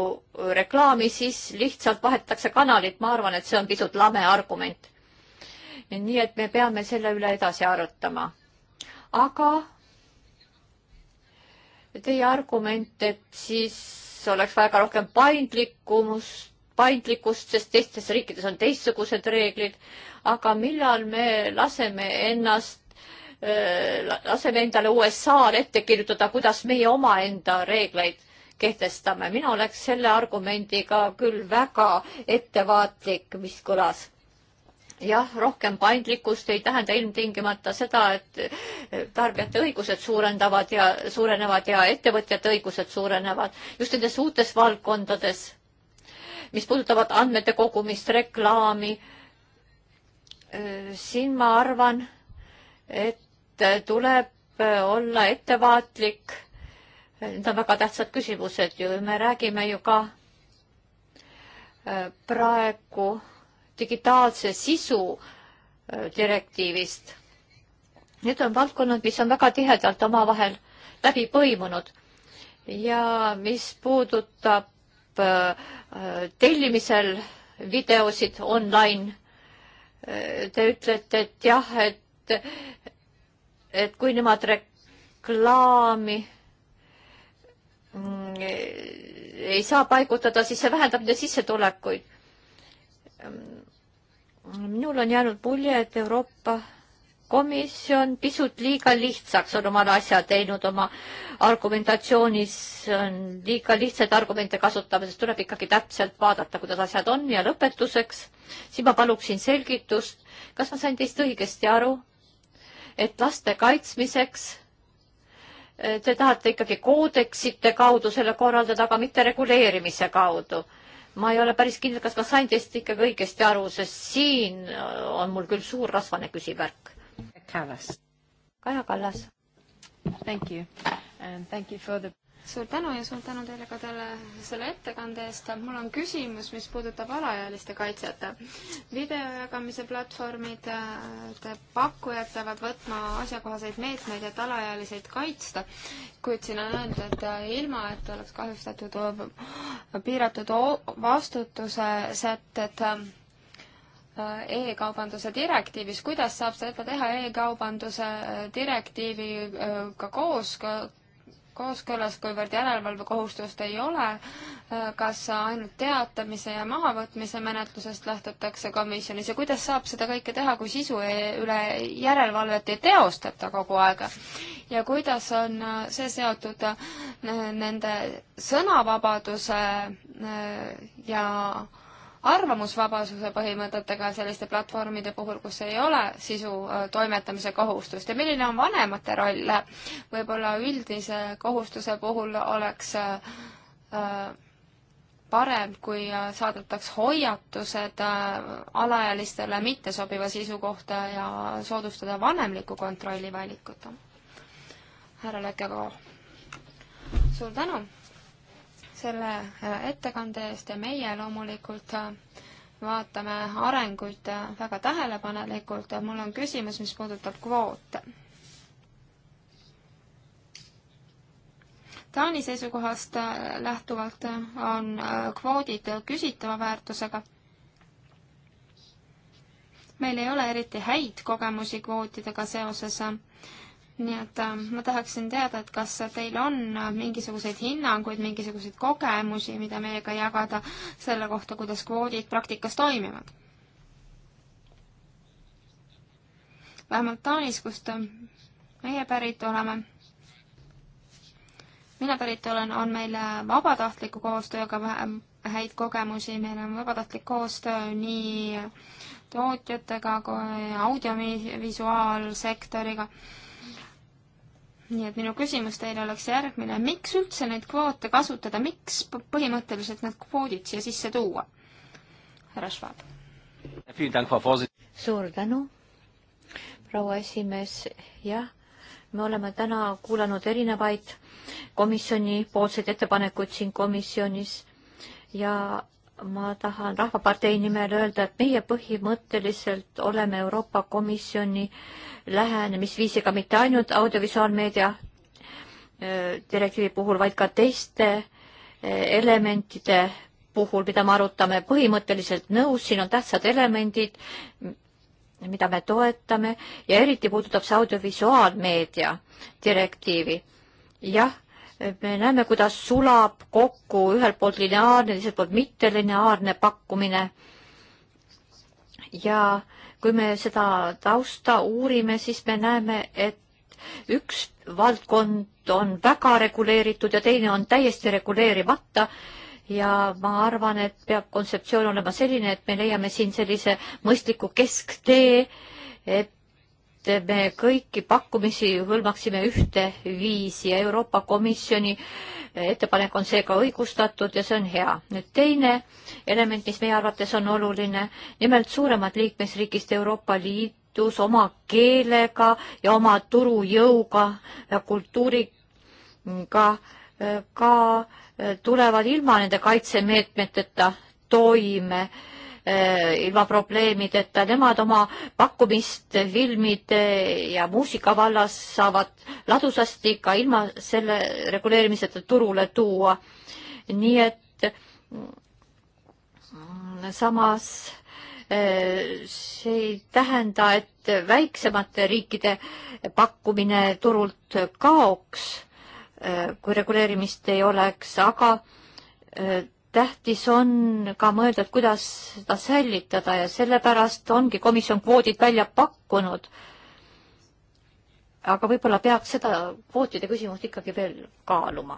reklaami, siis lihtsalt vahetatakse kanalit, ma arvan, et see on pisut lame argument. nii et me peame selle üle edasi arutama aga teie argument, et siis oleks vaja ka rohkem paindlikkumust, paindlikkust, sest teistes riikides on teistsugused reeglid, aga millal me laseme ennast, äh, laseme endale USA-l ette kirjutada, kuidas meie omaenda reegleid kehtestame. mina oleks selle argumendiga küll väga ettevaatlik, mis kõlas jah, rohkem paindlikkust ei tähenda ilmtingimata seda, et eh, tarbijate õigused suurendavad ja suurenevad ja ettevõtjate õigused suurenevad just nendes uutes valdkondades, mis puudutavad andmete kogumist, reklaami. Eh, siin ma arvan, et tuleb olla ettevaatlik. Need on väga tähtsad küsimused ju, me räägime ju ka eh, praegu digitaalse sisu äh, direktiivist. Need on valdkonnad, mis on väga tihedalt omavahel läbi põimunud ja mis puudutab äh, äh, tellimisel videosid online. Te ütlete, et jah, et, et kui nemad reklaami mm, ei saa paigutada, siis see vähendab nende sissetulekuid minul on jäänud mulje, et Euroopa Komisjon pisut liiga lihtsaks on omale asja teinud oma argumentatsioonis, on liiga lihtsaid argumente kasutamises, tuleb ikkagi täpselt vaadata, kuidas asjad on ja lõpetuseks, siin ma paluksin selgitust, kas ma sain teist õigesti aru, et laste kaitsmiseks eh, te tahate ikkagi koodeksite kaudu selle korraldada, aga mitte reguleerimise kaudu ma ei ole päris kindel, kas ma sain teist ikkagi õigesti aru, sest siin äh, on mul küll suur rasvane küsimärk. Kaja Kallas. Kaja Kallas. Thank you and thank you for the suur tänu ja suur tänu teile ka teile selle ettekande eest. mul on küsimus, mis puudutab alaealiste kaitset. video jagamise platvormid, äh, pakkujad peavad võtma asjakohaseid meetmeid, et alaealiseid kaitsta, kuid siin on öeldud, et äh, ilma, et oleks kahjustatud äh, piiratud vastutuse sätted e-kaubanduse direktiivis, kuidas saab seda teha e-kaubanduse direktiiviga ka koos, kooskõlas, kuivõrd järelevalvekohustust ei ole, kas ainult teatamise ja mahavõtmise menetlusest lähtutakse komisjonis ja kuidas saab seda kõike teha, kui sisu e-, üle järelevalvet ei teostata kogu aeg? ja kuidas on see seotud nende sõnavabaduse ja arvamusvabasuse põhimõtetega selliste platvormide puhul, kus ei ole sisu äh, toimetamise kohustust ja milline on vanemate roll? võib-olla üldise kohustuse puhul oleks äh, parem, kui äh, saadetaks hoiatused alaealistele mittesobiva sisu kohta ja soodustada vanemliku kontrolli valikut. härra Lekeko, suur tänu! selle äh, ettekande eest ja meie loomulikult äh, vaatame arenguid äh, väga tähelepanelikult ja mul on küsimus, mis puudutab kvoote. Taani seisukohast lähtuvalt on kvoodid küsitava väärtusega. meil ei ole eriti häid kogemusi kvootidega seoses nii et ähm, ma tahaksin teada, et kas teil on äh, mingisuguseid hinnanguid, mingisuguseid kogemusi, mida meiega jagada selle kohta, kuidas kvoodid praktikas toimivad? vähemalt Taanis, kust ähm, meie pärit oleme, mina pärit olen, on meil äh, vabatahtliku koostööga ähm, häid kogemusi, meil on vabatahtlik koostöö nii tootjatega kui audiovisuaalsektoriga. Visuaal, nii et minu küsimus teile oleks järgmine, miks üldse neid kvoote kasutada, miks põhimõtteliselt need kvoodid siia sisse tuua? härra Schwab. suur tänu, proua esimees, jah, me oleme täna kuulanud erinevaid komisjoni poolseid ettepanekuid siin komisjonis ja ma tahan Rahvapartei nimel öelda, et meie põhimõtteliselt oleme Euroopa Komisjoni lähenemisviisiga mitte ainult audiovisuaalmeedia äh, direktiivi puhul, vaid ka teiste äh, elementide puhul, mida me arutame, põhimõtteliselt nõus, siin on tähtsad elemendid, mida me toetame ja eriti puudutab see audiovisuaalmeedia direktiivi. jah me näeme, kuidas sulab kokku ühelt poolt lineaarne, teiselt poolt mittelineaarne pakkumine. ja kui me seda tausta uurime, siis me näeme, et üks valdkond on väga reguleeritud ja teine on täiesti reguleerimata ja ma arvan, et peab kontseptsioon olema selline, et me leiame siin sellise mõistliku kesktee, et et me kõiki pakkumisi hõlmaksime ühte viisi ja Euroopa Komisjoni ettepanek on seega õigustatud ja see on hea. nüüd teine element, mis meie arvates on oluline, nimelt suuremad liikmesriigist Euroopa Liidus oma keelega ja oma turujõuga ja kultuuriga äh, ka äh, tulevad ilma nende kaitsemeetmeteta toime Eh, ilma probleemideta, nemad oma pakkumist filmide eh, ja muusika vallas saavad ladusasti ka ilma selle reguleerimiseta turule tuua. nii et mm, samas eh, see ei tähenda, et väiksemate riikide pakkumine turult kaoks, kui reguleerimist ei oleks, aga tähtis on ka mõelda, et kuidas seda säilitada ja sellepärast ongi komisjon kvoodid välja pakkunud. aga võib-olla peaks seda kvootide küsimust ikkagi veel kaaluma.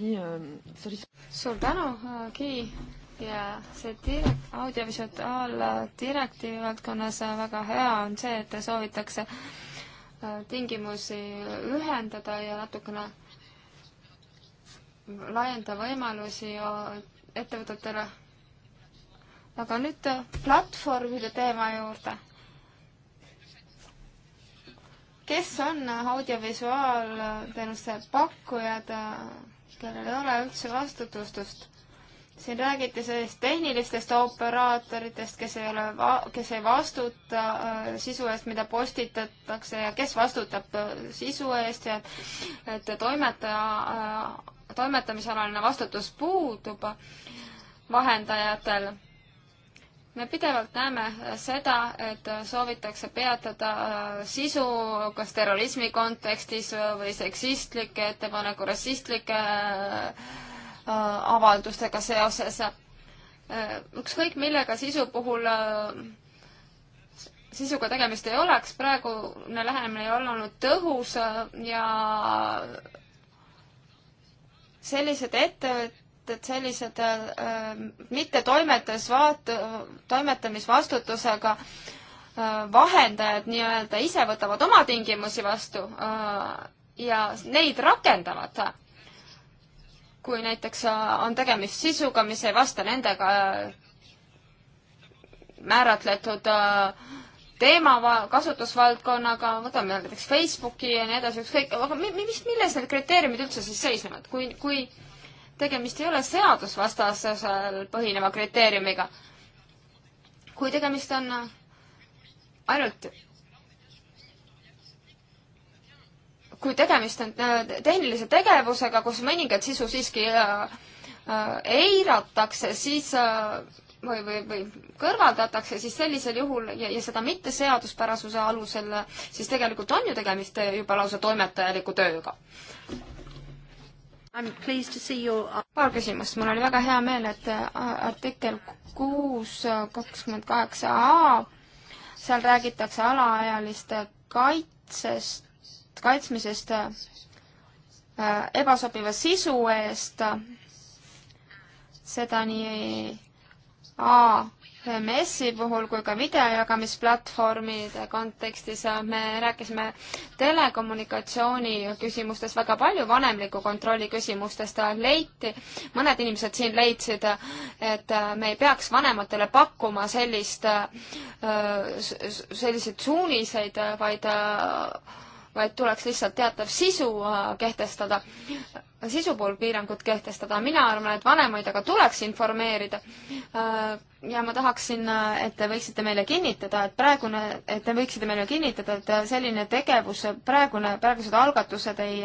Euh, suur tänu, äh, Kii ja see direkt-, audiovisuaaldirektiivi valdkonnas äh, väga hea on see, et soovitakse tingimusi ühendada ja natukene laienda võimalusi ettevõtetele. aga nüüd platvormide teema juurde. kes on audiovisuaalteenuse pakkujad, kellel ei ole üldse vastutustust? siin räägiti sellest tehnilistest operaatoritest, kes ei ole, kes ei vastuta äh, sisu eest, mida postitatakse ja kes vastutab äh, sisu eest ja et toimetaja, äh, toimetamisalaline vastutus puudub vahendajatel. me pidevalt näeme seda, et soovitakse peatada sisu kas terrorismi kontekstis või seksistlike ettepaneku, rassistlike Äh, avaldustega seoses. Äh, ükskõik millega sisu puhul, äh, sisuga tegemist ei oleks, praegune lähenemine ei olnud tõhus ja sellised ettevõtted, et sellised äh, mittetoimetusvaat-, toimetamisvastutusega äh, vahendajad nii-öelda ise võtavad oma tingimusi vastu äh, ja neid rakendavad kui näiteks äh, on tegemist sisuga, mis ei vasta nendega äh, määratletud äh, teema kasutusvaldkonnaga, võtame näiteks Facebooki ja nii edasi, ükskõik, aga mis, milles need kriteeriumid üldse siis seisnevad, kui, kui tegemist ei ole seadusvastasel põhineva kriteeriumiga, kui tegemist on ainult kui tegemist on äh, tehnilise tegevusega, kus mõningat sisu siiski äh, äh, eiratakse, siis või, või, või kõrvaldatakse, siis sellisel juhul ja, ja seda mitte seaduspärasuse alusel, siis tegelikult on ju tegemist juba lausa toimetajaliku tööga. Your... paar küsimust, mul oli väga hea meel, et artikkel kuus kakskümmend kaheksa A, seal räägitakse alaealiste kaitsest kaitsmisest äh, ebasobiva sisu eest, seda nii AMS-i puhul kui ka videojagamisplatvormide kontekstis äh, me rääkisime telekommunikatsiooni küsimustes väga palju, vanemliku kontrolli küsimustest äh, leiti, mõned inimesed siin leidsid, et me ei peaks vanematele pakkuma sellist, selliseid suuniseid, vaid vaid tuleks lihtsalt teatav sisu äh, kehtestada, sisu pool piirangud kehtestada. mina arvan, et vanemaid aga tuleks informeerida. Äh, ja ma tahaksin, äh, et te võiksite meile kinnitada, et praegune, et te võiksite meile kinnitada, et selline tegevus, praegune, praegused algatused ei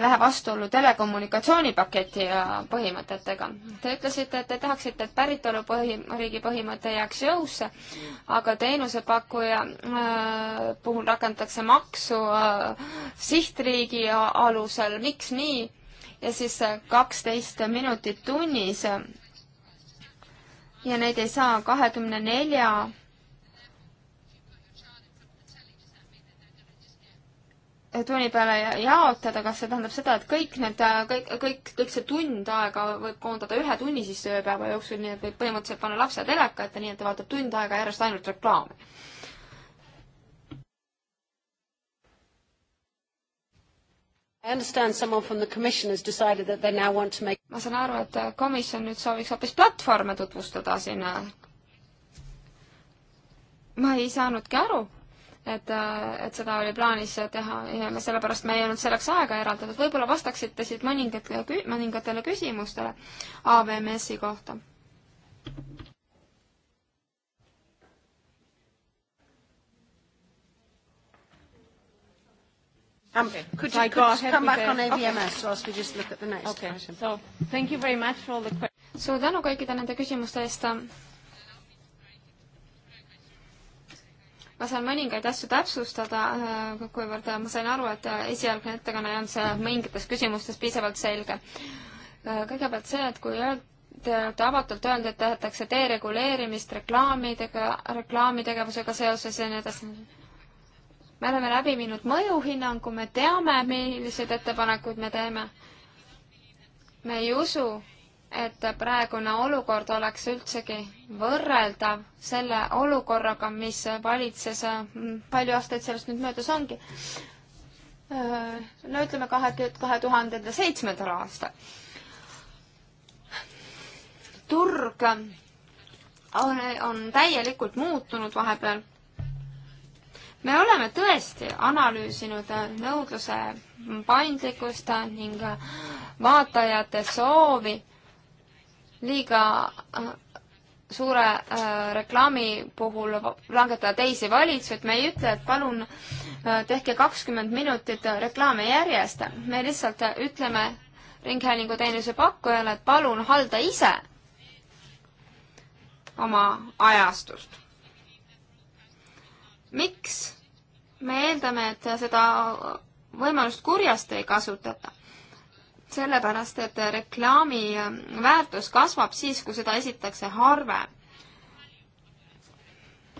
lähe vastuollu telekommunikatsioonipaketi äh, põhimõtetega. Te ütlesite, et te tahaksite, et päritolu põhi, riigi põhimõte jääks jõusse, aga teenusepakkuja äh, puhul rakendatakse maksu äh, sihtriigi alusel, miks nii? ja siis kaksteist minutit tunnis ja neid ei saa kahekümne nelja tunni peale jaotada, kas see tähendab seda, et kõik need, kõik, kõik, kõik see tund aega võib koondada ühe tunni sisse ööpäeva jooksul, nii et võib põhimõtteliselt panna lapse teleka ette, nii et ta vaatab tund aega järjest ainult reklaami. ma saan aru, et komisjon nüüd sooviks hoopis platvorme tutvustada siin. ma ei saanudki aru et, et seda oli plaanis teha ja me sellepärast me ei olnud selleks aega eraldatud. võib-olla vastaksite siit mõningat, mõningatele küsimustele AVMS-i kohta? Um, okay. Could you, could you come back on AVMS okay. whilst we just look at the next okay. question? So, thank you very much for all the questions. suur tänu kõikide nende küsimuste eest ma saan mõningaid asju täpsustada, äh, kuivõrd äh, ma sain aru, et äh, esialgne ettekanne on see mingites küsimustes piisavalt selge. kõigepealt see, et kui öelda, avatult öelda, et tahetakse dereguleerimist reklaamidega, reklaamitegevusega seoses ja nii edasi me oleme läbi viinud mõjuhinnangu, me teame, milliseid ettepanekuid me teeme. me ei usu, et praegune olukord oleks üldsegi võrreldav selle olukorraga, mis valitses, mm, palju aastaid sellest nüüd möödas ongi, no ütleme kahe, kahe tuhandenda seitsmendal aastal. turg on, on täielikult muutunud vahepeal. me oleme tõesti analüüsinud nõudluse paindlikkust ning vaatajate soovi liiga äh, suure äh, reklaami puhul langetada teisi valitsusi, et me ei ütle, et palun äh, tehke kakskümmend minutit reklaame järjest, me lihtsalt ütleme ringhäälinguteenuse pakkujale, et palun halda ise oma ajastust. miks me eeldame, et seda võimalust kurjast ei kasutata? sellepärast, et reklaami väärtus kasvab siis, kui seda esitakse harve.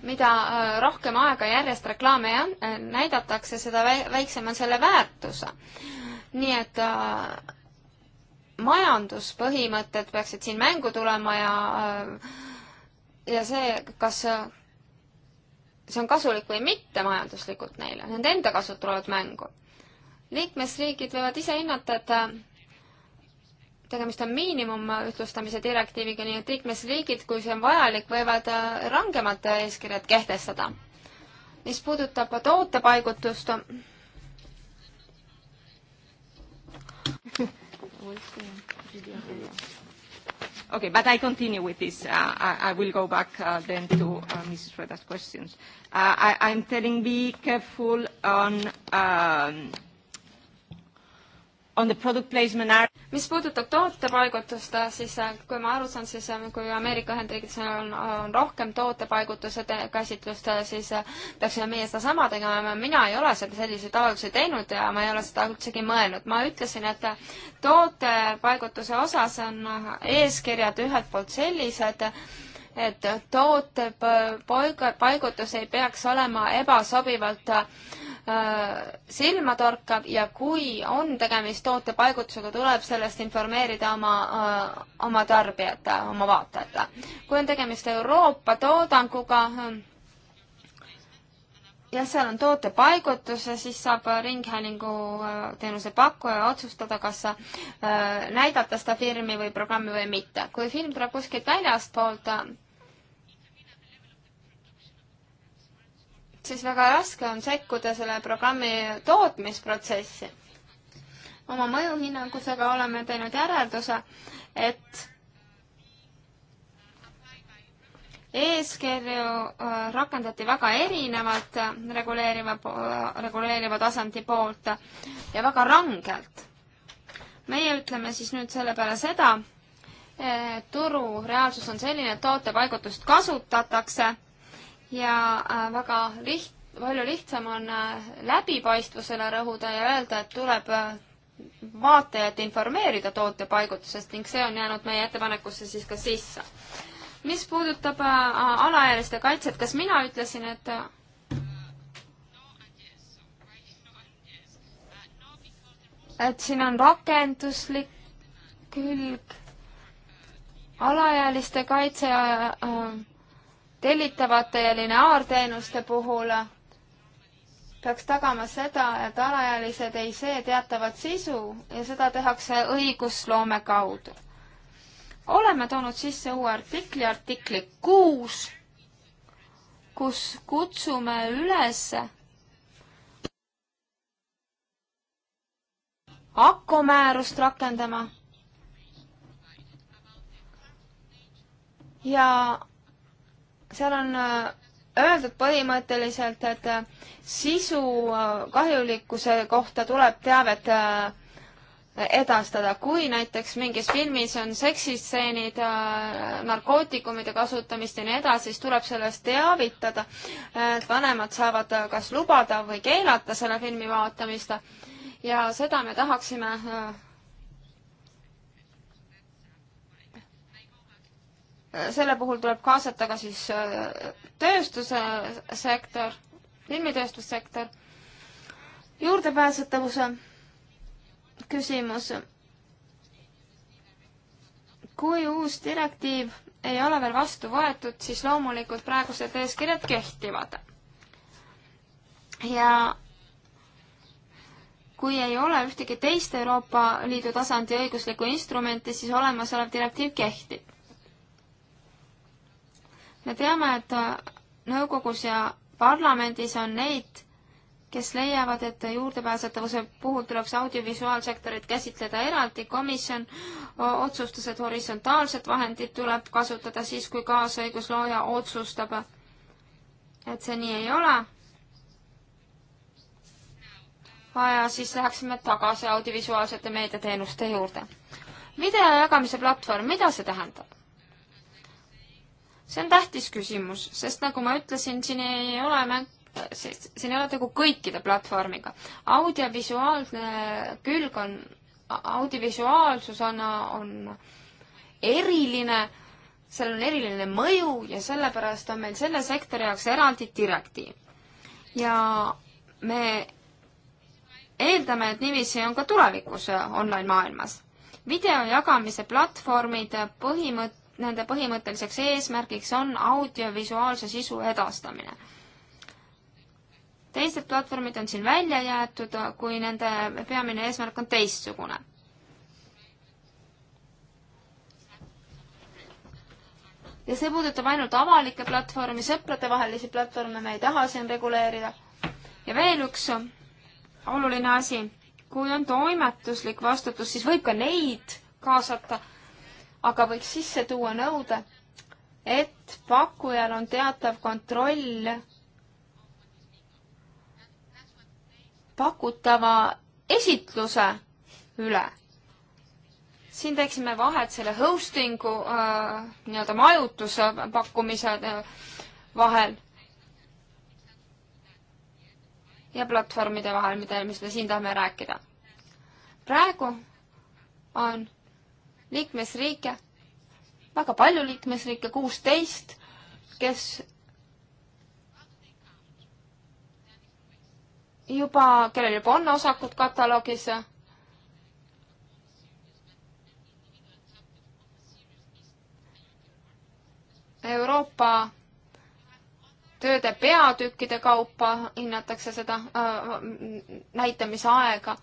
mida äh, rohkem aega järjest reklaame äh, näidatakse, seda väiksem on selle väärtus. nii et äh, majanduspõhimõtted peaksid siin mängu tulema ja ja see, kas see on kasulik või mitte majanduslikult neile, nende enda kasud tulevad mängu. liikmesriigid võivad ise hinnata, et tegemist on miinimumühtlustamise direktiiviga, nii et liikmesriigid, kui see on vajalik, võivad äh, rangemad eeskirjad kehtestada. mis puudutab tootepaigutust, Okay, but I continue with this. Uh, I, I will go back uh, then to uh, Mrs. Freda's questions. Uh, I, I'm telling be careful on um, mis puudutab tootepaigutust, siis äh, kui ma aru saan, siis äh, kui Ameerika Ühendriikides on, on rohkem tootepaigutuse käsitlust, äh, siis peaksime meie sedasama tegema. mina ei ole seda, selliseid avaldusi teinud ja ma ei ole seda üldsegi mõelnud. ma ütlesin, et tootepaigutuse osas on eeskirjad ühelt poolt sellised, et tootepaigutus ei peaks olema ebasobivalt äh, Äh, silmatorkav ja kui on tegemist tootepaigutusega, tuleb sellest informeerida oma, äh, oma tarbijat, oma vaatajat. kui on tegemist Euroopa toodanguga, äh, jah, seal on tootepaigutus ja siis saab ringhäälingu teenuse pakkuja otsustada, kas näidata seda filmi või programmi või mitte. kui film tuleb kuskilt väljastpoolt, siis väga raske on sekkuda selle programmi tootmisprotsessi. oma mõjuhinnangusega oleme teinud järelduse, et eeskirju äh, rakendati väga erinevalt reguleeriva, reguleeriva tasandi poolt ja väga rangelt. meie ütleme siis nüüd selle peale seda, turu reaalsus on selline, et tootepaigutust kasutatakse ja äh, väga liht-, palju lihtsam on äh, läbipaistvusele rõhuda ja öelda, et tuleb äh, vaatajat informeerida toote paigutusest ning see on jäänud meie ettepanekusse siis ka sisse. mis puudutab alaealiste kaitset, kas mina ütlesin, et et siin on rakenduslik külg, alaealiste kaitse äh, tellitavate ja lineaarteenuste puhul peaks tagama seda, et alaealised ei see teatavat sisu ja seda tehakse õigusloome kaudu. oleme toonud sisse uue artikli, artikli kuus, kus kutsume üles akomäärust rakendama ja seal on äh, öeldud põhimõtteliselt, et äh, sisu äh, kahjulikkuse kohta tuleb teavet edastada, kui näiteks mingis filmis on seksistseenid, narkootikumide kasutamist ja nii edasi, siis tuleb sellest teavitada, et vanemad saavad kas lubada või keelata selle filmi vaatamist ja seda me tahaksime selle puhul tuleb kaasata ka siis äh, tööstuse sektor, filmitööstussektor, juurdepääsetavuse küsimus. kui uus direktiiv ei ole veel vastu võetud, siis loomulikult praegused eeskirjad kehtivad. ja kui ei ole ühtegi teist Euroopa Liidu tasandi õiguslikku instrumenti, siis olemasolev direktiiv kehtib me teame, et nõukogus ja parlamendis on neid, kes leiavad, et juurdepääsetavuse puhul tuleks audiovisuaalsektorit käsitleda eraldi, komisjon otsustas, et horisontaalset vahendit tuleb kasutada siis, kui kaasõiguslooja otsustab, et see nii ei ole. ja siis läheksime tagasi audiovisuaalsete meediateenuste juurde. video jagamise platvorm, mida see tähendab? see on tähtis küsimus, sest nagu ma ütlesin, siin ei ole mäng, siin ei ole tegu kõikide platvormiga. audiovisuaalne külg on, audiovisuaalsus on, on eriline, seal on eriline mõju ja sellepärast on meil selle sektori jaoks eraldi direktiiv. ja me eeldame, et niiviisi on ka tulevikus online maailmas. video jagamise platvormid põhimõtt-, nende põhimõtteliseks eesmärgiks on audiovisuaalse sisu edastamine. teised platvormid on siin välja jäetud, kui nende peamine eesmärk on teistsugune. ja see puudutab ainult avalikke platvormi, sõpradevahelisi platvorme me ei taha siin reguleerida. ja veel üks oluline asi, kui on toimetuslik vastutus, siis võib ka neid kaasata aga võiks sisse tuua nõude, et pakkujal on teatav kontroll pakutava esitluse üle. siin teeksime vahet selle hosting'u äh, nii-öelda majutuse pakkumise äh, vahel ja platvormide vahel, mida, mis me siin tahame rääkida. praegu on liikmesriike, väga palju liikmesriike, kuusteist, kes juba, kellel juba on osakud kataloogis Euroopa tööde peatükkide kaupa hinnatakse seda äh, näitamise aega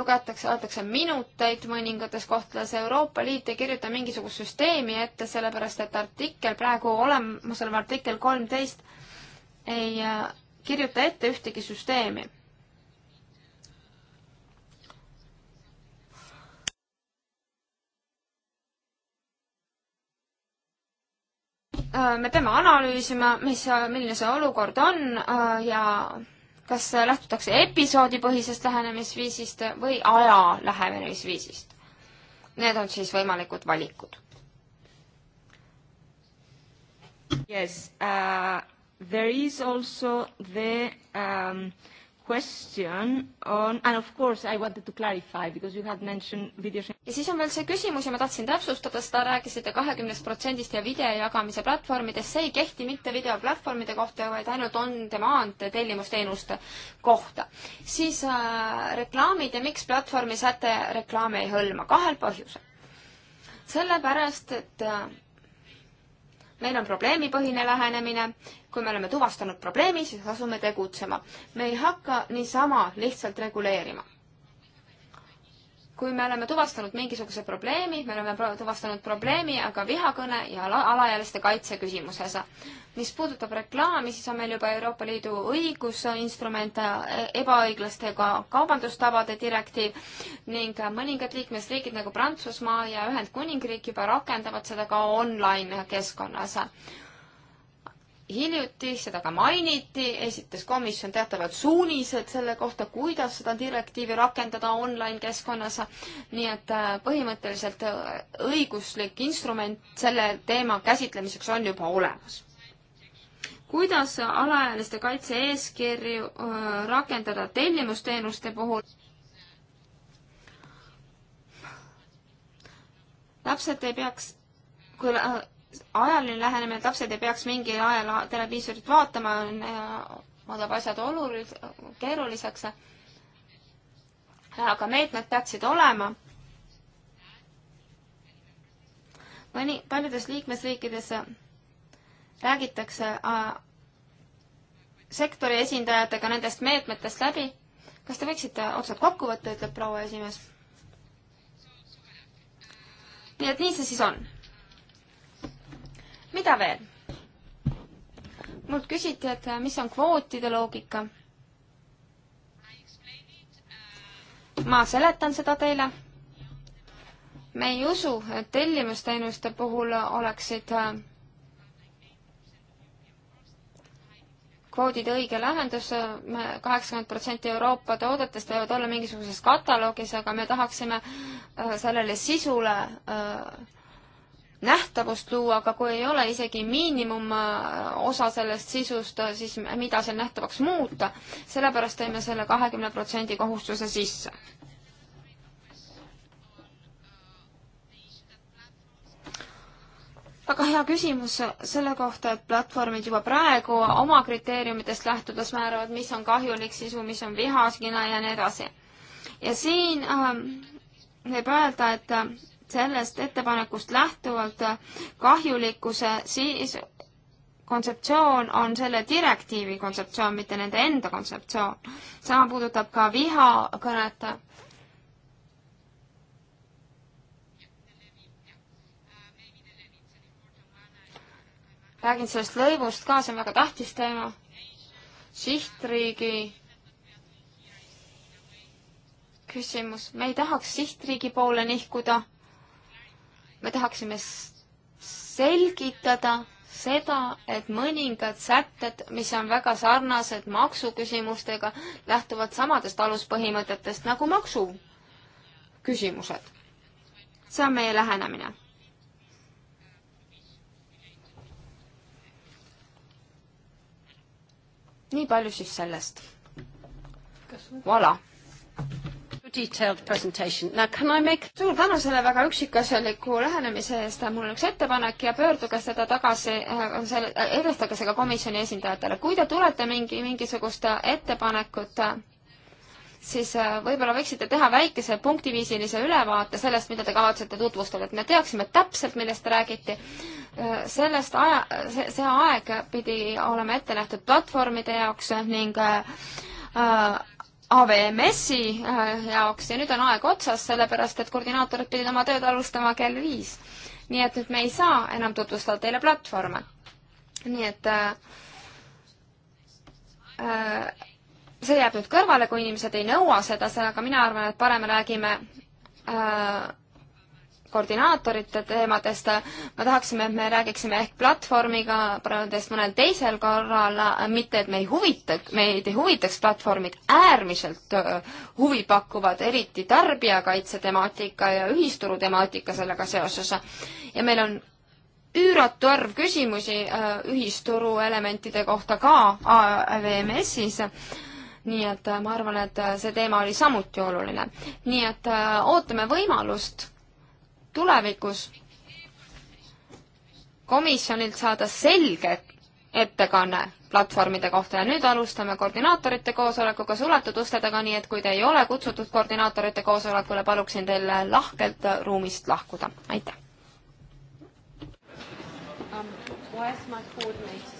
lugetakse, antakse minuteid mõningates kohtades, Euroopa Liit ei kirjuta mingisugust süsteemi ette, sellepärast et artikkel, praegu olemasolev artikkel kolmteist ei äh, kirjuta ette ühtegi süsteemi. Äh, me peame analüüsima, mis, milline see olukord on äh, ja kas lähtutakse episoodipõhisest lähenemisviisist või aja lähenemisviisist. Need on siis võimalikud valikud. Yes uh,, there is also the um, question on, and of course I wanted to clarify because you had mentioned video ja siis on veel see küsimus ja ma tahtsin täpsustada seda, rääkisite kahekümnest protsendist ja video jagamise platvormidest, see ei kehti mitte videoplatvormide kohta, vaid ainult on-demand tellimusteenuste kohta. siis äh, reklaamid ja miks platvormi säte reklaami ei hõlma, kahel põhjusel. sellepärast, et äh, meil on probleemipõhine lähenemine, kui me oleme tuvastanud probleemi, siis asume tegutsema. me ei hakka niisama lihtsalt reguleerima kui me oleme tuvastanud mingisuguse probleemi, me oleme tuvastanud probleemi, aga vihakõne ja alaealiste kaitse küsimuses. mis puudutab reklaami, siis on meil juba Euroopa Liidu õigusinstrument, e-, ebaõiglaste ka kaubandustavade direktiiv ning mõningad liikmesriigid nagu Prantsusmaa ja Ühendkuningriik juba rakendavad seda ka online keskkonnas hiljuti, seda ka mainiti, esitas komisjon teatavad suunised selle kohta, kuidas seda direktiivi rakendada online-keskkonnas. nii et äh, põhimõtteliselt äh, õiguslik instrument selle teema käsitlemiseks on juba olemas. kuidas alaealiste kaitse eeskirju äh, rakendada tellimusteenuste puhul? lapsed ei peaks kui ajaline lähenemine, et lapsed ei peaks mingil ajal televiisorit vaatama, on, äh, muudab asjad olulis-, keeruliseks. aga meetmed peaksid olema. mõni, paljudes liikmesriikides räägitakse äh, sektori esindajatega nendest meetmetest läbi. kas te võiksite otsad kokku võtta, ütleb proua esimees. nii et nii see siis on mida veel? mult küsiti, et äh, mis on kvootide loogika. ma seletan seda teile. me ei usu, et tellimusteenuste puhul oleksid äh, kvoodid õige lahendus, kaheksakümmend protsenti Euroopa toodetest võivad olla mingisuguses kataloogis, aga me tahaksime äh, sellele sisule äh, nähtavust luua, aga kui ei ole isegi miinimumosa äh, sellest sisust, äh, siis mida seal nähtavaks muuta, sellepärast tõime selle kahekümne protsendi kohustuse sisse. väga hea küsimus selle kohta, et platvormid juba praegu oma kriteeriumitest lähtudes määravad, mis on kahjulik sisu, mis on vihaskõne ja nii edasi. ja siin ähm, võib öelda, et äh, sellest ettepanekust lähtuvalt kahjulikkuse siis kontseptsioon on selle direktiivi kontseptsioon, mitte nende enda kontseptsioon. sama puudutab ka vihakõnet. räägin sellest lõivust ka, see on väga tähtis teema. sihtriigi küsimus, me ei tahaks sihtriigi poole nihkuda me tahaksime selgitada seda, et mõningad sätted, mis on väga sarnased maksuküsimustega, lähtuvad samadest aluspõhimõtetest nagu maksuküsimused. see on meie lähenemine. nii palju siis sellest. vala suur tänu selle väga üksikasjaliku lähenemise eest, mul on üks ettepanek ja pöörduge seda tagasi äh,, selle, äh, edastage see ka komisjoni esindajatele. kui te tulete mingi, mingisugust ettepanekut, siis äh, võib-olla võiksite teha väikese punktiviisilise ülevaate sellest, mida te kavatsete tutvustada, et me teaksime täpselt, millest te räägite. Äh, sellest aja, see, see aeg pidi olema ette nähtud platvormide jaoks ning äh, AVMS-i äh, jaoks ja nüüd on aeg otsas, sellepärast et koordinaatorid pidid oma tööd alustama kell viis. nii et nüüd me ei saa enam tutvustada teile platvorme. nii et äh, äh see jääb nüüd kõrvale, kui inimesed ei nõua seda, aga mina arvan, et parem räägime äh, koordinaatorite teemadest, me tahaksime, et me räägiksime ehk platvormiga praegudest mõnel teisel korral, mitte et me ei huvita, meid ei huvitaks platvormid, äärmiselt äh, huvi pakuvad eriti tarbijakaitse temaatika ja ühisturu temaatika sellega seoses. ja meil on üüratu arv küsimusi äh, ühisturu elementide kohta ka äh, AVMS-is nii et ma arvan, et see teema oli samuti oluline. nii et ootame võimalust tulevikus komisjonilt saada selge ettekanne platvormide kohta ja nüüd alustame koordinaatorite koosolekuga suletud uste taga, nii et kui te ei ole kutsutud koordinaatorite koosolekule, paluksin teil lahkelt ruumist lahkuda, aitäh um,.